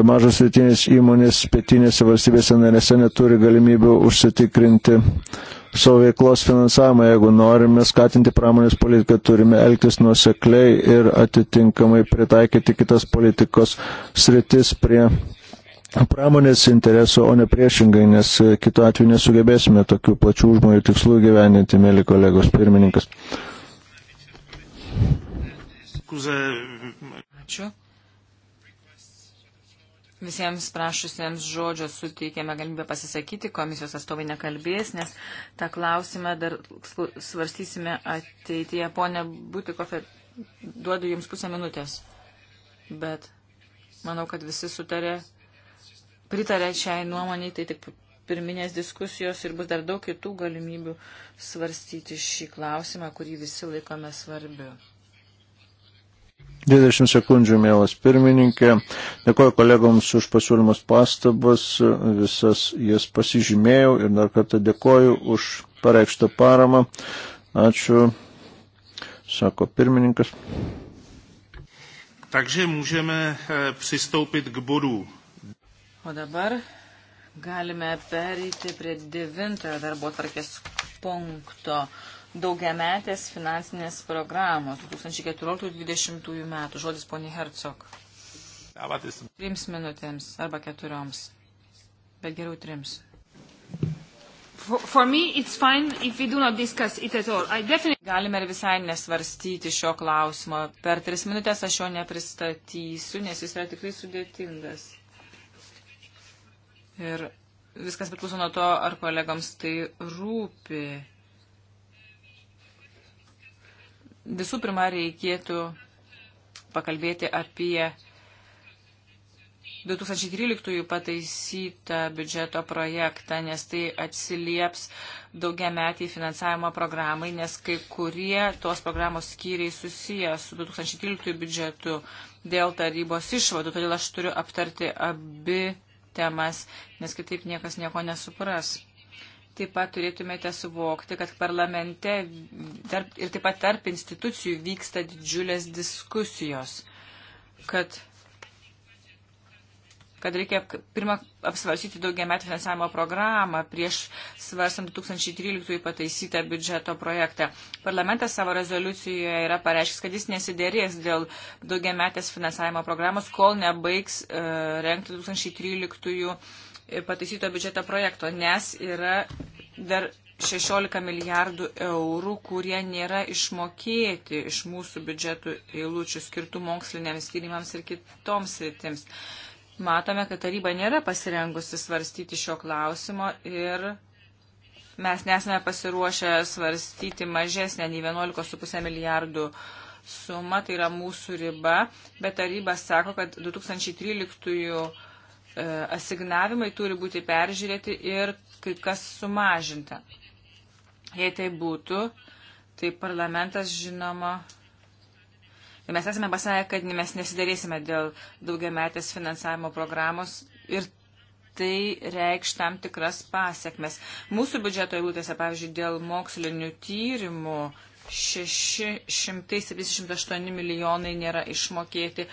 mažos vietinės įmonės pietinėse valstybėse narėse neturi galimybių užsitikrinti savo veiklos finansavimą. Jeigu norime skatinti pramonės politiką, turime elgtis nuosekliai ir atitinkamai pritaikyti kitas politikos sritis prie pramonės interesų, o ne priešingai, nes e, kitu atveju nesugebėsime tokių plačių užmojų tikslų gyveninti, mėly kolegos pirmininkas. Ačiū. Visiems prašusiems žodžio suteikėme galimybę pasisakyti, komisijos atstovai nekalbės, nes tą klausimą dar svarstysime ateityje. Pone Butikofe, duodu Jums pusę minutės, bet manau, kad visi sutarė pritarė šiai nuomonį, tai tik pirminės diskusijos ir bus dar daug kitų galimybių svarstyti šį klausimą, kurį visi laikome svarbiu. 20 sekundžių, mielas pirmininkė. Dėkuoju kolegoms už pasiūlymus pastabas, visas jas pasižymėjau ir dar kartą dėkuoju už pareikštą paramą. Ačiū, sako pirmininkas. Takže můžeme eh, přistoupit k bodu O dabar galime pereiti prie devintojo darbo tvarkės punkto daugiametės finansinės programos 2014-2020 metų. Žodis poniai Hercog. Trims minutėms arba keturioms, bet geriau trims. For, for me it's fine if we do not discuss it at all. I definitely... Galime ir visai nesvarstyti šio klausimo. Per tris minutės aš jo nepristatysiu, nes jis yra tikrai sudėtingas. Ir viskas priklauso nuo to, ar kolegams tai rūpi. Visų pirma, reikėtų pakalbėti apie 2013 pataisytą biudžeto projektą, nes tai atsilieps daugia metį finansavimo programai, nes kai kurie tos programos skyriai susiję su 2013 biudžetu dėl tarybos išvadų, todėl aš turiu aptarti abi temas, nes kitaip niekas nieko nesupras. Taip pat turėtumėte suvokti, kad parlamente tarp, ir taip pat tarp institucijų vyksta didžiulės diskusijos, kad kad reikia pirmą apsvarsyti daugiametį finansavimo programą prieš svarstant 2013 pataisytą biudžeto projektą. Parlamentas savo rezoliucijoje yra pareiškęs, kad jis nesidėrės dėl daugiametės finansavimo programos, kol nebaigs e, renkti 2013 e, pataisyto biudžeto projekto, nes yra dar 16 milijardų eurų, kurie nėra išmokėti iš mūsų biudžetų eilučių skirtų moksliniams tyrimams ir kitoms sritims matome, kad taryba nėra pasirengusi svarstyti šio klausimo ir mes nesame pasiruošę svarstyti mažesnę nei 11,5 milijardų sumą, tai yra mūsų riba, bet taryba sako, kad 2013 e, asignavimai turi būti peržiūrėti ir kai kas sumažinta. Jei tai būtų, tai parlamentas žinoma Ir mes esame pasakę, kad mes nesidarėsime dėl daugiametės finansavimo programos ir tai reikš tam tikras pasiekmes. Mūsų biudžeto eilutėse, pavyzdžiui, dėl mokslinių tyrimų 678 milijonai nėra išmokėti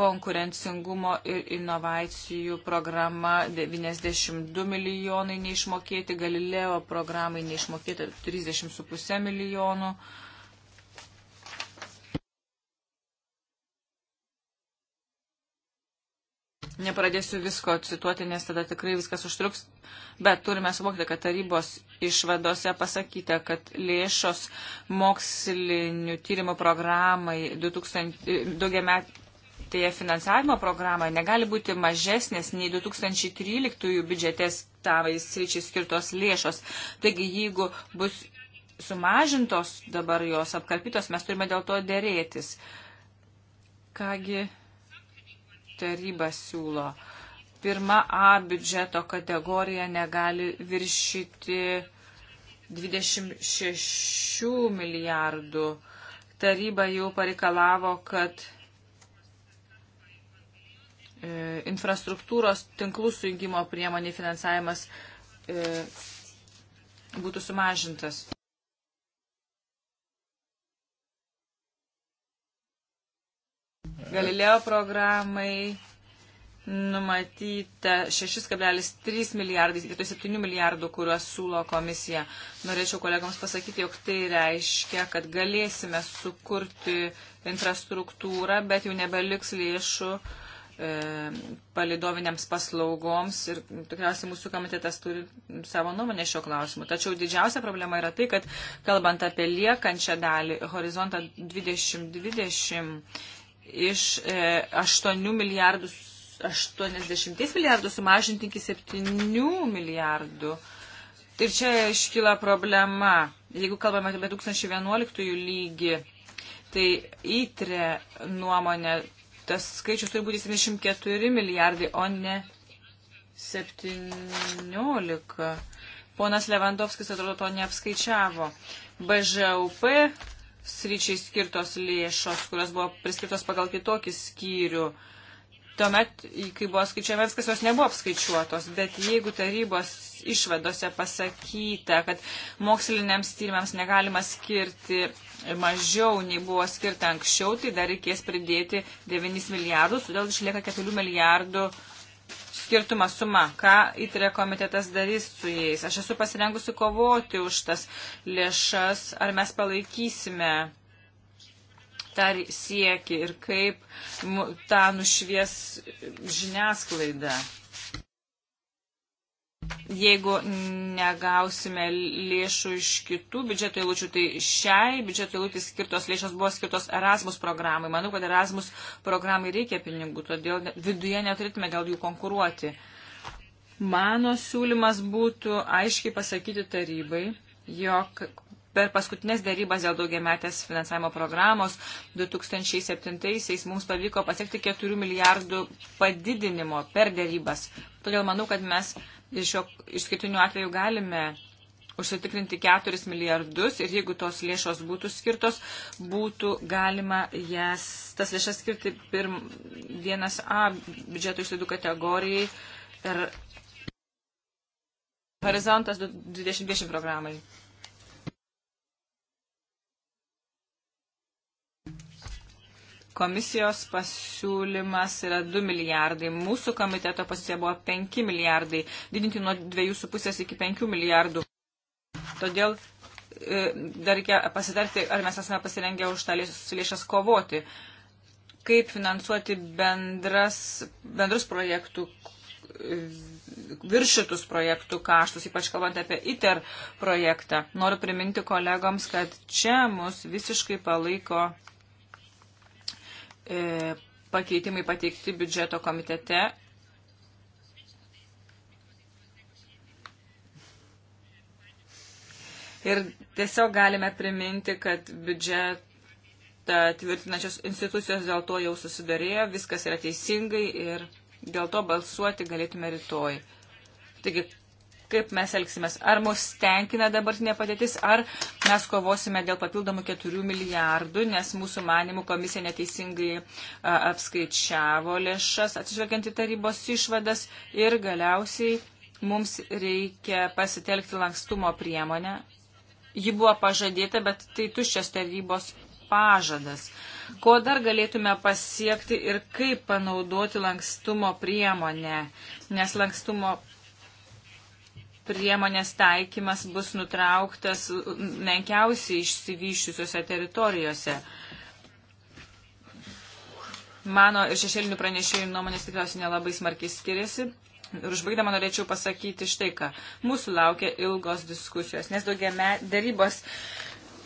konkurencingumo ir inovacijų programa 92 milijonai neišmokėti, Galileo programai neišmokėti 30,5 milijonų. Uh, Nepradėsiu visko cituoti, nes tada tikrai viskas užtruks, bet turime suvokti, kad tarybos išvadose pasakyta, kad lėšos mokslinių tyrimų programai 2000, daugiamet, tai finansavimo programai negali būti mažesnės nei 2013 biudžetės tavai sričiai skirtos lėšos. Taigi, jeigu bus sumažintos dabar jos apkarpytos, mes turime dėl to dėrėtis. Kągi taryba siūlo. Pirma A biudžeto kategorija negali viršyti 26 milijardų. Taryba jau pareikalavo, kad e, infrastruktūros tinklų sujungimo priemonė finansavimas e, būtų sumažintas. Galileo programai numatyta 6,3 milijardai, vietoj 7 milijardų, kuriuos siūlo komisija. Norėčiau kolegams pasakyti, jog tai reiškia, kad galėsime sukurti infrastruktūrą, bet jau nebeliks lėšų e, palidoviniams paslaugoms ir tikriausiai mūsų komitetas turi savo nuomonę šio klausimu. Tačiau didžiausia problema yra tai, kad kalbant apie liekančią dalį horizontą 2020, iš 8 e, milijardų, 80 milijardų sumažinti iki 7 milijardų. Ir čia iškyla problema. Jeigu kalbame apie 2011 lygį, tai įtrė nuomonė, tas skaičius turi būti 74 milijardai, o ne 17. Ponas Levandovskis atrodo to neapskaičiavo. BŽUP sryčiai skirtos lėšos, kurios buvo priskirtos pagal kitokį skyrių. Tuomet, kai buvo skaičiuojama viskas, jos nebuvo apskaičiuotos, bet jeigu tarybos išvadose pasakyta, kad moksliniams tyrimams negalima skirti mažiau nei buvo skirta anksčiau, tai dar reikės pridėti 9 milijardus, todėl išlieka 4 milijardų uh, skirtumą sumą, ką įtrė komitetas darys su jais. Aš esu pasirengusi kovoti už tas lėšas, ar mes palaikysime tą siekį ir kaip tą nušvies žiniasklaida. Jeigu negausime lėšų iš kitų biudžeto eilučių, tai šiai biudžeto eilutį skirtos lėšos buvo skirtos Erasmus programai. Manau, kad Erasmus programai reikia pinigų, todėl viduje neturėtume dėl jų konkuruoti. Mano siūlymas būtų aiškiai pasakyti tarybai, jog per paskutinės dėrybas dėl daugiametės finansavimo programos 2007-aisiais mums pavyko pasiekti 4 milijardų padidinimo per dėrybas. Todėl manau, kad mes iš šio išskirtinių atvejų galime užsitikrinti 4 milijardus ir jeigu tos lėšos būtų skirtos, būtų galima jas, tas lėšas skirti pirm, vienas A biudžeto išlaidų kategorijai ir Horizontas 2020 programai. Komisijos pasiūlymas yra 2 milijardai, mūsų komiteto pozicija buvo 5 milijardai, didinti nuo 2,5 iki 5 milijardų. Todėl e, dar reikia pasitarti, ar mes esame pasirengę už tą lėšas kovoti, kaip finansuoti bendras, bendrus projektų, viršytus projektų kaštus, ypač kalbant apie ITER projektą. Noriu priminti kolegoms, kad čia mus visiškai palaiko e, pakeitimai pateikti biudžeto komitete. Ir tiesiog galime priminti, kad biudžetą tvirtinančios institucijos dėl to jau susidarėjo, viskas yra teisingai ir dėl to balsuoti galėtume rytoj. Taigi, kaip mes elgsimės. Ar mus tenkina dabartinė padėtis, ar mes kovosime dėl papildomų 4 milijardų, nes mūsų manimų komisija neteisingai a, apskaičiavo lėšas, atsižvelgiant į tarybos išvadas ir galiausiai mums reikia pasitelkti lankstumo priemonę. Ji buvo pažadėta, bet tai tuščias tarybos pažadas. Ko dar galėtume pasiekti ir kaip panaudoti lankstumo priemonę, nes lankstumo priemonės taikymas bus nutrauktas menkiausiai išsivyščiusiuose teritorijuose. Mano ir šešėlinių pranešėjų nuomonės tikriausiai nelabai smarkiai skiriasi. Ir užbaigdama norėčiau pasakyti štai ką. Mūsų laukia ilgos diskusijos, nes daugiame, darybos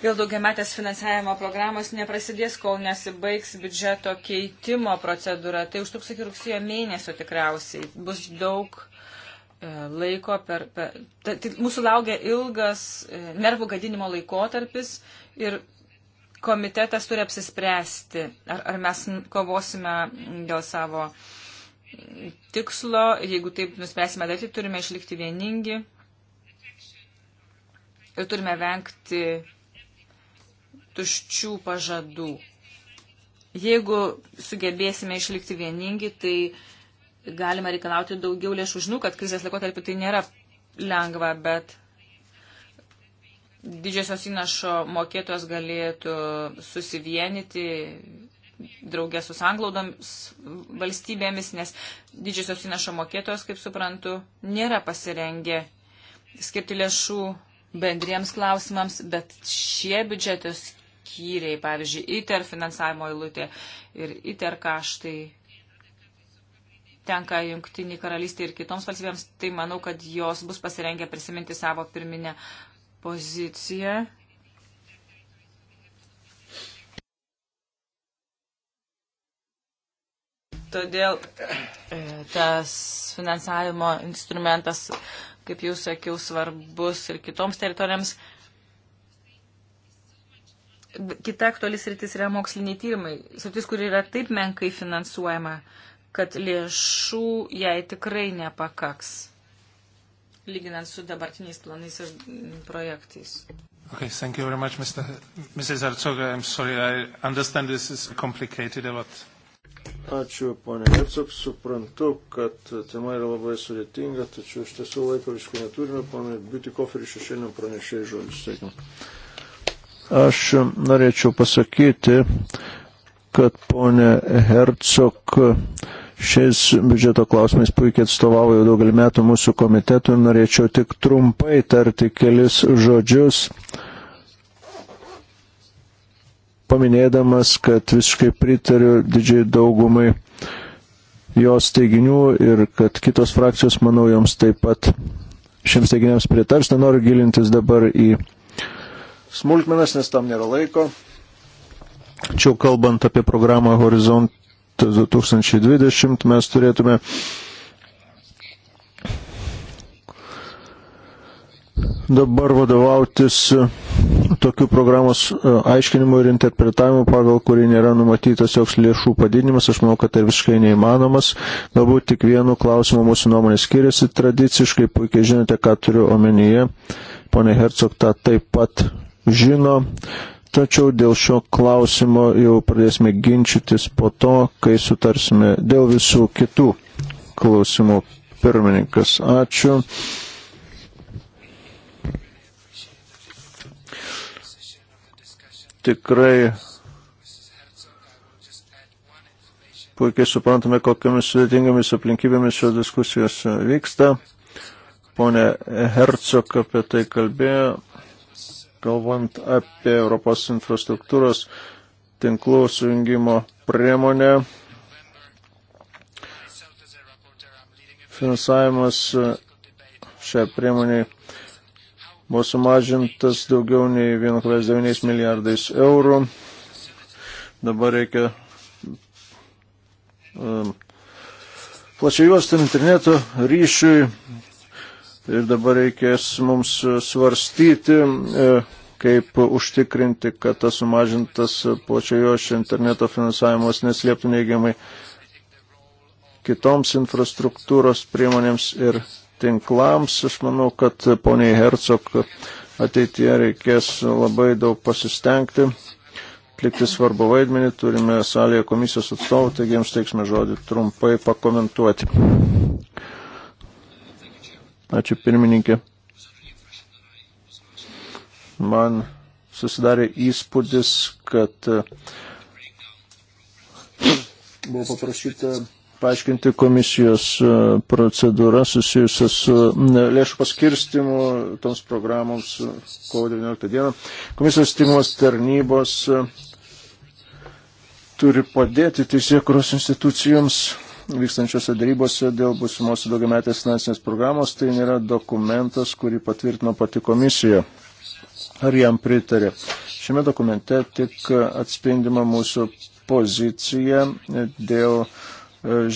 dėl daugiametės finansavimo programos neprasidės, kol nesibaigs biudžeto keitimo procedūra. Tai užtruks iki rugsėjo mėnesio tikriausiai. Bus daug E, laiko per, per ta, tai mūsų laukia ilgas e, nervų gadinimo laikotarpis ir komitetas turi apsispręsti, ar, ar mes kovosime dėl savo tikslo, jeigu taip nuspręsime daryti, turime išlikti vieningi ir turime vengti tuščių pažadų. Jeigu sugebėsime išlikti vieningi, tai uh, galima reikalauti daugiau lėšų. Žinau, kad krizės laikotarpiu tai nėra lengva, bet didžiosios įnašo mokėtos galėtų susivienyti draugė su sanglaudomis valstybėmis, nes didžiosios įnašo mokėtos, kaip suprantu, nėra pasirengę skirti lėšų bendriems klausimams, bet šie biudžetos skyriai, pavyzdžiui, ITER finansavimo eilutė ir ITER kaštai tenka jungtiniai karalystė ir kitoms valstybėms, tai manau, kad jos bus pasirengę prisiminti savo pirminę poziciją. Todėl e, tas finansavimo instrumentas, kaip jau sakiau, svarbus ir kitoms teritorijoms. Kita aktualis rytis yra moksliniai tyrimai, sritis, kur yra taip menkai finansuojama. Uh, kad lėšų jai tikrai nepakaks, lyginant su dabartiniais planais ir projektais. Okay, thank you very much, Mr. Mrs. Arcoga. I'm sorry, I understand this is complicated a lot. Ačiū, ponė Hercog, suprantu, kad tema yra labai sudėtinga, tačiau iš tiesų laiko visko neturime, ponai Biutikofer iš šiandien pranešėjai žodžius, sakykim. Aš norėčiau pasakyti, kad ponė Hercog šiais biudžeto klausimais puikiai atstovavo jau daugelį metų mūsų komitetų ir norėčiau tik trumpai tarti kelis žodžius, paminėdamas, kad visiškai pritariu didžiai daugumai jos teiginių ir kad kitos frakcijos, manau, joms taip pat šiems teiginiams pritars, nenoriu gilintis dabar į smulkmenas, nes tam nėra laiko. Tačiau kalbant apie programą Horizont 2020 mes turėtume dabar vadovautis e, tokių programos e, aiškinimu ir interpretavimu, pagal kurį nėra numatytas joks lėšų padidinimas, aš manau, kad tai visiškai neįmanomas. Galbūt tik vienu klausimu mūsų nuomonė skiriasi tradiciškai, puikiai žinote, ką turiu omenyje. Pone Hercog tą taip pat žino. Tačiau dėl šio klausimo jau pradėsime ginčytis po to, kai sutarsime dėl visų kitų klausimų. Pirmininkas, ačiū. Tikrai puikiai suprantame, kokiamis sudėtingomis aplinkybėmis šios diskusijos vyksta. Pone Hercog apie tai kalbėjo kalbant apie Europos infrastruktūros tinklų sujungimo priemonę. Finansavimas e, šią priemonę buvo sumažintas daugiau nei 1,9 milijardais eurų. Dabar reikia um, plačiai juostų interneto ryšiui Ir dabar reikės mums svarstyti, e, kaip užtikrinti, kad tas sumažintas plačiojošio interneto finansavimas neslėptų neigiamai kitoms infrastruktūros priemonėms ir tinklams. Aš manau, kad poniai Hercog ateityje reikės labai daug pasistengti, atlikti svarbu vaidmenį. Turime salėje komisijos atstovų, taigi jiems teiksime žodį trumpai pakomentuoti. Ačiū pirmininkė. Man susidarė įspūdis, kad e, buvo paprašyta paaiškinti komisijos e, procedūrą susijusią su lėšų paskirstimu toms programoms e, kovo 19 dieną. Komisijos stimos tarnybos turi padėti teisėkuros institucijoms vykstančiose darybose dėl būsimos daugiametės finansinės programos. Tai nėra dokumentas, kurį patvirtino pati komisija. Ar jam pritarė? Šiame dokumente tik atspindima mūsų pozicija dėl e,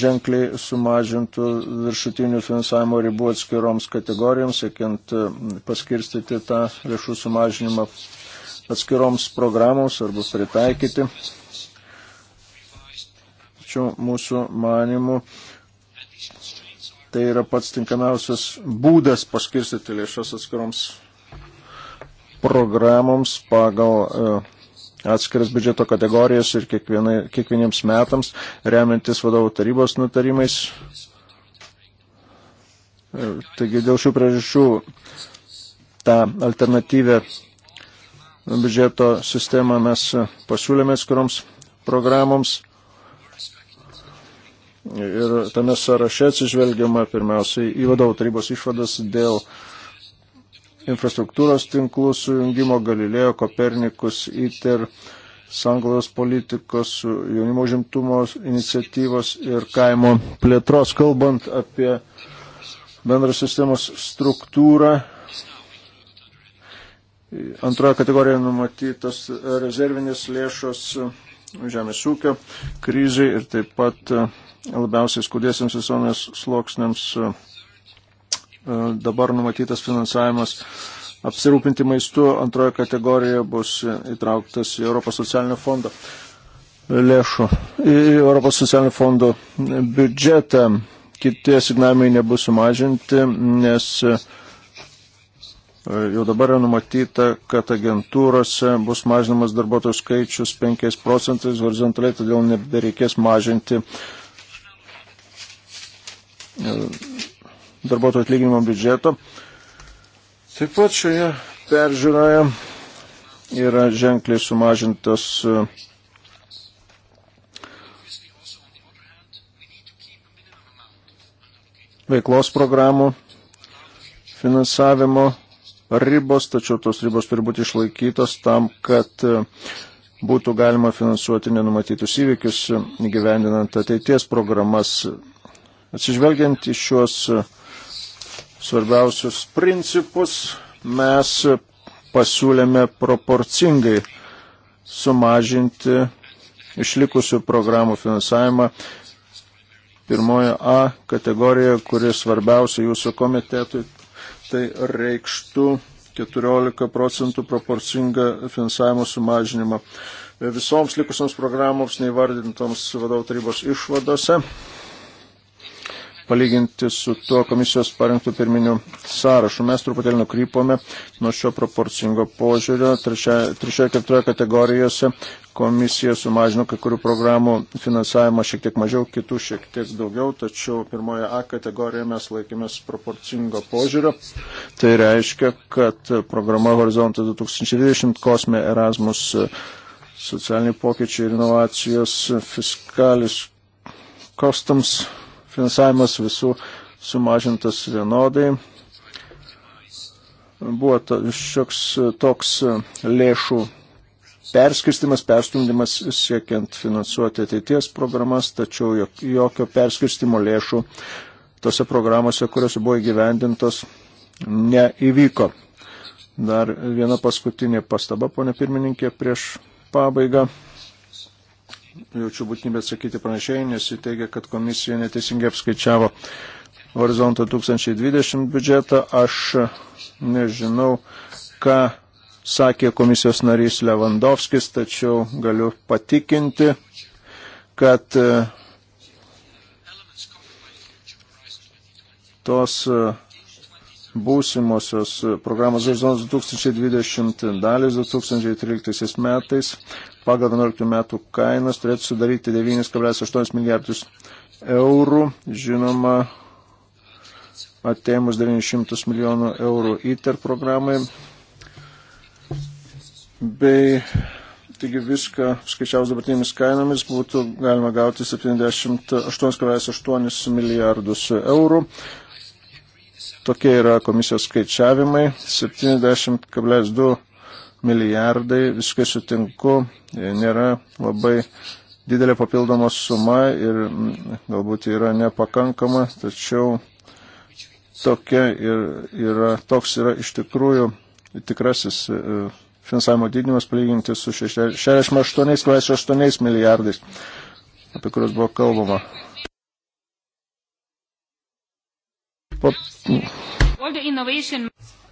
ženkliai sumažintų viršutinių finansavimo ribų atskiroms kategorijoms, siekiant e, paskirstyti tą lėšų sumažinimą atskiroms programoms arba pritaikyti tačiau mūsų manimų tai yra pats tinkamiausias būdas paskirstyti lėšas atskiroms programoms pagal e, atskiras biudžeto kategorijas ir kiekvienai, kiekvieniems metams, remiantis vadovų tarybos nutarimais. E, taigi dėl šių priežasčių tą alternatyvę biudžeto sistemą mes pasiūlėme atskiroms programoms. Ir tame sąraše atsižvelgiama pirmiausiai į vadovų tarybos išvadas dėl infrastruktūros tinklų sujungimo Galilėjo, Kopernikus, ITER, sanglaus politikos, jaunimo žimtumo iniciatyvos ir kaimo plėtros, kalbant apie bendrą sistemos struktūrą. Antroje kategorijoje numatytas rezervinės lėšos žemės ūkio krizai ir taip pat labiausiai skudėsiams visuomenės sluoksniams e, e, dabar numatytas finansavimas apsirūpinti maistu antroje kategorijoje bus įtrauktas į Europos socialinio fondo lėšų, į Europos socialinio fondo biudžetą. Kiti asignavimai nebus sumažinti, nes e, jau dabar yra numatyta, kad agentūrose bus mažinamas darbuotojų skaičius 5 procentais horizontaliai, todėl nebereikės mažinti uh, darbuotojų atlyginimo biudžeto. Taip pat šioje peržiūroje yra ženkliai sumažintas e, veiklos programų finansavimo ribos, tačiau tos ribos turi būti išlaikytos tam, kad e, būtų galima finansuoti nenumatytus įvykius, e, gyvendinant ateities programas Atsižvelgiant į šiuos e, svarbiausius principus, mes pasiūlėme proporcingai sumažinti išlikusių programų finansavimą pirmoje A kategorijoje, kuri svarbiausia jūsų komitetui, tai reikštų 14 procentų proporcingą finansavimo sumažinimą visoms likusioms programoms neįvardintoms vadovų tarybos išvadose palyginti su tuo komisijos parengtų pirminiu sąrašu. Mes truputėlį nukrypome nuo šio proporcingo požiūrio. Trečioje keturioje kategorijose komisija sumažino kai kurių programų finansavimą šiek tiek mažiau, kitų šiek tiek daugiau, tačiau pirmoje A kategorijoje mes laikėmės proporcingo požiūrio. Tai reiškia, kad programa Horizontas 2020 kosme Erasmus socialiniai pokyčiai ir inovacijos fiskalis kostams finansavimas visų sumažintas vienodai. Buvo to, šioks toks lėšų perskirstimas, perstumdymas siekiant finansuoti ateities programas, tačiau jokio perskirstimo lėšų tose programuose, kurios buvo įgyvendintos, neįvyko. Dar viena paskutinė pastaba, ponė pirmininkė, prieš pabaigą jaučiu būtinybę atsakyti pranešėjai, nes jį teigia, kad komisija neteisingai apskaičiavo horizontą 2020 biudžetą. Aš nežinau, ką sakė komisijos narys Levandovskis, tačiau galiu patikinti, kad e, tos e, būsimosios programos Horizontas 2020 dalis 2013 metais pagal 11 metų kainas turėtų sudaryti 9,8 milijardus eurų. Žinoma, atėmus 900 milijonų eurų ITER programai. Bei taigi viską skaičiaus dabartinėmis kainomis būtų galima gauti 78,8 milijardus eurų. Tokie yra komisijos skaičiavimai. 70,2 milijardai, viskai sutinku, e, nėra labai didelė papildoma suma ir mm, galbūt yra nepakankama, tačiau tokia ir yra, toks yra iš tikrųjų tikrasis e, finansavimo didinimas palyginti su 68,8 milijardais, apie kuriuos buvo kalbama. Po...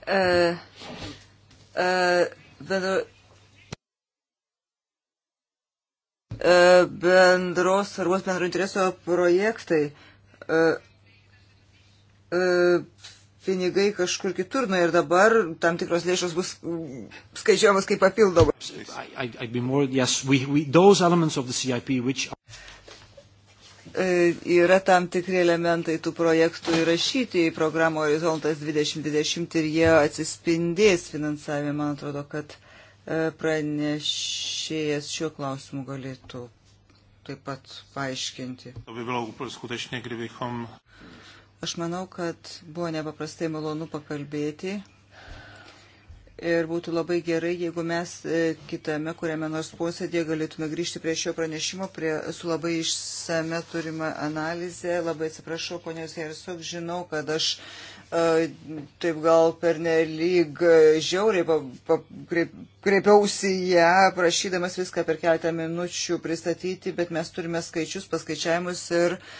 Uh, uh E, bendros svarbos bendro intereso projektai e, e, pinigai kažkur kitur, na ir dabar tam tikros lėšos bus skaičiuojamas kaip papildomas. E, yra tam tikri elementai tų projektų įrašyti į programą Horizontas 2020 ir jie atsispindės finansavime. Man atrodo, kad e, pranešėjas šiuo klausimu galėtų taip pat paaiškinti. Aš manau, kad buvo nepaprastai malonu pakalbėti Ir būtų labai gerai, jeigu mes e, kitame, kuriame nors posėdėje galėtume grįžti prie šio pranešimo, prie, su labai išsame turima analizė. Labai atsiprašau, ponios Hersok, žinau, kad aš e, taip gal pernelyg žiauriai pa, pa, kreip, kreipiausi ją, ja, prašydamas viską per keletą minučių pristatyti, bet mes turime skaičius, paskaičiavimus ir uh,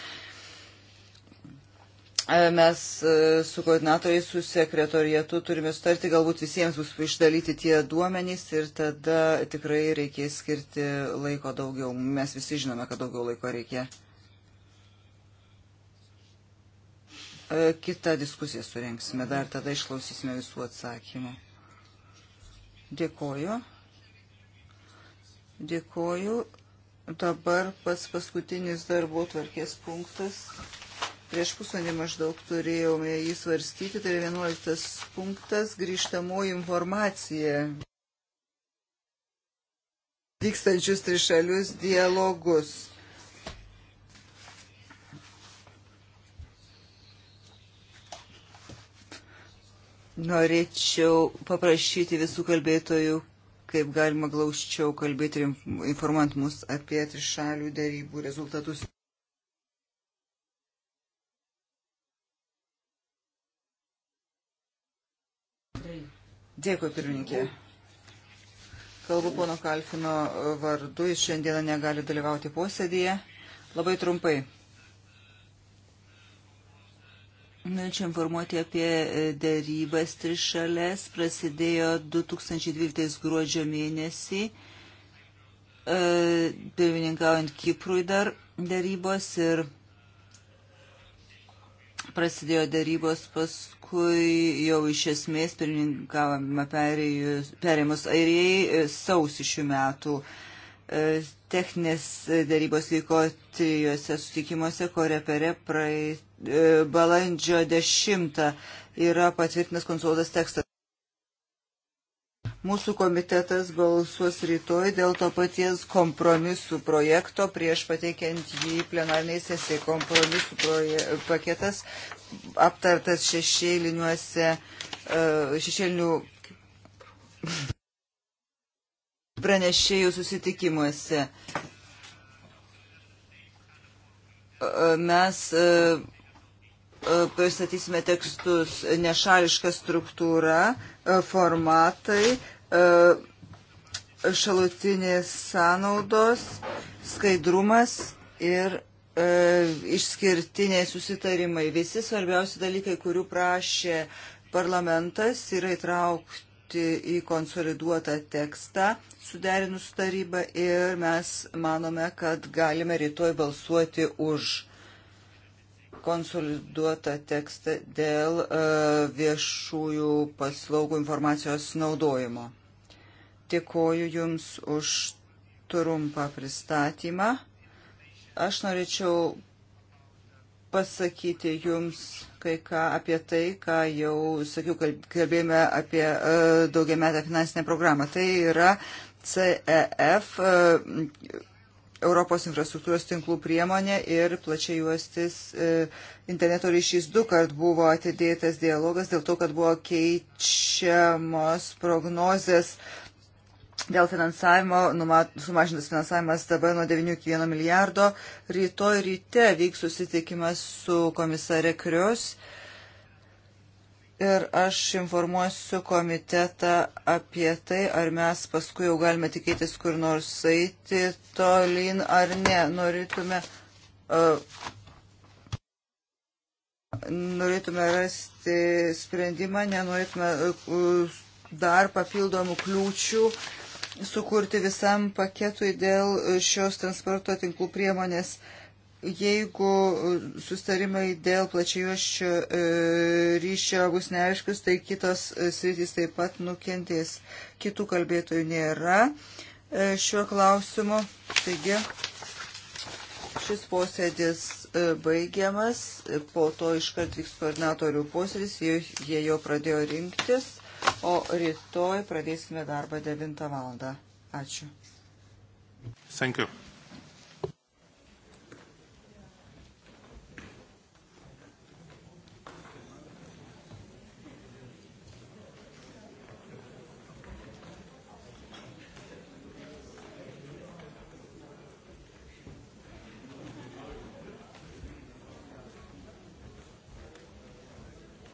E, mes e, su koordinatoriais, su sekretorietu turime sutarti, galbūt visiems bus išdalyti tie duomenys ir tada tikrai reikės skirti laiko daugiau. Mes visi žinome, kad daugiau laiko reikia. E, Kita diskusija surenksime, dar tada išklausysime visų atsakymų. Dėkoju. Dėkoju. Dabar pats paskutinis darbo tvarkės punktas. Prieš pusvalandį maždaug turėjome jį svarstyti, tai 11 punktas grįžtamoji informacija. Vykstančius trišalius dialogus. Norėčiau paprašyti visų kalbėtojų, kaip galima glaučiau kalbėti, informant mus apie trišalių dėrybų rezultatus. Dėkui, pirmininkė. Kalbu pono Kalfino vardu, jis šiandieną negali dalyvauti posėdėje. Labai trumpai. Norėčiau informuoti apie dėrybas trišalės. Prasidėjo 2012 gruodžio mėnesį, e, pirmininkaujant Kiprui dar dėrybos ir prasidėjo darybos, paskui jau iš esmės pirmininkavimą perėmus airijai e, sausi šių metų. E, techninės darybos vyko trijose sutikimuose, korepere praeit e, balandžio 10 yra patvirtinas konsultas tekstas. Mūsų komitetas balsuos rytoj dėl to paties kompromisų projekto prieš pateikiant jį plenarniai sesijai. Kompromisų proje, paketas aptartas šešėliniuose, e, šešėlinių pranešėjų susitikimuose. E, mes e, pristatysime tekstus nešališka struktūra, formatai, E, šalutinės sąnaudos, skaidrumas ir e, išskirtiniai susitarimai. Visi svarbiausi dalykai, kurių prašė parlamentas, yra įtraukti į konsoliduotą tekstą suderinus tarybą ir mes manome, kad galime rytoj balsuoti už konsoliduotą tekstą dėl e, viešųjų paslaugų informacijos naudojimo. Dėkoju Jums už trumpą pristatymą. Aš norėčiau pasakyti Jums kai ką apie tai, ką jau, sakiau, kalbėjome apie e, daugiametę finansinę programą. Tai yra CEF, e, Europos infrastruktūros tinklų priemonė ir plačiai juostis e, interneto ryšys du kart buvo atidėtas dialogas dėl to, kad buvo keičiamos prognozės Dėl finansavimo, numat, sumažintas finansavimas dabar nuo 9 iki 1 milijardo. Rytoj ryte vyks susitikimas su komisare Krius ir aš informuosiu komitetą apie tai, ar mes paskui jau galime tikėtis kur nors eiti tolyn ar ne. Norėtume, uh, norėtume rasti sprendimą, nenorėtume uh, dar papildomų kliūčių. Uh, sukurti visam paketui dėl šios transporto tinklų priemonės. Jeigu sustarimai dėl plačiajuoščio e, ryšio bus neaiškus, tai kitos e, sritys taip pat nukentės. Kitų kalbėtojų nėra e, šiuo klausimu. Taigi, šis posėdis baigiamas, po to iškart vyks koordinatorių posėdis, jie jau pradėjo rinktis o rytoj pradėsime darbą 9 val. Ačiū. Thank you.